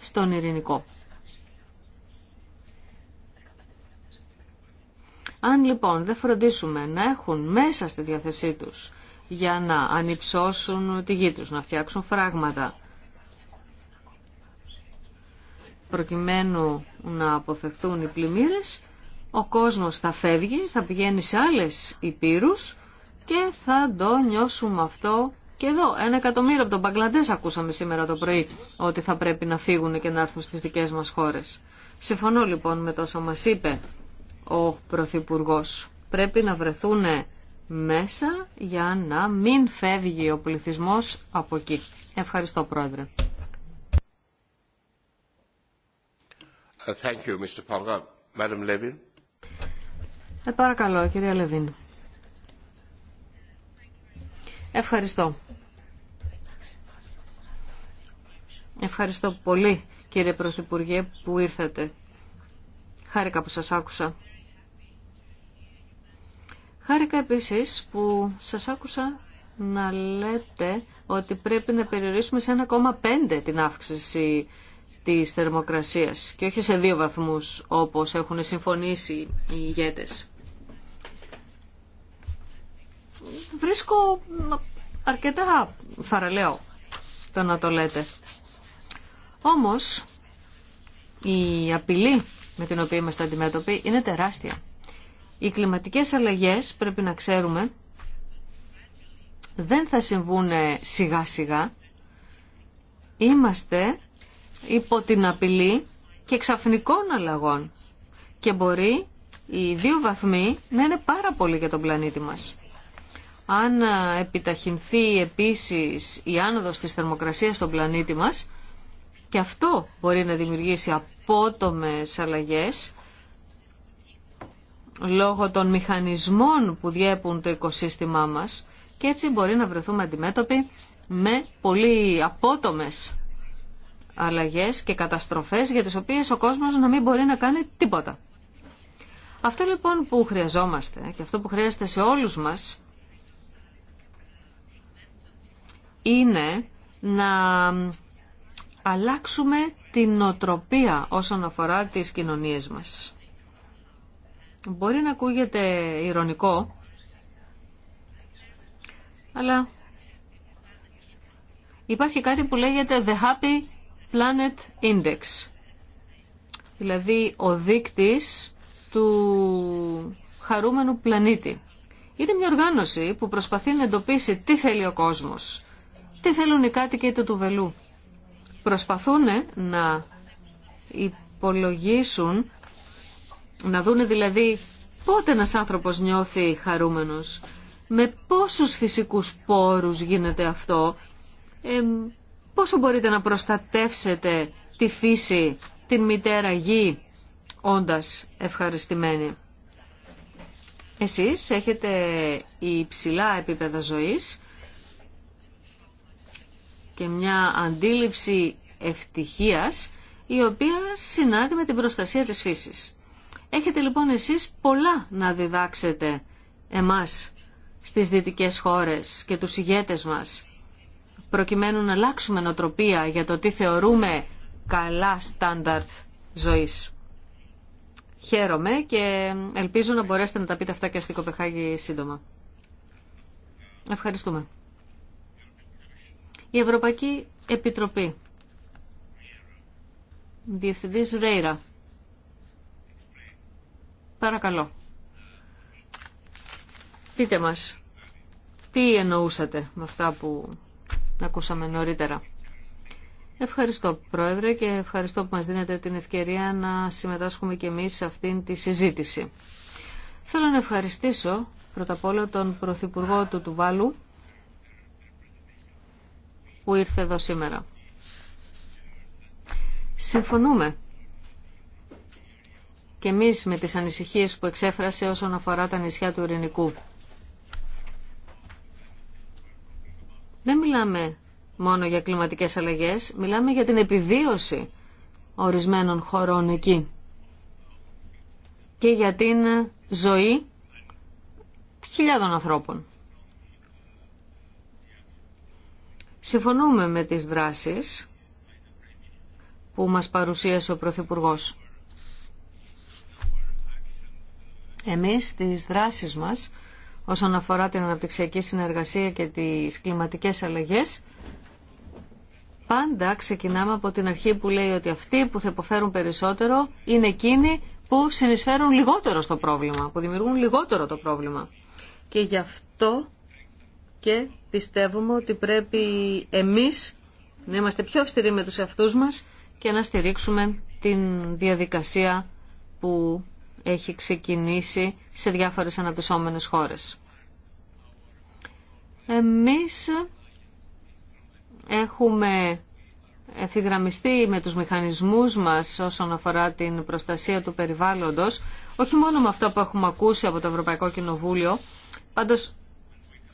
στον ειρηνικό. Αν λοιπόν δεν φροντίσουμε να έχουν μέσα στη διάθεσή τους για να ανυψώσουν τη γη τους, να φτιάξουν φράγματα, προκειμένου να αποφευθούν οι πλημμύρες, ο κόσμος θα φεύγει, θα πηγαίνει σε άλλες υπήρους και θα το νιώσουμε αυτό και εδώ. Ένα εκατομμύριο από τον Παγκλαντές ακούσαμε σήμερα το πρωί ότι θα πρέπει να φύγουν και να έρθουν στις δικές μας χώρες. Συμφωνώ λοιπόν με τόσα μας είπε ο Πρωθυπουργό. Πρέπει να βρεθούν μέσα για να μην φεύγει ο πληθυσμός από εκεί. Ευχαριστώ Πρόεδρε. Uh, thank you, Mr. Madam Levin. Ε, παρακαλώ, κυρία Λεβίν. Ευχαριστώ. Ευχαριστώ πολύ, κύριε Πρωθυπουργέ, που ήρθατε. Χάρηκα που σας άκουσα. Χάρηκα επίσης που σας άκουσα να λέτε ότι πρέπει να περιορίσουμε σε 1,5 την αύξηση της θερμοκρασίας και όχι σε δύο βαθμούς όπως έχουν συμφωνήσει οι ηγέτες. Βρίσκω αρκετά θαραλέο το να το λέτε. Όμως η απειλή με την οποία είμαστε αντιμέτωποι είναι τεράστια. Οι κλιματικές αλλαγές, πρέπει να ξέρουμε, δεν θα συμβούν σιγά σιγά. Είμαστε υπό την απειλή και ξαφνικών αλλαγών και μπορεί οι δύο βαθμοί να είναι πάρα πολύ για τον πλανήτη μας. Αν επιταχυνθεί επίσης η άνοδος της θερμοκρασίας στον πλανήτη μας, και αυτό μπορεί να δημιουργήσει απότομες αλλαγές λόγω των μηχανισμών που διέπουν το οικοσύστημά μας και έτσι μπορεί να βρεθούμε αντιμέτωποι με πολύ απότομες αλλαγές και καταστροφές για τις οποίες ο κόσμος να μην μπορεί να κάνει τίποτα. Αυτό λοιπόν που χρειαζόμαστε και αυτό που χρειάζεται σε όλους μας είναι να αλλάξουμε την νοτροπία όσον αφορά τις κοινωνίες μας. Μπορεί να ακούγεται ηρωνικό, αλλά υπάρχει κάτι που λέγεται The Happy Planet Index. Δηλαδή ο δείκτης του χαρούμενου πλανήτη. Είναι μια οργάνωση που προσπαθεί να εντοπίσει τι θέλει ο κόσμος, τι θέλουν οι κάτοικοι του βελού. Προσπαθούν να υπολογίσουν να δούνε δηλαδή πότε ένας άνθρωπος νιώθει χαρούμενος, με πόσους φυσικούς πόρους γίνεται αυτό, πόσο μπορείτε να προστατεύσετε τη φύση, την μητέρα γη, όντας ευχαριστημένη. Εσείς έχετε υψηλά επίπεδα ζωής και μια αντίληψη ευτυχίας η οποία συνάδει με την προστασία της φύσης. Έχετε λοιπόν εσείς πολλά να διδάξετε εμάς στις δυτικές χώρες και τους ηγέτες μας προκειμένου να αλλάξουμε νοτροπία για το τι θεωρούμε καλά στάνταρτ ζωής. Χαίρομαι και ελπίζω να μπορέσετε να τα πείτε αυτά και στην Κοπεχάγη σύντομα. Ευχαριστούμε. Η Ευρωπαϊκή Επιτροπή. Διευθυντής Ρέιρα. Παρακαλώ. Πείτε μας, τι εννοούσατε με αυτά που ακούσαμε νωρίτερα. Ευχαριστώ Πρόεδρε και ευχαριστώ που μας δίνετε την ευκαιρία να συμμετάσχουμε και εμείς σε αυτήν τη συζήτηση. Θέλω να ευχαριστήσω πρώτα απ' όλα τον Πρωθυπουργό του Τουβάλου που ήρθε εδώ σήμερα. Συμφωνούμε και εμείς με τις ανησυχίες που εξέφρασε όσον αφορά τα νησιά του Ειρηνικού. Δεν μιλάμε μόνο για κλιματικές αλλαγές, μιλάμε για την επιβίωση ορισμένων χωρών εκεί και για την ζωή χιλιάδων ανθρώπων. Συμφωνούμε με τις δράσεις που μας παρουσίασε ο Πρωθυπουργός. Εμείς στις δράσεις μας όσον αφορά την αναπτυξιακή συνεργασία και τις κλιματικές αλλαγές πάντα ξεκινάμε από την αρχή που λέει ότι αυτοί που θα υποφέρουν περισσότερο είναι εκείνοι που συνεισφέρουν λιγότερο στο πρόβλημα, που δημιουργούν λιγότερο το πρόβλημα. Και γι' αυτό και πιστεύουμε ότι πρέπει εμείς να είμαστε πιο αυστηροί με τους εαυτούς μας και να στηρίξουμε την διαδικασία που έχει ξεκινήσει σε διάφορες αναπτυσσόμενες χώρες. Εμείς έχουμε ευθυγραμμιστεί με τους μηχανισμούς μας όσον αφορά την προστασία του περιβάλλοντος, όχι μόνο με αυτό που έχουμε ακούσει από το Ευρωπαϊκό Κοινοβούλιο, πάντως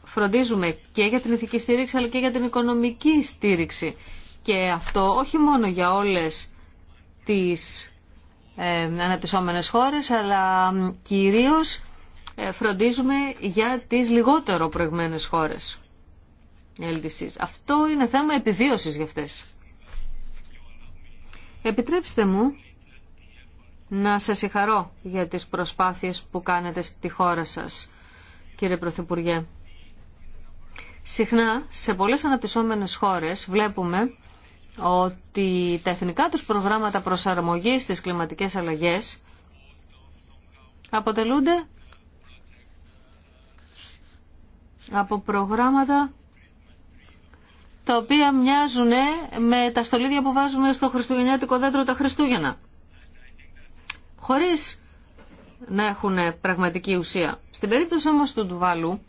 φροντίζουμε και για την ηθική στήριξη αλλά και για την οικονομική στήριξη. Και αυτό όχι μόνο για όλες τις ε, αναπτυσσόμενες χώρες, αλλά κυρίως ε, φροντίζουμε για τις λιγότερο προηγμένες χώρες. LDCs. Αυτό είναι θέμα επιβίωσης για αυτές. Επιτρέψτε μου να σας συγχαρώ για τις προσπάθειες που κάνετε στη χώρα σας, κύριε Πρωθυπουργέ. Συχνά, σε πολλές αναπτυσσόμενες χώρες βλέπουμε ότι τα εθνικά τους προγράμματα προσαρμογής στις κλιματικές αλλαγές αποτελούνται από προγράμματα τα οποία μοιάζουν με τα στολίδια που βάζουμε στο χριστουγεννιάτικο δέντρο τα Χριστούγεννα. Χωρίς να έχουν πραγματική ουσία. Στην περίπτωση όμως του Ντουβάλου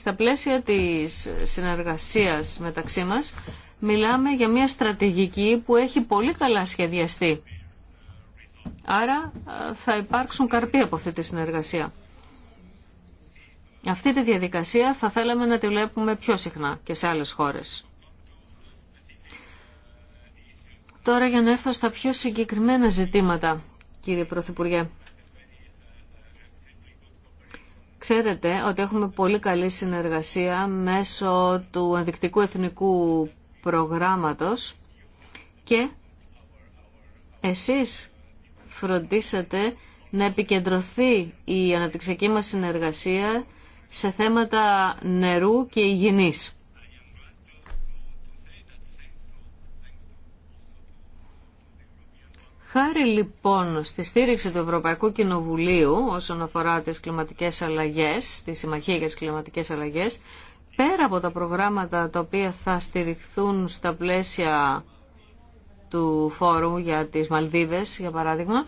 Στα πλαίσια της συνεργασίας μεταξύ μας μιλάμε για μια στρατηγική που έχει πολύ καλά σχεδιαστεί. Άρα ε, θα υπάρξουν καρποί από αυτή τη συνεργασία. Αυτή τη διαδικασία θα θέλαμε να τη βλέπουμε πιο συχνά και σε άλλες χώρες. Τώρα για να έρθω στα πιο συγκεκριμένα ζητήματα, κύριε Πρωθυπουργέ. Ξέρετε ότι έχουμε πολύ καλή συνεργασία μέσω του ενδεικτικού εθνικού προγράμματος και εσείς φροντίσατε να επικεντρωθεί η αναπτυξιακή μας συνεργασία σε θέματα νερού και υγιεινής. Χάρη λοιπόν στη στήριξη του Ευρωπαϊκού Κοινοβουλίου όσον αφορά τις κλιματικές αλλαγές, τη Συμμαχία για τις Κλιματικές Αλλαγές, πέρα από τα προγράμματα τα οποία θα στηριχθούν στα πλαίσια του φόρου για τις Μαλδίβες, για παράδειγμα,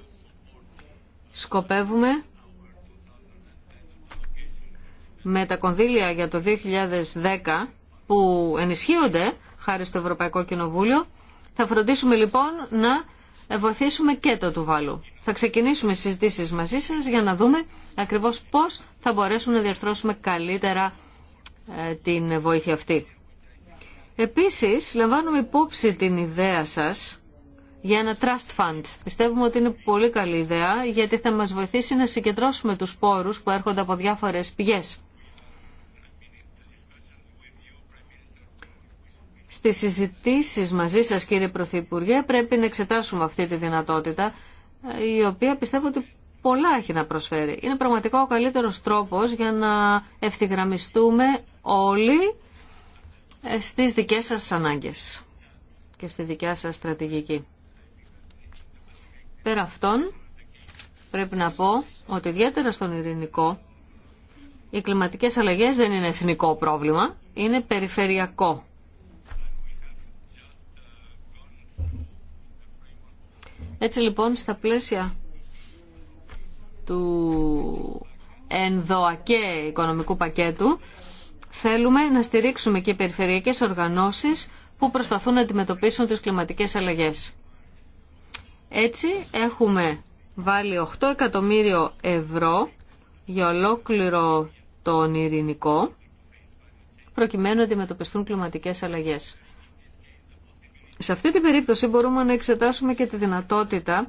σκοπεύουμε με τα κονδύλια για το 2010 που ενισχύονται χάρη στο Ευρωπαϊκό Κοινοβούλιο, θα φροντίσουμε λοιπόν να ε, βοηθήσουμε και το Τουβάλου. Θα ξεκινήσουμε συζητήσεις μαζί σας για να δούμε ακριβώς πώς θα μπορέσουμε να διαρθρώσουμε καλύτερα ε, την βοήθεια αυτή. Επίσης, λαμβάνουμε υπόψη την ιδέα σας για ένα trust fund. Πιστεύουμε ότι είναι πολύ καλή ιδέα γιατί θα μας βοηθήσει να συγκεντρώσουμε τους πόρους που έρχονται από διάφορες πηγές. Στις συζητήσεις μαζί σας κύριε Πρωθυπουργέ πρέπει να εξετάσουμε αυτή τη δυνατότητα η οποία πιστεύω ότι πολλά έχει να προσφέρει. Είναι πραγματικά ο καλύτερος τρόπος για να ευθυγραμμιστούμε όλοι ε, στις δικές σας ανάγκες και στη δικιά σας στρατηγική. Πέρα αυτών, πρέπει να πω ότι ιδιαίτερα στον ειρηνικό οι κλιματικές αλλαγές δεν είναι εθνικό πρόβλημα, είναι περιφερειακό Έτσι λοιπόν στα πλαίσια του ενδοακέ οικονομικού πακέτου θέλουμε να στηρίξουμε και περιφερειακές οργανώσεις που προσπαθούν να αντιμετωπίσουν τις κλιματικές αλλαγές. Έτσι έχουμε βάλει 8 εκατομμύριο ευρώ για ολόκληρο τον ειρηνικό προκειμένου να αντιμετωπιστούν κλιματικές αλλαγές. Σε αυτή την περίπτωση μπορούμε να εξετάσουμε και τη δυνατότητα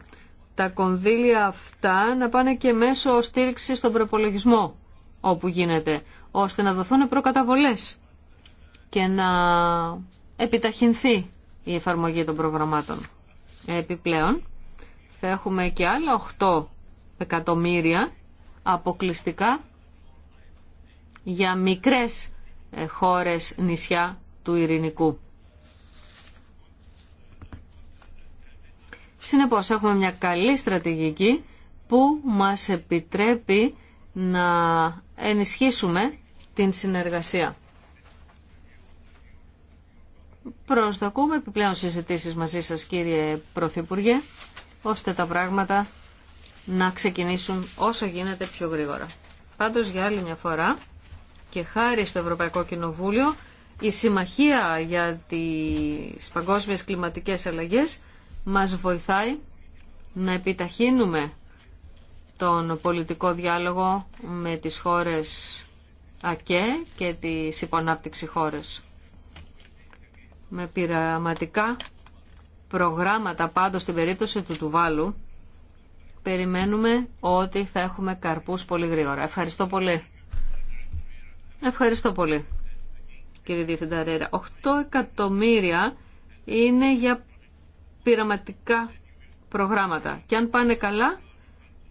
τα κονδύλια αυτά να πάνε και μέσω στήριξη στον προπολογισμό όπου γίνεται, ώστε να δοθούν προκαταβολές και να επιταχυνθεί η εφαρμογή των προγραμμάτων. Επιπλέον, θα έχουμε και άλλα 8 εκατομμύρια αποκλειστικά για μικρές ε, χώρες νησιά του Ειρηνικού. Συνεπώς έχουμε μια καλή στρατηγική που μας επιτρέπει να ενισχύσουμε την συνεργασία. Προστακούμε επιπλέον συζητήσεις μαζί σας κύριε Πρωθυπουργέ, ώστε τα πράγματα να ξεκινήσουν όσο γίνεται πιο γρήγορα. Πάντως για άλλη μια φορά και χάρη στο Ευρωπαϊκό Κοινοβούλιο η Συμμαχία για τις Παγκόσμιες Κλιματικές Αλλαγές μας βοηθάει να επιταχύνουμε τον πολιτικό διάλογο με τις χώρες ΑΚΕ και τις υπονάπτυξη χώρες. Με πειραματικά προγράμματα πάντως στην περίπτωση του Τουβάλου περιμένουμε ότι θα έχουμε καρπούς πολύ γρήγορα. Ευχαριστώ πολύ. Ευχαριστώ πολύ κύριε Διευθυνταρέρα. 8 εκατομμύρια είναι για πειραματικά προγράμματα. Και αν πάνε καλά,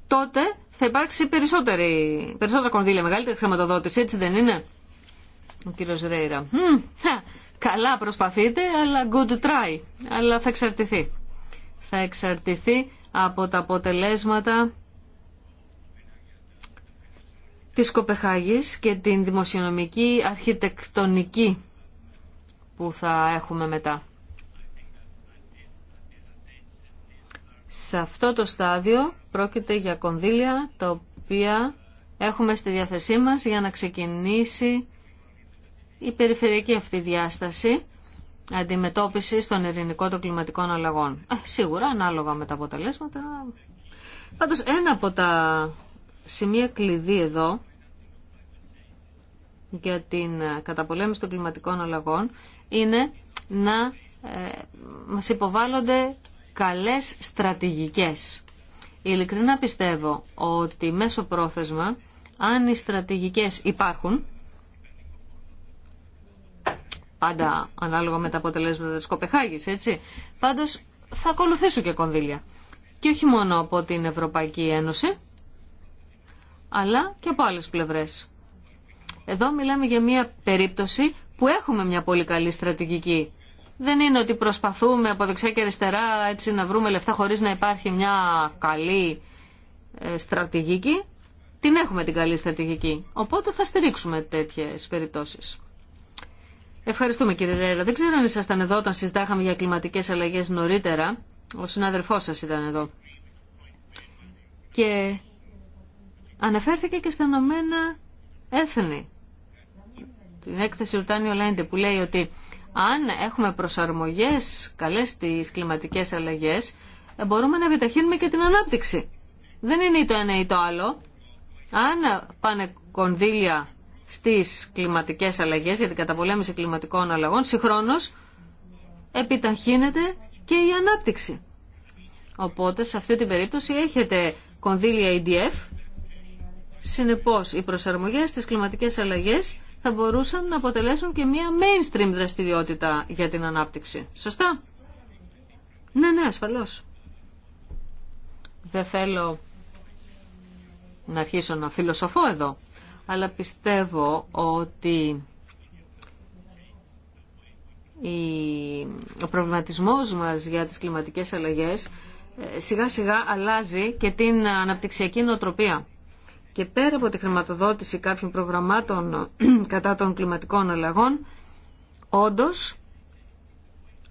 τότε θα υπάρξει περισσότερη, περισσότερα κονδύλια, μεγαλύτερη χρηματοδότηση. Έτσι δεν είναι, ο κύριο Ρέιρα. καλά προσπαθείτε, αλλά good try. Αλλά θα εξαρτηθεί. Θα εξαρτηθεί από τα αποτελέσματα της Κοπεχάγης και την δημοσιονομική αρχιτεκτονική που θα έχουμε μετά. Σε αυτό το στάδιο πρόκειται για κονδύλια τα οποία έχουμε στη διάθεσή μας για να ξεκινήσει η περιφερειακή αυτή διάσταση αντιμετώπιση των ειρηνικών των κλιματικών αλλαγών. Ε, σίγουρα ανάλογα με τα αποτελέσματα. Πάντως ένα από τα σημεία κλειδί εδώ για την καταπολέμηση των κλιματικών αλλαγών είναι να ε, μας υποβάλλονται καλές στρατηγικές. Ειλικρινά πιστεύω ότι μέσω πρόθεσμα, αν οι στρατηγικές υπάρχουν, πάντα ανάλογα με τα αποτελέσματα της Κοπεχάγης, έτσι, πάντως θα ακολουθήσουν και κονδύλια. Και όχι μόνο από την Ευρωπαϊκή Ένωση, αλλά και από άλλες πλευρές. Εδώ μιλάμε για μια περίπτωση που έχουμε μια πολύ καλή στρατηγική δεν είναι ότι προσπαθούμε από δεξιά και αριστερά έτσι να βρούμε λεφτά χωρίς να υπάρχει μια καλή ε, στρατηγική. Την έχουμε την καλή στρατηγική. Οπότε θα στηρίξουμε τέτοιες περιπτώσεις. Ευχαριστούμε κύριε Ρέρα. Δεν ξέρω αν ήσασταν εδώ όταν συζητάχαμε για κλιματικές αλλαγές νωρίτερα. Ο συνάδελφός σας ήταν εδώ. Και αναφέρθηκε και στα Ηνωμένα Έθνη. Την έκθεση Ουρτάνιο Λέντε που λέει ότι αν έχουμε προσαρμογές καλές στις κλιματικές αλλαγές, ε, μπορούμε να επιταχύνουμε και την ανάπτυξη. Δεν είναι ή το ένα ή το άλλο. Αν πάνε κονδύλια στις κλιματικές αλλαγές για την καταπολέμηση κλιματικών αλλαγών, συγχρόνως επιταχύνεται και η ανάπτυξη. Οπότε σε αυτή την περίπτωση έχετε κονδύλια EDF, συνεπώς οι προσαρμογές στις κλιματικές αλλαγές θα μπορούσαν να αποτελέσουν και μία mainstream δραστηριότητα για την ανάπτυξη. Σωστά. Ναι, ναι, ασφαλώς. Δεν θέλω να αρχίσω να φιλοσοφώ εδώ, αλλά πιστεύω ότι ο προβληματισμός μας για τις κλιματικές αλλαγές ε, σιγά σιγά αλλάζει και την αναπτυξιακή νοοτροπία. Και πέρα από τη χρηματοδότηση κάποιων προγραμμάτων κατά των κλιματικών αλλαγών, όντως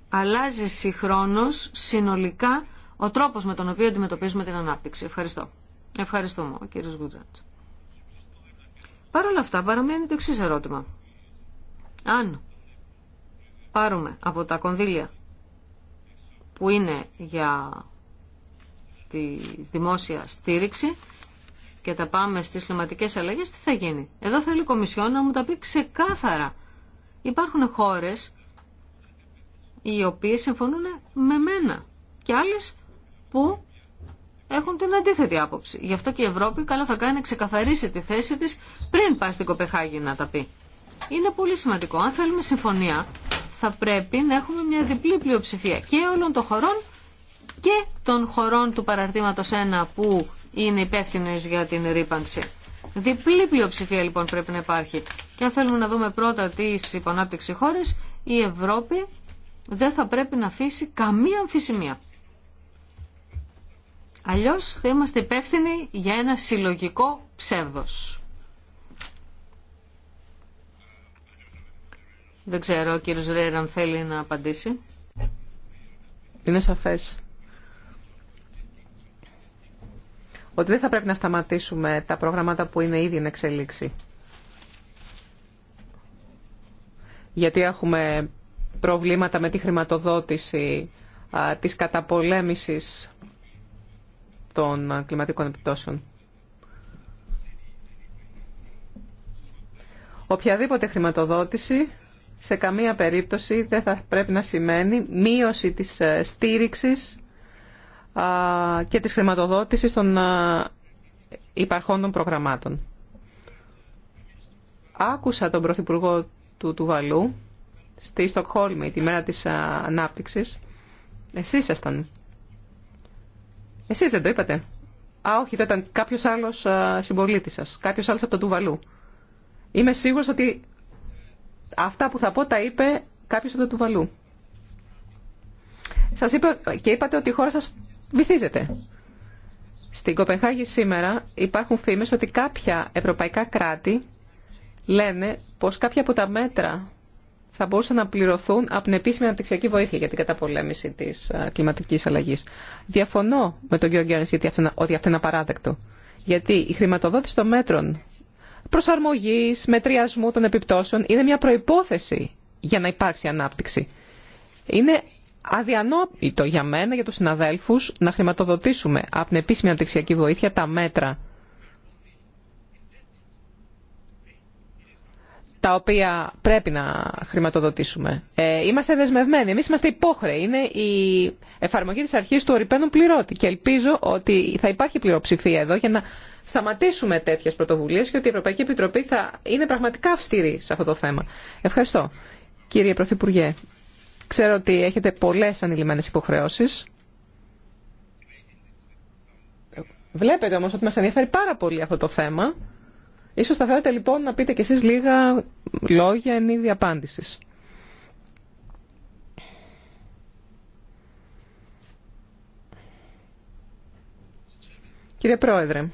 αλλάζει συγχρόνως συνολικά ο τρόπος με τον οποίο αντιμετωπίζουμε την ανάπτυξη. Ευχαριστώ. Ευχαριστούμε, κύριος Γκουτζάντς. Παρ' όλα αυτά παραμένει το εξή ερώτημα. Αν πάρουμε από τα κονδύλια που είναι για τη δημόσια στήριξη και τα πάμε στι κλιματικέ αλλαγές, τι θα γίνει. Εδώ θέλει η Κομισιόν να μου τα πει ξεκάθαρα. Υπάρχουν χώρε οι οποίε συμφωνούν με μένα και άλλε που έχουν την αντίθετη άποψη. Γι' αυτό και η Ευρώπη καλά θα κάνει να ξεκαθαρίσει τη θέση τη πριν πάει στην Κοπεχάγη να τα πει. Είναι πολύ σημαντικό. Αν θέλουμε συμφωνία θα πρέπει να έχουμε μια διπλή πλειοψηφία και όλων των χωρών και των χωρών του παραρτήματος 1 που είναι υπεύθυνε για την ρήπανση. Διπλή πλειοψηφία λοιπόν πρέπει να υπάρχει. Και αν θέλουμε να δούμε πρώτα τι υπονάπτυξη χώρε, η Ευρώπη δεν θα πρέπει να αφήσει καμία αμφισημία. Αλλιώ θα είμαστε υπεύθυνοι για ένα συλλογικό ψεύδος. Δεν ξέρω ο κύριος Ρέιραν θέλει να απαντήσει. Είναι σαφές ότι δεν θα πρέπει να σταματήσουμε τα προγράμματα που είναι ήδη εν εξελίξη. Γιατί έχουμε προβλήματα με τη χρηματοδότηση της καταπολέμησης των κλιματικών επιπτώσεων. Οποιαδήποτε χρηματοδότηση σε καμία περίπτωση δεν θα πρέπει να σημαίνει μείωση της ε, στήριξης και της χρηματοδότησης των υπαρχών των προγραμμάτων. Άκουσα τον Πρωθυπουργό του Τουβαλού στη Στοκχόλμη τη μέρα της ανάπτυξης. Εσείς ήσασταν. Εσείς δεν το είπατε. Α, όχι, το ήταν κάποιος άλλος συμπολίτης σας, κάποιος άλλος από τον Τουβαλού. Είμαι σίγουρος ότι αυτά που θα πω τα είπε κάποιος από τον Τουβαλού. Σας είπε και είπατε ότι η χώρα σας βυθίζεται. Στην Κοπεχάγη σήμερα υπάρχουν φήμες ότι κάποια ευρωπαϊκά κράτη λένε πως κάποια από τα μέτρα θα μπορούσαν να πληρωθούν από την επίσημη αναπτυξιακή βοήθεια για την καταπολέμηση τη κλιματική αλλαγή. Διαφωνώ με τον κύριο Γκέρνη ότι αυτό είναι απαράδεκτο. Γιατί η χρηματοδότηση των μέτρων προσαρμογή, μετριασμού των επιπτώσεων είναι μια προπόθεση για να υπάρξει ανάπτυξη αδιανόητο για μένα, για τους συναδέλφους, να χρηματοδοτήσουμε από την επίσημη αναπτυξιακή βοήθεια τα μέτρα τα οποία πρέπει να χρηματοδοτήσουμε. Ε, είμαστε δεσμευμένοι, εμείς είμαστε υπόχρεοι. Είναι η εφαρμογή της αρχής του ορυπαίνου πληρώτη και ελπίζω ότι θα υπάρχει πληροψηφία εδώ για να σταματήσουμε τέτοιες πρωτοβουλίες και ότι η Ευρωπαϊκή Επιτροπή θα είναι πραγματικά αυστηρή σε αυτό το θέμα. Ευχαριστώ. Κύριε Πρωθυπουργέ, Ξέρω ότι έχετε πολλές ανηλυμένες υποχρεώσεις. Βλέπετε όμως ότι μας ενδιαφέρει πάρα πολύ αυτό το θέμα. Ίσως θα θέλατε λοιπόν να πείτε κι εσείς λίγα λόγια εν είδη απάντησης. Κύριε Πρόεδρε,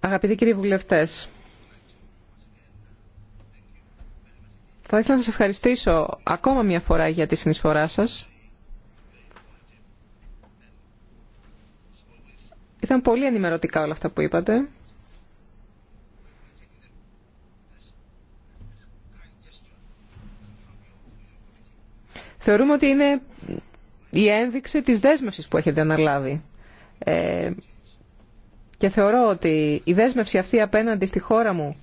αγαπητοί κύριοι βουλευτές, Θα ήθελα να σας ευχαριστήσω ακόμα μια φορά για τη συνεισφορά σας. Ήταν πολύ ενημερωτικά όλα αυτά που είπατε. Θεωρούμε ότι είναι η ένδειξη της δέσμευσης που έχετε αναλάβει. Ε, και θεωρώ ότι η δέσμευση αυτή απέναντι στη χώρα μου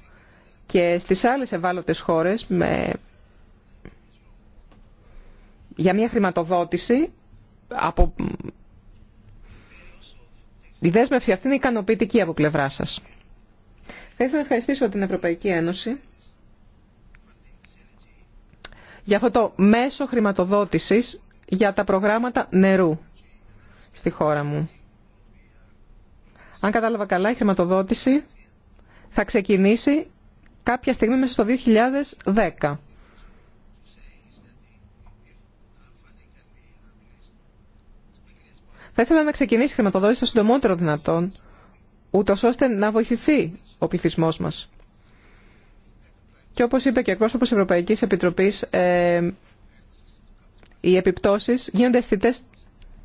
και στις άλλες ευάλωτες χώρες με... για μια χρηματοδότηση από... Η δέσμευση αυτή είναι ικανοποιητική από πλευρά σας. Θα ήθελα να ευχαριστήσω την Ευρωπαϊκή Ένωση για αυτό το μέσο χρηματοδότησης για τα προγράμματα νερού στη χώρα μου. Αν κατάλαβα καλά, η χρηματοδότηση θα ξεκινήσει κάποια στιγμή μέσα στο 2010. Θα ήθελα να ξεκινήσει η χρηματοδότηση το συντομότερο δυνατόν, ούτως ώστε να βοηθηθεί ο πληθυσμό μας. Και όπως είπε και ο εκπρόσωπος Ευρωπαϊκής Επιτροπής, ε, οι επιπτώσεις γίνονται αισθητέ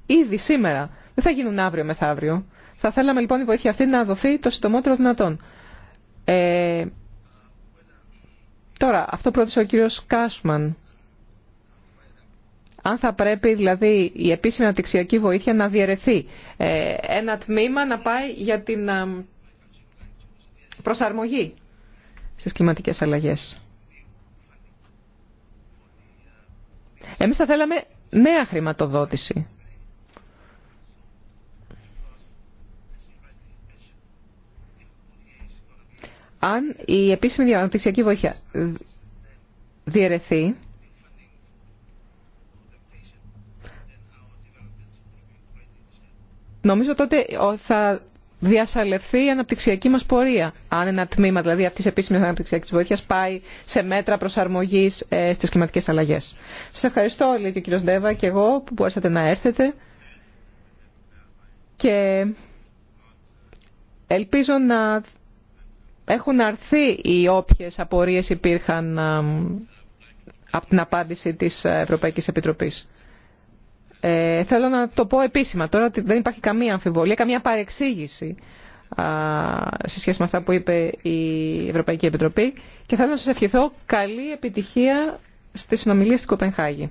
ήδη σήμερα. Δεν θα γίνουν αύριο μεθαύριο. Θα θέλαμε λοιπόν η βοήθεια αυτή να δοθεί το συντομότερο δυνατόν. Ε, Τώρα, αυτό πρότεινε ο κύριος Κάσμαν. Αν θα πρέπει δηλαδή η επίσημη αναπτυξιακή βοήθεια να διαιρεθεί. Ε, ένα τμήμα να πάει για την ε, προσαρμογή στις κλιματικές αλλαγές. Εμείς θα θέλαμε νέα χρηματοδότηση αν η επίσημη αναπτυξιακή βοήθεια διαιρεθεί, νομίζω τότε θα διασαλευθεί η αναπτυξιακή μας πορεία. Αν ένα τμήμα δηλαδή αυτής της επίσημης αναπτυξιακής βοήθειας πάει σε μέτρα προσαρμογής ε, στις κλιματικές αλλαγές. Σας ευχαριστώ όλοι και ο κύριος Ντέβα και εγώ που μπορέσατε να έρθετε και ελπίζω να έχουν αρθεί οι όποιες απορίες υπήρχαν ε, από την απάντηση της Ευρωπαϊκής Επιτροπής. Ε, θέλω να το πω επίσημα τώρα ότι δεν υπάρχει καμία αμφιβολία, καμία παρεξήγηση α, σε σχέση με αυτά που είπε η Ευρωπαϊκή Επιτροπή και θέλω να σας ευχηθώ καλή επιτυχία στη συνομιλία στην Κοπενχάγη.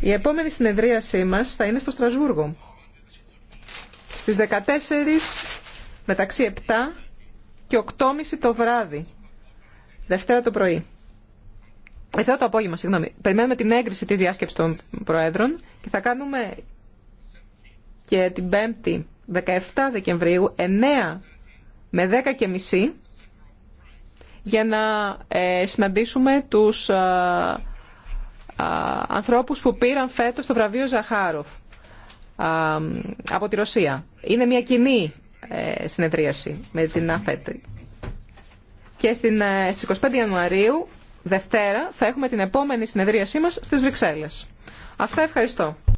Η επόμενη συνεδρίασή μας θα είναι στο Στρασβούργο. Στις 14 μεταξύ 7 και 8.30 το βράδυ. Δευτέρα το πρωί. Δευτέρα το απόγευμα, συγγνώμη. Περιμένουμε την έγκριση της διάσκεψης των Προέδρων και θα κάνουμε και την 5η 17 Δεκεμβρίου 9 με 10.30 για να ε, συναντήσουμε τους ε, ε, ανθρώπους που πήραν φέτος το βραβείο Ζαχάροφ από τη Ρωσία. Είναι μια κοινή συνεδρίαση με την ΑΦΕΤ. Και στις 25 Ιανουαρίου, Δευτέρα, θα έχουμε την επόμενη συνεδρίασή μας στις Βρυξέλλες. Αυτά ευχαριστώ.